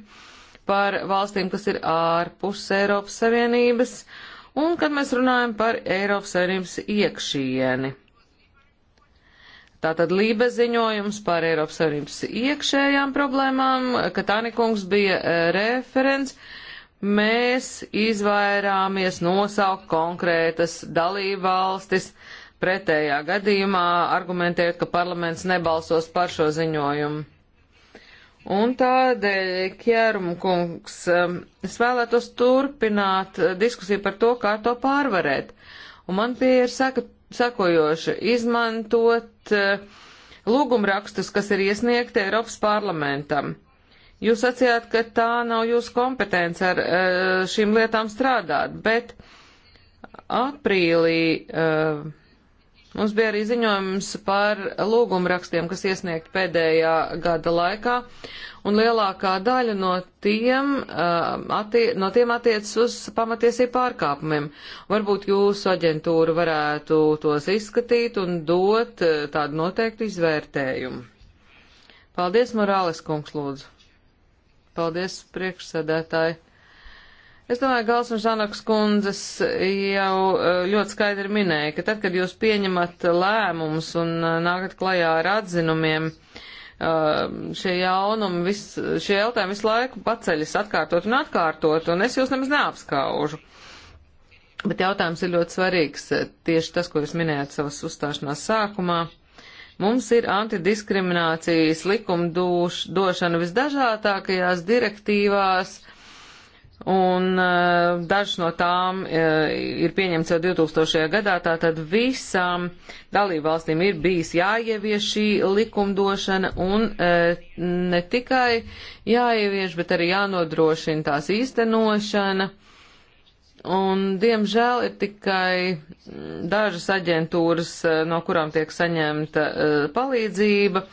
par valstīm, kas ir ārpus Eiropas Savienības, uh, un kad mēs runājam par Eiropas Savienības iekšieni. Tātad Lībe ziņojums par Eiropas Savienības iekšējām problēmām, Katānikungs bija e, referents, mēs izvairāmies nosaukt konkrētas dalībvalstis, pretējā gadījumā argumentējot, ka parlaments nebalsos par šo ziņojumu. Un tādēļ, Kjērum kungs, um, es vēlētos turpināt uh, diskusiju par to, kā to pārvarēt. Un man pie ir saka, sakojoši izmantot uh, lūgumrakstus, kas ir iesniegti Eiropas parlamentam. Jūs sacījāt, ka tā nav jūsu kompetence ar uh, šīm lietām strādāt, bet aprīlī uh, Mums bija arī ziņojums par lūgumrakstiem, kas iesniegti pēdējā gada laikā, un lielākā daļa no tiem, uh, attie, no tiem attiecas uz pamatiesību pārkāpumiem. Varbūt jūsu aģentūra varētu tos izskatīt un dot uh, tādu noteiktu izvērtējumu. Paldies, Morāles kungs, lūdzu. Paldies, priekšsēdētāji. Es domāju, Gals un Žanaks kundzes jau eh, ļoti skaidri minēja, ka tad, kad jūs pieņemat lēmumus un eh, nākat klajā ar atzinumiem, eh, šie jaunumi, vis, šie jautājumi visu laiku paceļas atkārtot un atkārtot, un es jūs nemaz neapskaužu. Bet jautājums ir ļoti svarīgs, tieši tas, ko jūs minējāt savas uzstāšanās sākumā. Mums ir antidiskriminācijas likuma došana visdažādākajās direktīvās, uh, un uh, dažas no tām uh, ir pieņemts jau 2000. gadā, tātad visām dalībvalstīm ir bijis jāievieš šī likumdošana un uh, ne tikai jāievieš, bet arī jānodrošina tās īstenošana. Un, diemžēl, ir tikai mm, dažas aģentūras, no kurām tiek saņemta palīdzība,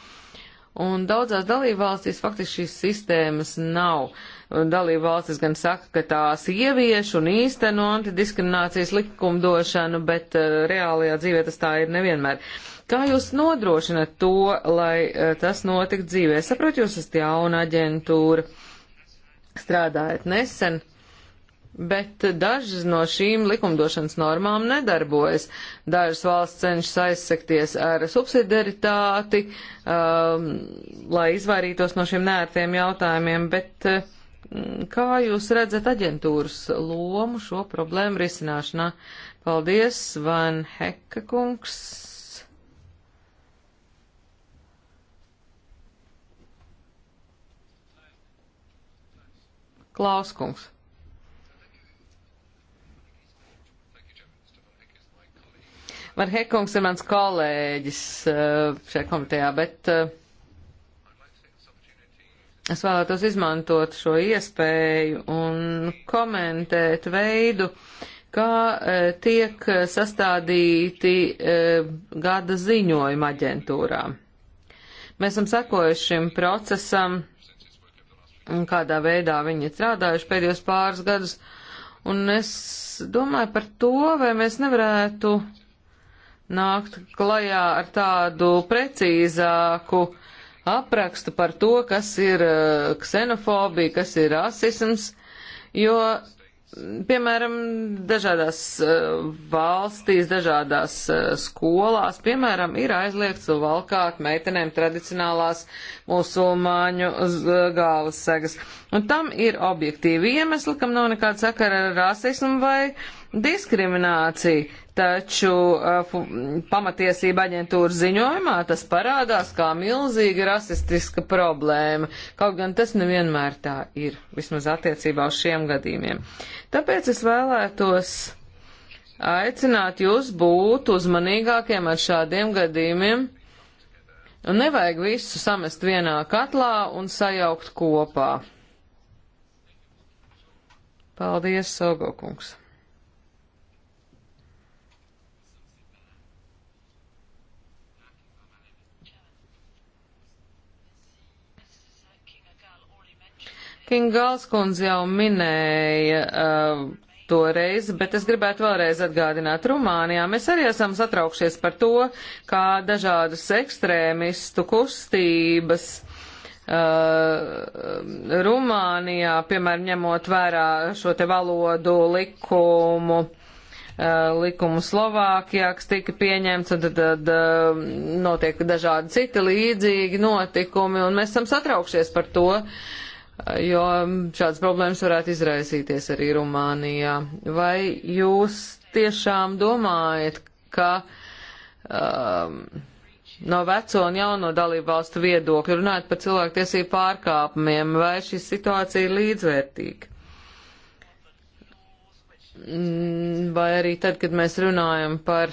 un daudzās dalībvalstīs faktiski šīs sistēmas nav. Uh, dalību valstis gan saka, ka tās ievieš un īsteno antidiskriminācijas likumdošanu, bet uh, reālajā dzīvē tas tā ir nevienmēr. Kā jūs nodrošinat to, lai uh, tas notiktu dzīvē? Saprot, jūs esat jauna aģentūra, strādājat nesen. Bet dažas no šīm likumdošanas normām nedarbojas. Dažas valsts cenšas aizsekties ar subsidiaritāti, um, lai izvairītos no šiem nērtiem jautājumiem, bet uh, Kā jūs redzat aģentūras lomu šo problēmu risināšanā? Paldies, Van Heka kungs. Klaus kungs. Van Hekungs ir mans kolēģis eh, šajā komitejā, bet uh, Es vēlētos izmantot šo iespēju un komentēt veidu, kā e, tiek sastādīti e, gada ziņojuma aģentūrā. Mēs esam sekojuši šim procesam, kādā veidā viņi ir strādājuši pēdējos pāris gadus, un es domāju par to, vai mēs nevarētu nākt klajā ar tādu precīzāku uh, aprakstu par to, kas ir uh, ksenofobija, kas ir rasisms, jo, piemēram, dažādās uh, valstīs, dažādās uh, skolās, piemēram, ir aizliegts valkāt meitenēm tradicionālās musulmāņu galvas segas. Un tam ir objektīvi iemesli, kam nav nekāda sakara ar rasismu vai diskrimināciju, taču uh, pamatiesība aģentūra ziņojumā tas parādās kā milzīga rasistiska problēma, kaut gan tas nevienmēr tā ir, vismaz attiecībā uz šiem gadījumiem. Tāpēc es vēlētos aicināt jūs būt uzmanīgākiem ar šādiem gadījumiem, un nevajag visu samest vienā katlā un sajaukt kopā. Paldies, Sogokungs! Kingāls kundze jau minēja uh, to reizi, bet es gribētu vēlreiz atgādināt Rumānijā. Mēs arī esam satraukšies par to, kā dažādas ekstrēmistu kustības Uh, Rumānijā, piemēram, ņemot vērā šo te valodu likumu, uh, likumu Slovākijā, kas tika pieņemts, un tad, tad uh, notiek dažādi citi līdzīgi notikumi, un mēs esam satraukšies par to, uh, jo šādas problēmas varētu izraisīties arī Rumānijā. Vai jūs tiešām domājat, ka um, no veco un jauno dalību valstu viedokļu runājot par cilvēktiesību pārkāpumiem, vai šī situācija ir līdzvērtīga? Mm, vai arī tad, kad mēs runājam par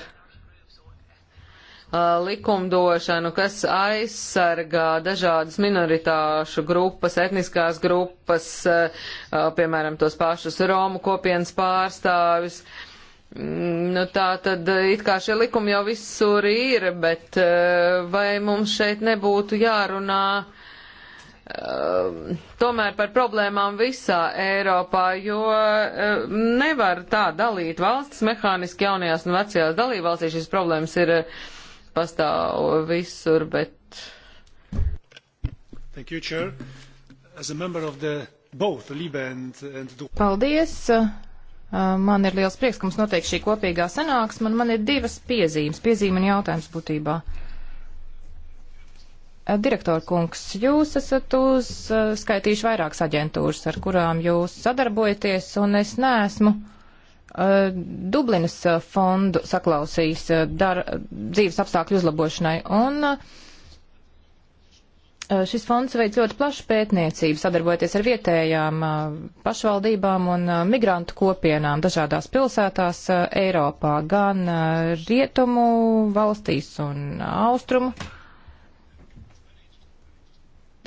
Uh, likumdošanu, kas aizsargā dažādas minoritāšu grupas, etniskās grupas, uh, uh, piemēram, tos pašus Romu kopienas pārstāvis. Mm, nu, tā tad it kā šie likumi jau visur ir, bet vai mums šeit nebūtu jārunā tomēr par problēmām visā Eiropā, jo nevar tā dalīt valsts mehāniski jaunajās un vecajās dalībvalstīs šīs problēmas ir uh, pastāv visur, bet. Thank you, Chair. As a member of the both Libe and, and the... Paldies. Uh, man ir liels prieks, ka mums notiek šī kopīgā sanāksme, un man ir divas piezīmes, piezīme un jautājums būtībā. Uh, direktor kungs, jūs esat uzskaitījuši vairākas aģentūras, ar kurām jūs sadarbojaties, un es neesmu uh, Dublinas fondu saklausījis dar, dzīves apstākļu uzlabošanai. Un šis fonds veic ļoti plašu pētniecību, sadarbojoties ar vietējām pašvaldībām un migrantu kopienām dažādās pilsētās Eiropā, gan rietumu valstīs un austrumu.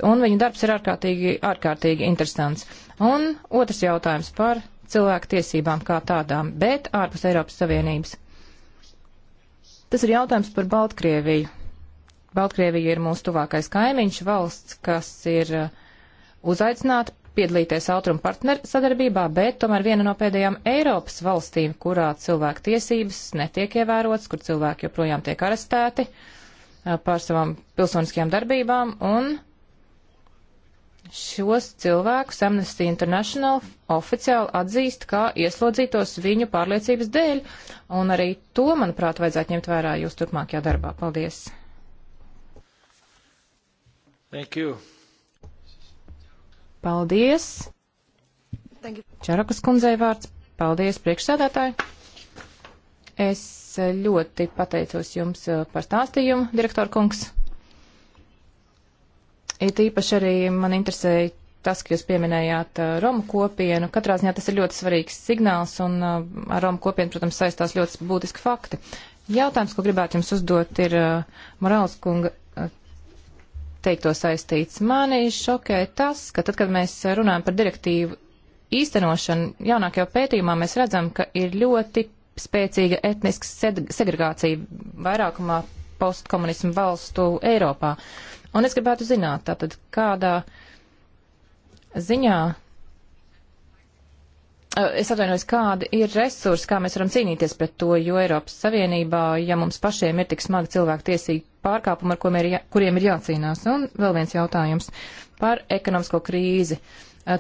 Un viņu darbs ir ārkārtīgi, ārkārtīgi interesants. Un otrs jautājums par cilvēku tiesībām kā tādām, bet ārpus Eiropas Savienības. Tas ir jautājums par Baltkrieviju. Baltkrievija ir mūsu tuvākais kaimiņš, valsts, kas ir uh, uzaicināta piedalīties austrumu partneru sadarbībā, bet tomēr viena no pēdējām Eiropas valstīm, kurā cilvēku tiesības netiek ievērotas, kur cilvēki joprojām tiek arestēti uh, par savām pilsoniskajām darbībām, un šos cilvēkus Amnesty International oficiāli atzīst kā ieslodzītos viņu pārliecības dēļ, un arī to, manuprāt, vajadzētu ņemt vērā jūs turpmākajā darbā. Paldies! Thank you. Paldies! Thank you. Čarakas kundzei vārds. Paldies, priekšsēdētāji! Es ļoti pateicos jums uh, par stāstījumu, direktor kungs. It īpaši arī man interesēja tas, ka jūs pieminējāt uh, Romu kopienu. Katrā ziņā tas ir ļoti svarīgs signāls un uh, ar Romu kopienu, protams, saistās ļoti būtiski fakti. Jautājums, ko gribētu jums uzdot, ir uh, Morāls kunga uh, teikto saistīts. Mani šokē tas, ka tad, kad mēs runājam par direktīvu īstenošanu, jaunākajā pētījumā mēs redzam, ka ir ļoti spēcīga etniska segregācija vairākumā postkomunismu valstu Eiropā. Un es gribētu zināt, tātad kādā ziņā, es atvainojos, kādi ir resursi, kā mēs varam cīnīties pret to, jo Eiropas Savienībā, ja mums pašiem ir tik smagi cilvēku tiesību pārkāpumi, ar ir jā, kuriem ir jācīnās. Un vēl viens jautājums par ekonomisko krīzi.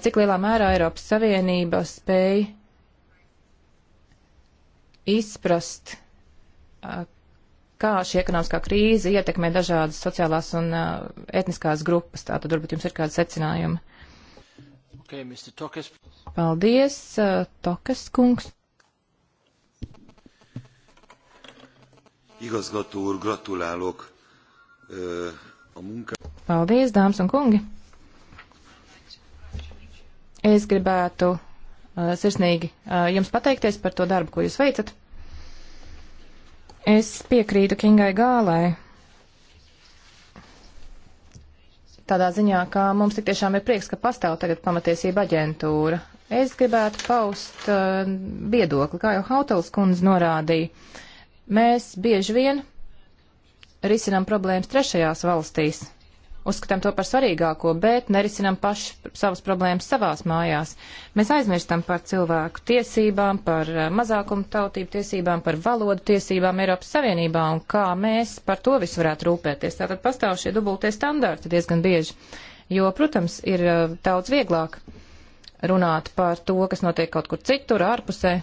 Cik lielā mērā Eiropas Savienība spēja izprast, kā šī ekonomiskā krīze ietekmē dažādas sociālās un uh, etniskās grupas. Tātad, varbūt jums ir kādi secinājumi. Okay, Tokes. Paldies, uh, Tokas kungs. Igazgató úr, gratulálok uh, a munka. Paldies, dāmas un kungi. Es gribētu uh, sirsnīgi uh, jums pateikties par to darbu, ko jūs veicat. Es piekrītu Kingai Gālai. Tādā ziņā, ka mums tik tiešām ir prieks, ka pastāv tagad pamatiesība aģentūra. Es gribētu paust uh, viedokli, kā jau Hautels kundze norādīja. Mēs bieži vien risinām problēmas trešajās valstīs uzskatām to par svarīgāko, bet nerisinām paši savas problēmas savās mājās. Mēs aizmirstam par cilvēku tiesībām, par eh, mazākumu tautību tiesībām, par valodu tiesībām Eiropas Savienībā un kā mēs par to visu varētu rūpēties. Tātad pastāv šie dubultie standarti diezgan bieži, jo, protams, ir eh, daudz vieglāk runāt par to, kas notiek kaut kur citur, ārpusē.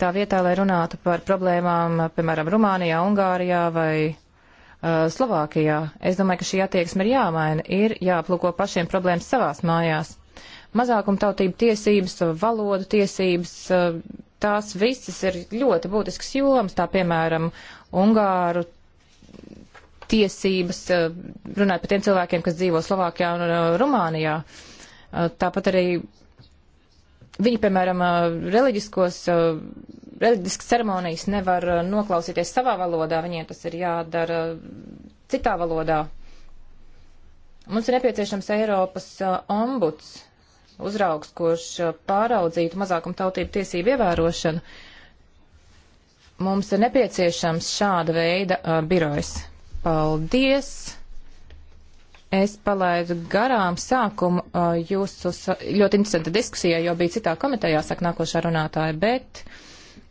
Tā vietā, lai runātu par problēmām, eh, piemēram, Rumānijā, Ungārijā vai Eh, Slovākijā. Es domāju, ka šī attieksme ir jāmaina, ir jāaplūko pašiem problēmas savās mājās. Mazākumtautību tiesības, valodu tiesības, eh, tās visas ir ļoti būtiskas jomas, tā piemēram, Ungāru tiesības, eh, runājot par tiem cilvēkiem, kas dzīvo Slovākijā un Rumānijā. Tāpat arī Viņi, piemēram, reliģiskos, reliģiskas ceremonijas nevar noklausīties savā valodā, viņiem tas ir jādara citā valodā. Mums ir nepieciešams Eiropas ombuds, uzraugs, kurš pāraudzītu mazākumtautību tiesību ievērošanu. Mums ir nepieciešams šāda veida uh, birojs. Paldies! es palaidu garām sākumu jūsu ļoti interesanta diskusija, jo bija citā komitejā saka nākošā runātāja, bet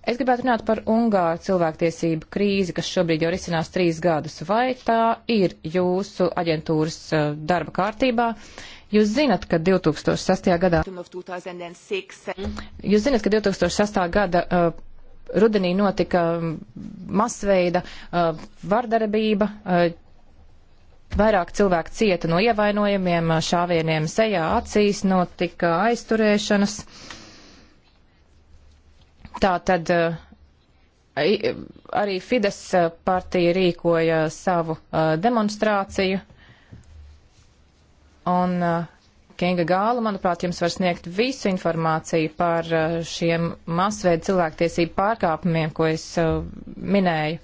es gribētu runāt par Ungāru cilvēktiesību krīzi, kas šobrīd jau risinās trīs gadus. Vai tā ir jūsu aģentūras darba kārtībā? Jūs zinat, ka 2006. gadā, jūs zinat, ka 2006. gada uh, rudenī notika masveida uh, vardarbība. Uh, Vairāk cilvēku cieta no ievainojumiem, šāvieniem sejā, acīs notika aizturēšanas. Tā tad eh, arī Fides eh, partija rīkoja savu eh, demonstrāciju. Un Kinga Gāla, manuprāt, jums var sniegt visu informāciju par šiem masveidu cilvēktiesību pārkāpumiem, ko es minēju.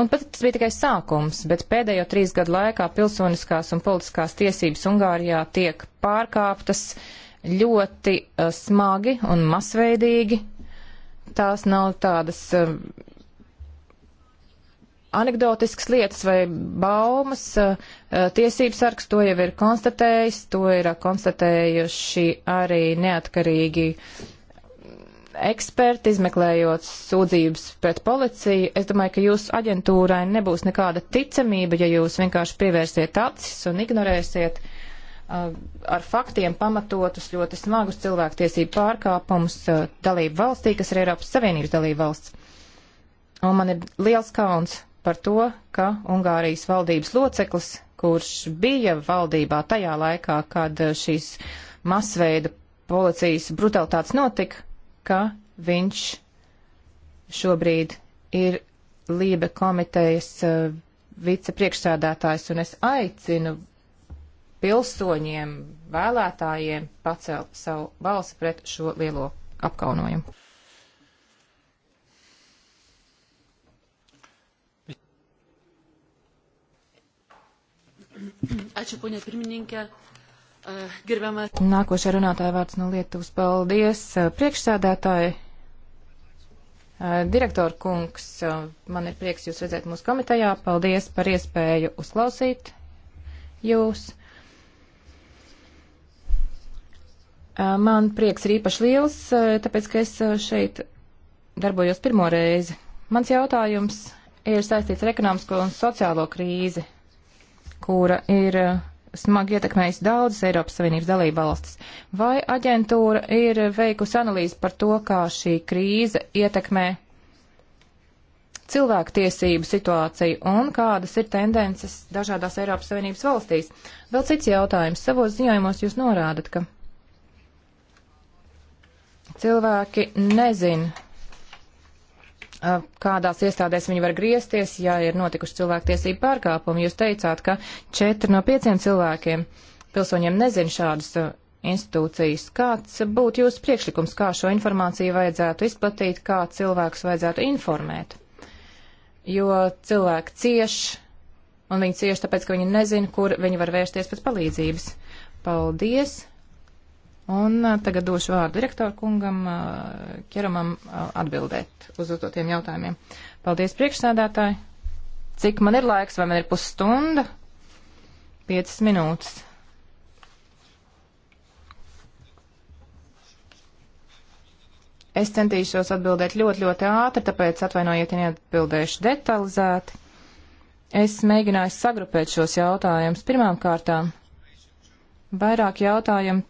Un pat tas bija tikai sākums, bet pēdējo trīs gadu laikā pilsoniskās un politiskās tiesības Ungārijā tiek pārkāptas ļoti uh, smagi un masveidīgi. Tās nav tādas uh, eh, anegdotiskas lietas vai baumas. Uh, tiesības sargs to jau ir konstatējis, to ir uh, konstatējuši arī neatkarīgi uh, eksperti, izmeklējot sūdzības pret policiju. Es domāju, ka jūsu aģentūrai nebūs nekāda ticamība, ja jūs vienkārši pievērsiet acis un ignorēsiet uh, ar faktiem pamatotus ļoti smagus cilvēktiesību pārkāpumus uh, dalību valstī, kas ir Eiropas Savienības dalība valsts. Un man ir liels kauns par to, ka Ungārijas valdības loceklis, kurš bija valdībā tajā laikā, kad uh, šīs masveida policijas brutalitātes notika, ka viņš šobrīd ir Lībe komitejas uh, eh, vicepriekšsādātājs, un es aicinu pilsoņiem, vēlētājiem pacelt savu balsi pret šo lielo apkaunojumu. Ačiū, ponia pirmininkė. Gribamā... Eh, Nākošā runātāja vārds no Lietuvas. Paldies, eh, priekšsādātāji. Eh, direktor kungs, man ir prieks jūs redzēt mūsu komitejā. Paldies par iespēju uzklausīt jūs. Man prieks ir īpaši liels, tāpēc, ka es šeit darbojos pirmo reizi. Mans jautājums ir saistīts ar ekonomisko un sociālo krīzi, kura ir smagi ietekmējis daudzas Eiropas Savienības dalība valstis. Vai aģentūra ir veikusi analīzi par to, kā šī krīze ietekmē cilvēktiesību situāciju un kādas ir tendences dažādās Eiropas Savienības valstīs? Vēl cits jautājums. Savos ziņojumos jūs norādat, ka cilvēki nezina kādās iestādēs viņi var griezties, ja ir notikuši cilvēktiesību pārkāpumi. Jūs teicāt, ka četri no pieciem cilvēkiem pilsoņiem nezin šādas institūcijas. Kāds būtu jūsu priekšlikums, kā šo informāciju vajadzētu izplatīt, kā cilvēkus vajadzētu informēt? Jo cilvēki cieš, un viņi cieš tāpēc, ka viņi nezin, kur viņi var vērsties pēc palīdzības. Paldies! Un tagad došu vārdu direktoru kungam Kieramam atbildēt uz uzdotiem jautājumiem. Paldies priekšsēdētāji. Cik man ir laiks, vai man ir pusstunda? Piecas minūtes. Es centīšos atbildēt ļoti, ļoti ātri, tāpēc atvainojiet, ja neatbildēšu detalizēti. Es mēģināju sagrupēt šos jautājumus pirmām kārtām. Vairāk jautājumu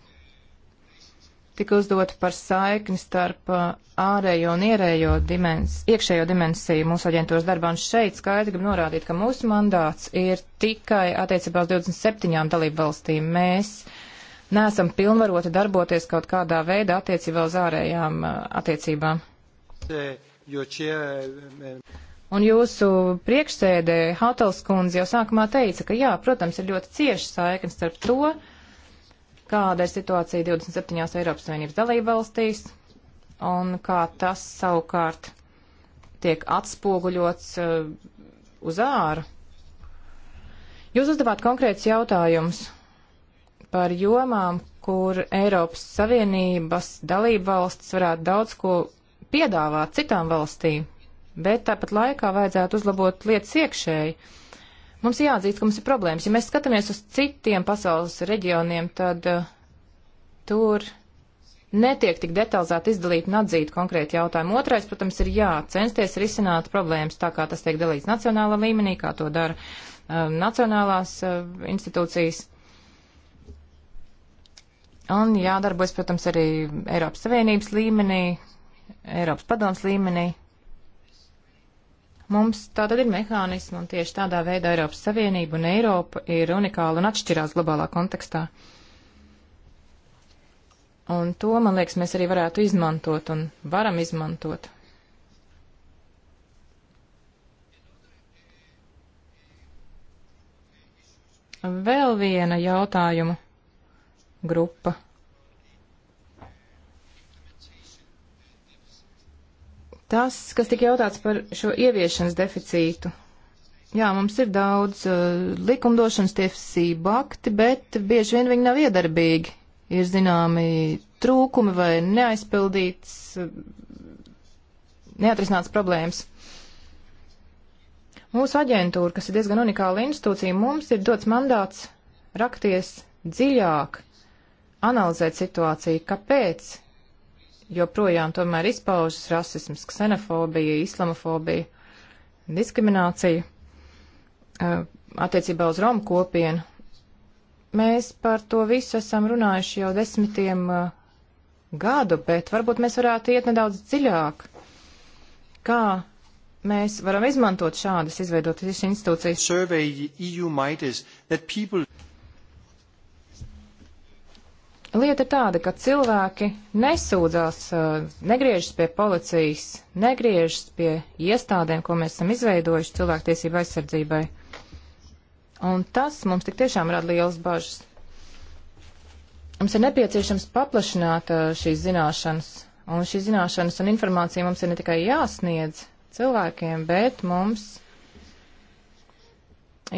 tika uzdota par saikni starp uh, ārējo un ierējo dimens, iekšējo dimensiju mūsu aģentūras darbā. Un šeit skaidri grib norādīt, ka mūsu mandāts ir tikai attiecībā uz 27 dalību valstīm. Mēs neesam pilnvaroti darboties kaut kādā veidā attiecībā uz ārējām uh, attiecībām. Un jūsu priekšsēdē Hautels kundze jau sākumā teica, ka jā, protams, ir ļoti cieši saikni starp to, uh, kāda ir situācija 27. Eiropas Savienības dalība valstīs un kā tas savukārt tiek atspoguļots uh, uz āru. Jūs uzdevāt konkrēts jautājums par jomām, kur Eiropas Savienības dalība valsts varētu daudz ko piedāvāt citām valstīm, bet tāpat laikā vajadzētu uzlabot lietas iekšēji. Uh, Mums jāatzīst, ka mums ir problēmas. Ja mēs skatāmies uz citiem pasaules reģioniem, tad uh, tur netiek tik detalizēti izdalīti un atzīti konkrēti jautājumi. Otrais, protams, ir jā, censties risināt problēmas tā, kā tas tiek dalīts nacionālā līmenī, kā to dara uh, nacionālās uh, institūcijas. Un jādarbojas, protams, arī Eiropas Savienības līmenī, Eiropas padoms līmenī. Mums tā tad ir mehānismi, un tieši tādā veidā Eiropas Savienība un Eiropa ir unikāla un atšķirās globālā kontekstā. Un to, man liekas, mēs arī varētu izmantot un varam izmantot. Vēl viena jautājuma grupa Tas, kas tika jautāts par šo ieviešanas deficītu. Jā, mums ir daudz uh, likumdošanas tiesību akti, bet bieži vien viņi nav iedarbīgi. Ir zināmi trūkumi vai neaizpildīts, uh, neatrisināts problēmas. Mūsu aģentūra, kas ir diezgan unikāla institūcija, mums ir dots mandāts rakties dziļāk, analizēt situāciju, kāpēc joprojām tomēr izpaužas rasisms, ksenofobija, islamofobija, diskriminācija attiecībā uz Romu kopienu. Mēs par to visu esam runājuši jau desmitiem gadu, bet varbūt mēs varētu iet nedaudz dziļāk. Kā mēs varam izmantot šādas izveidotas institūcijas? Lieta ir tāda, ka cilvēki nesūdzās, eh, negriežas pie policijas, negriežas pie iestādēm, ko mēs esam izveidojuši cilvēktiesību aizsardzībai. Un tas mums tik tiešām rada lielas bažas. Mums ir nepieciešams paplašināt eh, šīs zināšanas, un šīs zināšanas un informācija mums ir ne tikai jāsniedz cilvēkiem, bet mums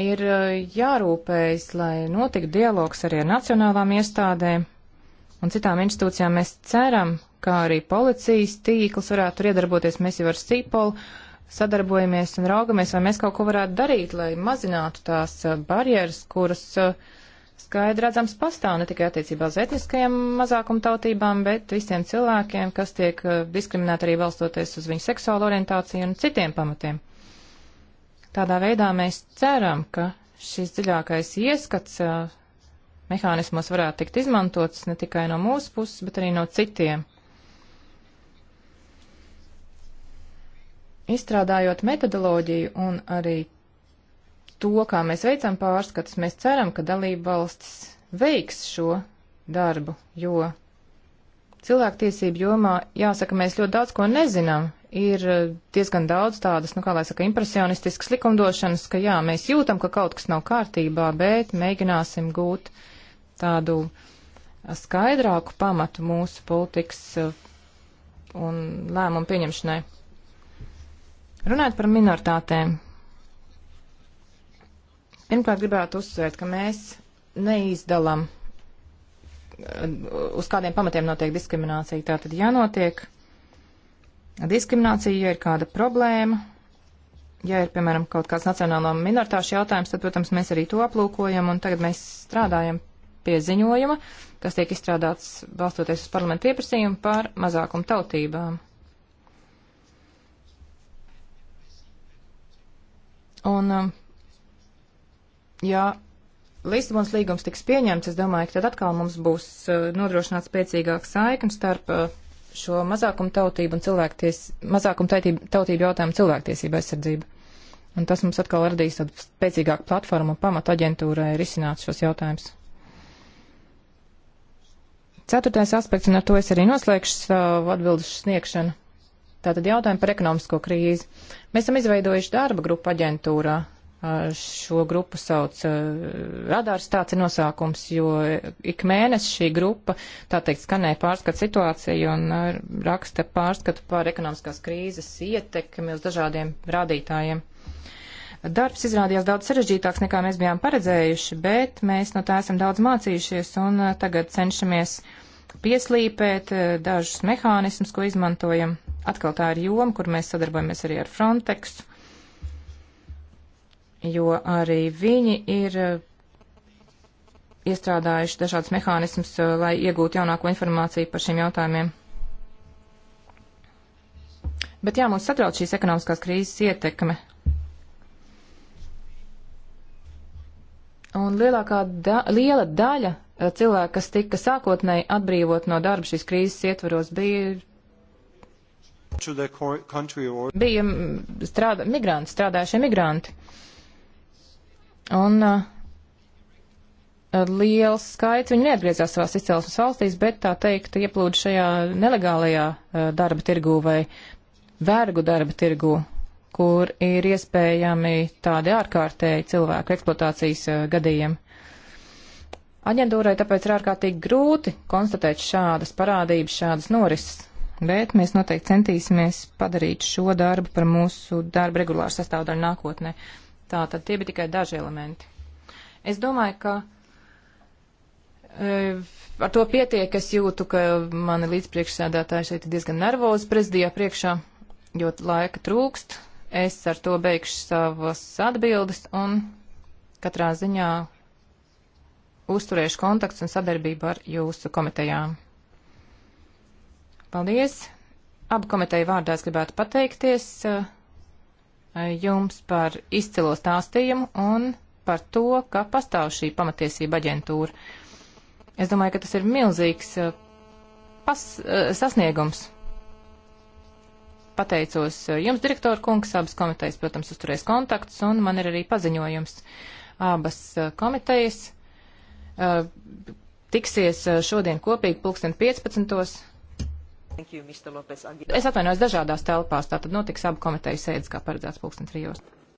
ir eh, jārūpējas, lai notiktu dialogs arī ar nacionālām iestādēm un citām institūcijām mēs ceram, kā arī policijas tīkls varētu tur iedarboties. Mēs jau ar Sīpolu sadarbojamies un raugamies, vai mēs kaut ko varētu darīt, lai mazinātu tās uh, barjeras, kuras uh, skaidri redzams pastāv ne tikai attiecībā uz etniskajām mazākumtautībām, bet visiem cilvēkiem, kas tiek uh, diskriminēti arī balstoties uz viņu seksuālu orientāciju un citiem pamatiem. Tādā veidā mēs ceram, ka šis dziļākais ieskats mehānismos varētu tikt izmantotas ne tikai no mūsu puses, bet arī no citiem. Izstrādājot metodoloģiju un arī to, kā mēs veicam pārskatus, mēs ceram, ka dalība valstis veiks šo darbu, jo cilvēktiesību jomā, jāsaka, mēs ļoti daudz ko nezinām. Ir eh, diezgan daudz tādas, nu kā lai saka, impresionistiskas likumdošanas, ka jā, mēs jūtam, ka kaut kas nav kārtībā, bet mēģināsim gūt uh, tādu skaidrāku pamatu mūsu politikas uh, un lēmumu pieņemšanai. Runājot par minoritātēm. Pirmkārt, gribētu uzsvērt, ka mēs neizdalam, uh, uz kādiem pamatiem notiek diskriminācija. Tātad, ja notiek diskriminācija, ja ir kāda problēma, ja ir, piemēram, kaut kāds nacionālo minoritāšu jautājums, tad, protams, mēs arī to aplūkojam, un tagad mēs strādājam pie ziņojuma, kas tiek izstrādāts balstoties uz parlamentu pieprasījumu par mazākumu tautībām. Un, um, ja Lisabonas līgums tiks pieņemts, es domāju, ka tad atkal mums būs uh, nodrošināts spēcīgāks saikni starp uh, šo mazākumu tautību un cilvēkties, mazākumu tautību, tautību jautājumu cilvēktiesību aizsardzību. Un tas mums atkal radīs tādu spēcīgāku platformu un pamatu aģentūrai risināt šos jautājumus. Ceturtais aspekts, un ar to es arī noslēgšu savu atbildes sniegšanu. Tātad jautājumu par ekonomisko krīzi. Mēs esam izveidojuši darba grupu aģentūrā. Šo grupu sauc radārs, tāds ir nosaukums, jo ik mēnesi šī grupa, tā teikt, skanē pārskatu situāciju un raksta pārskatu par ekonomiskās krīzes ietekmi uz dažādiem rādītājiem. Uh, Darbs izrādījās daudz sarežģītāks, nekā mēs bijām paredzējuši, bet mēs no tā esam daudz mācījušies un eh, tagad cenšamies pieslīpēt eh, dažus mehānismus, ko izmantojam. Atkal tā ir joma, kur mēs sadarbojamies arī ar Frontex, jo arī viņi ir eh, iestrādājuši dažādas mehānismus, lai iegūtu jaunāko informāciju par šiem jautājumiem. Bet jā, mūs satrauc šīs ekonomiskās krīzes ietekme Un lielākā da liela daļa eh, cilvēku, kas tika sākotnēji atbrīvot no darba šīs krīzes ietvaros, bija. Bija mm, strādā, migranti, strādājušie migranti. Un uh, liels skaits viņi neatgriezās savās izcelsmes valstīs, bet tā teikt ieplūda šajā nelegālajā uh, darba tirgū vai vergu darba tirgū kur ir iespējami tādi ārkārtēji cilvēku eksploatācijas uh, gadījumi. Aģentūrai tāpēc ir ārkārtīgi grūti konstatēt šādas parādības, šādas norises, bet mēs noteikti centīsimies padarīt šo darbu par mūsu darbu regulāru sastāvdaļu nākotnē. Tā tad tie bija tikai daži elementi. Es domāju, ka e, ar to pietiek, es jūtu, ka mani līdzpriekšsēdētāji šeit ir diezgan nervozi prezidijā priekšā, jo laika trūkst, Es ar to beigšu savas atbildes un katrā ziņā uzturēšu kontakts un sadarbību ar jūsu komitejām. Paldies! Abu komiteju vārdās gribētu pateikties eh, jums par izcilo stāstījumu un par to, ka pastāv šī pamatiesība aģentūra. Es domāju, ka tas ir milzīgs eh, pas, eh, sasniegums pateicos eh, jums, direktora kungs, abas komitejas, protams, uzturēs kontaktus, un man ir arī paziņojums. Abas eh, komitejas uh, tiksies šodien kopīgi pulksten 15. You, es atvainojos dažādās telpās, tātad notiks abu komiteju sēdes, kā paredzēts pulksten trijos.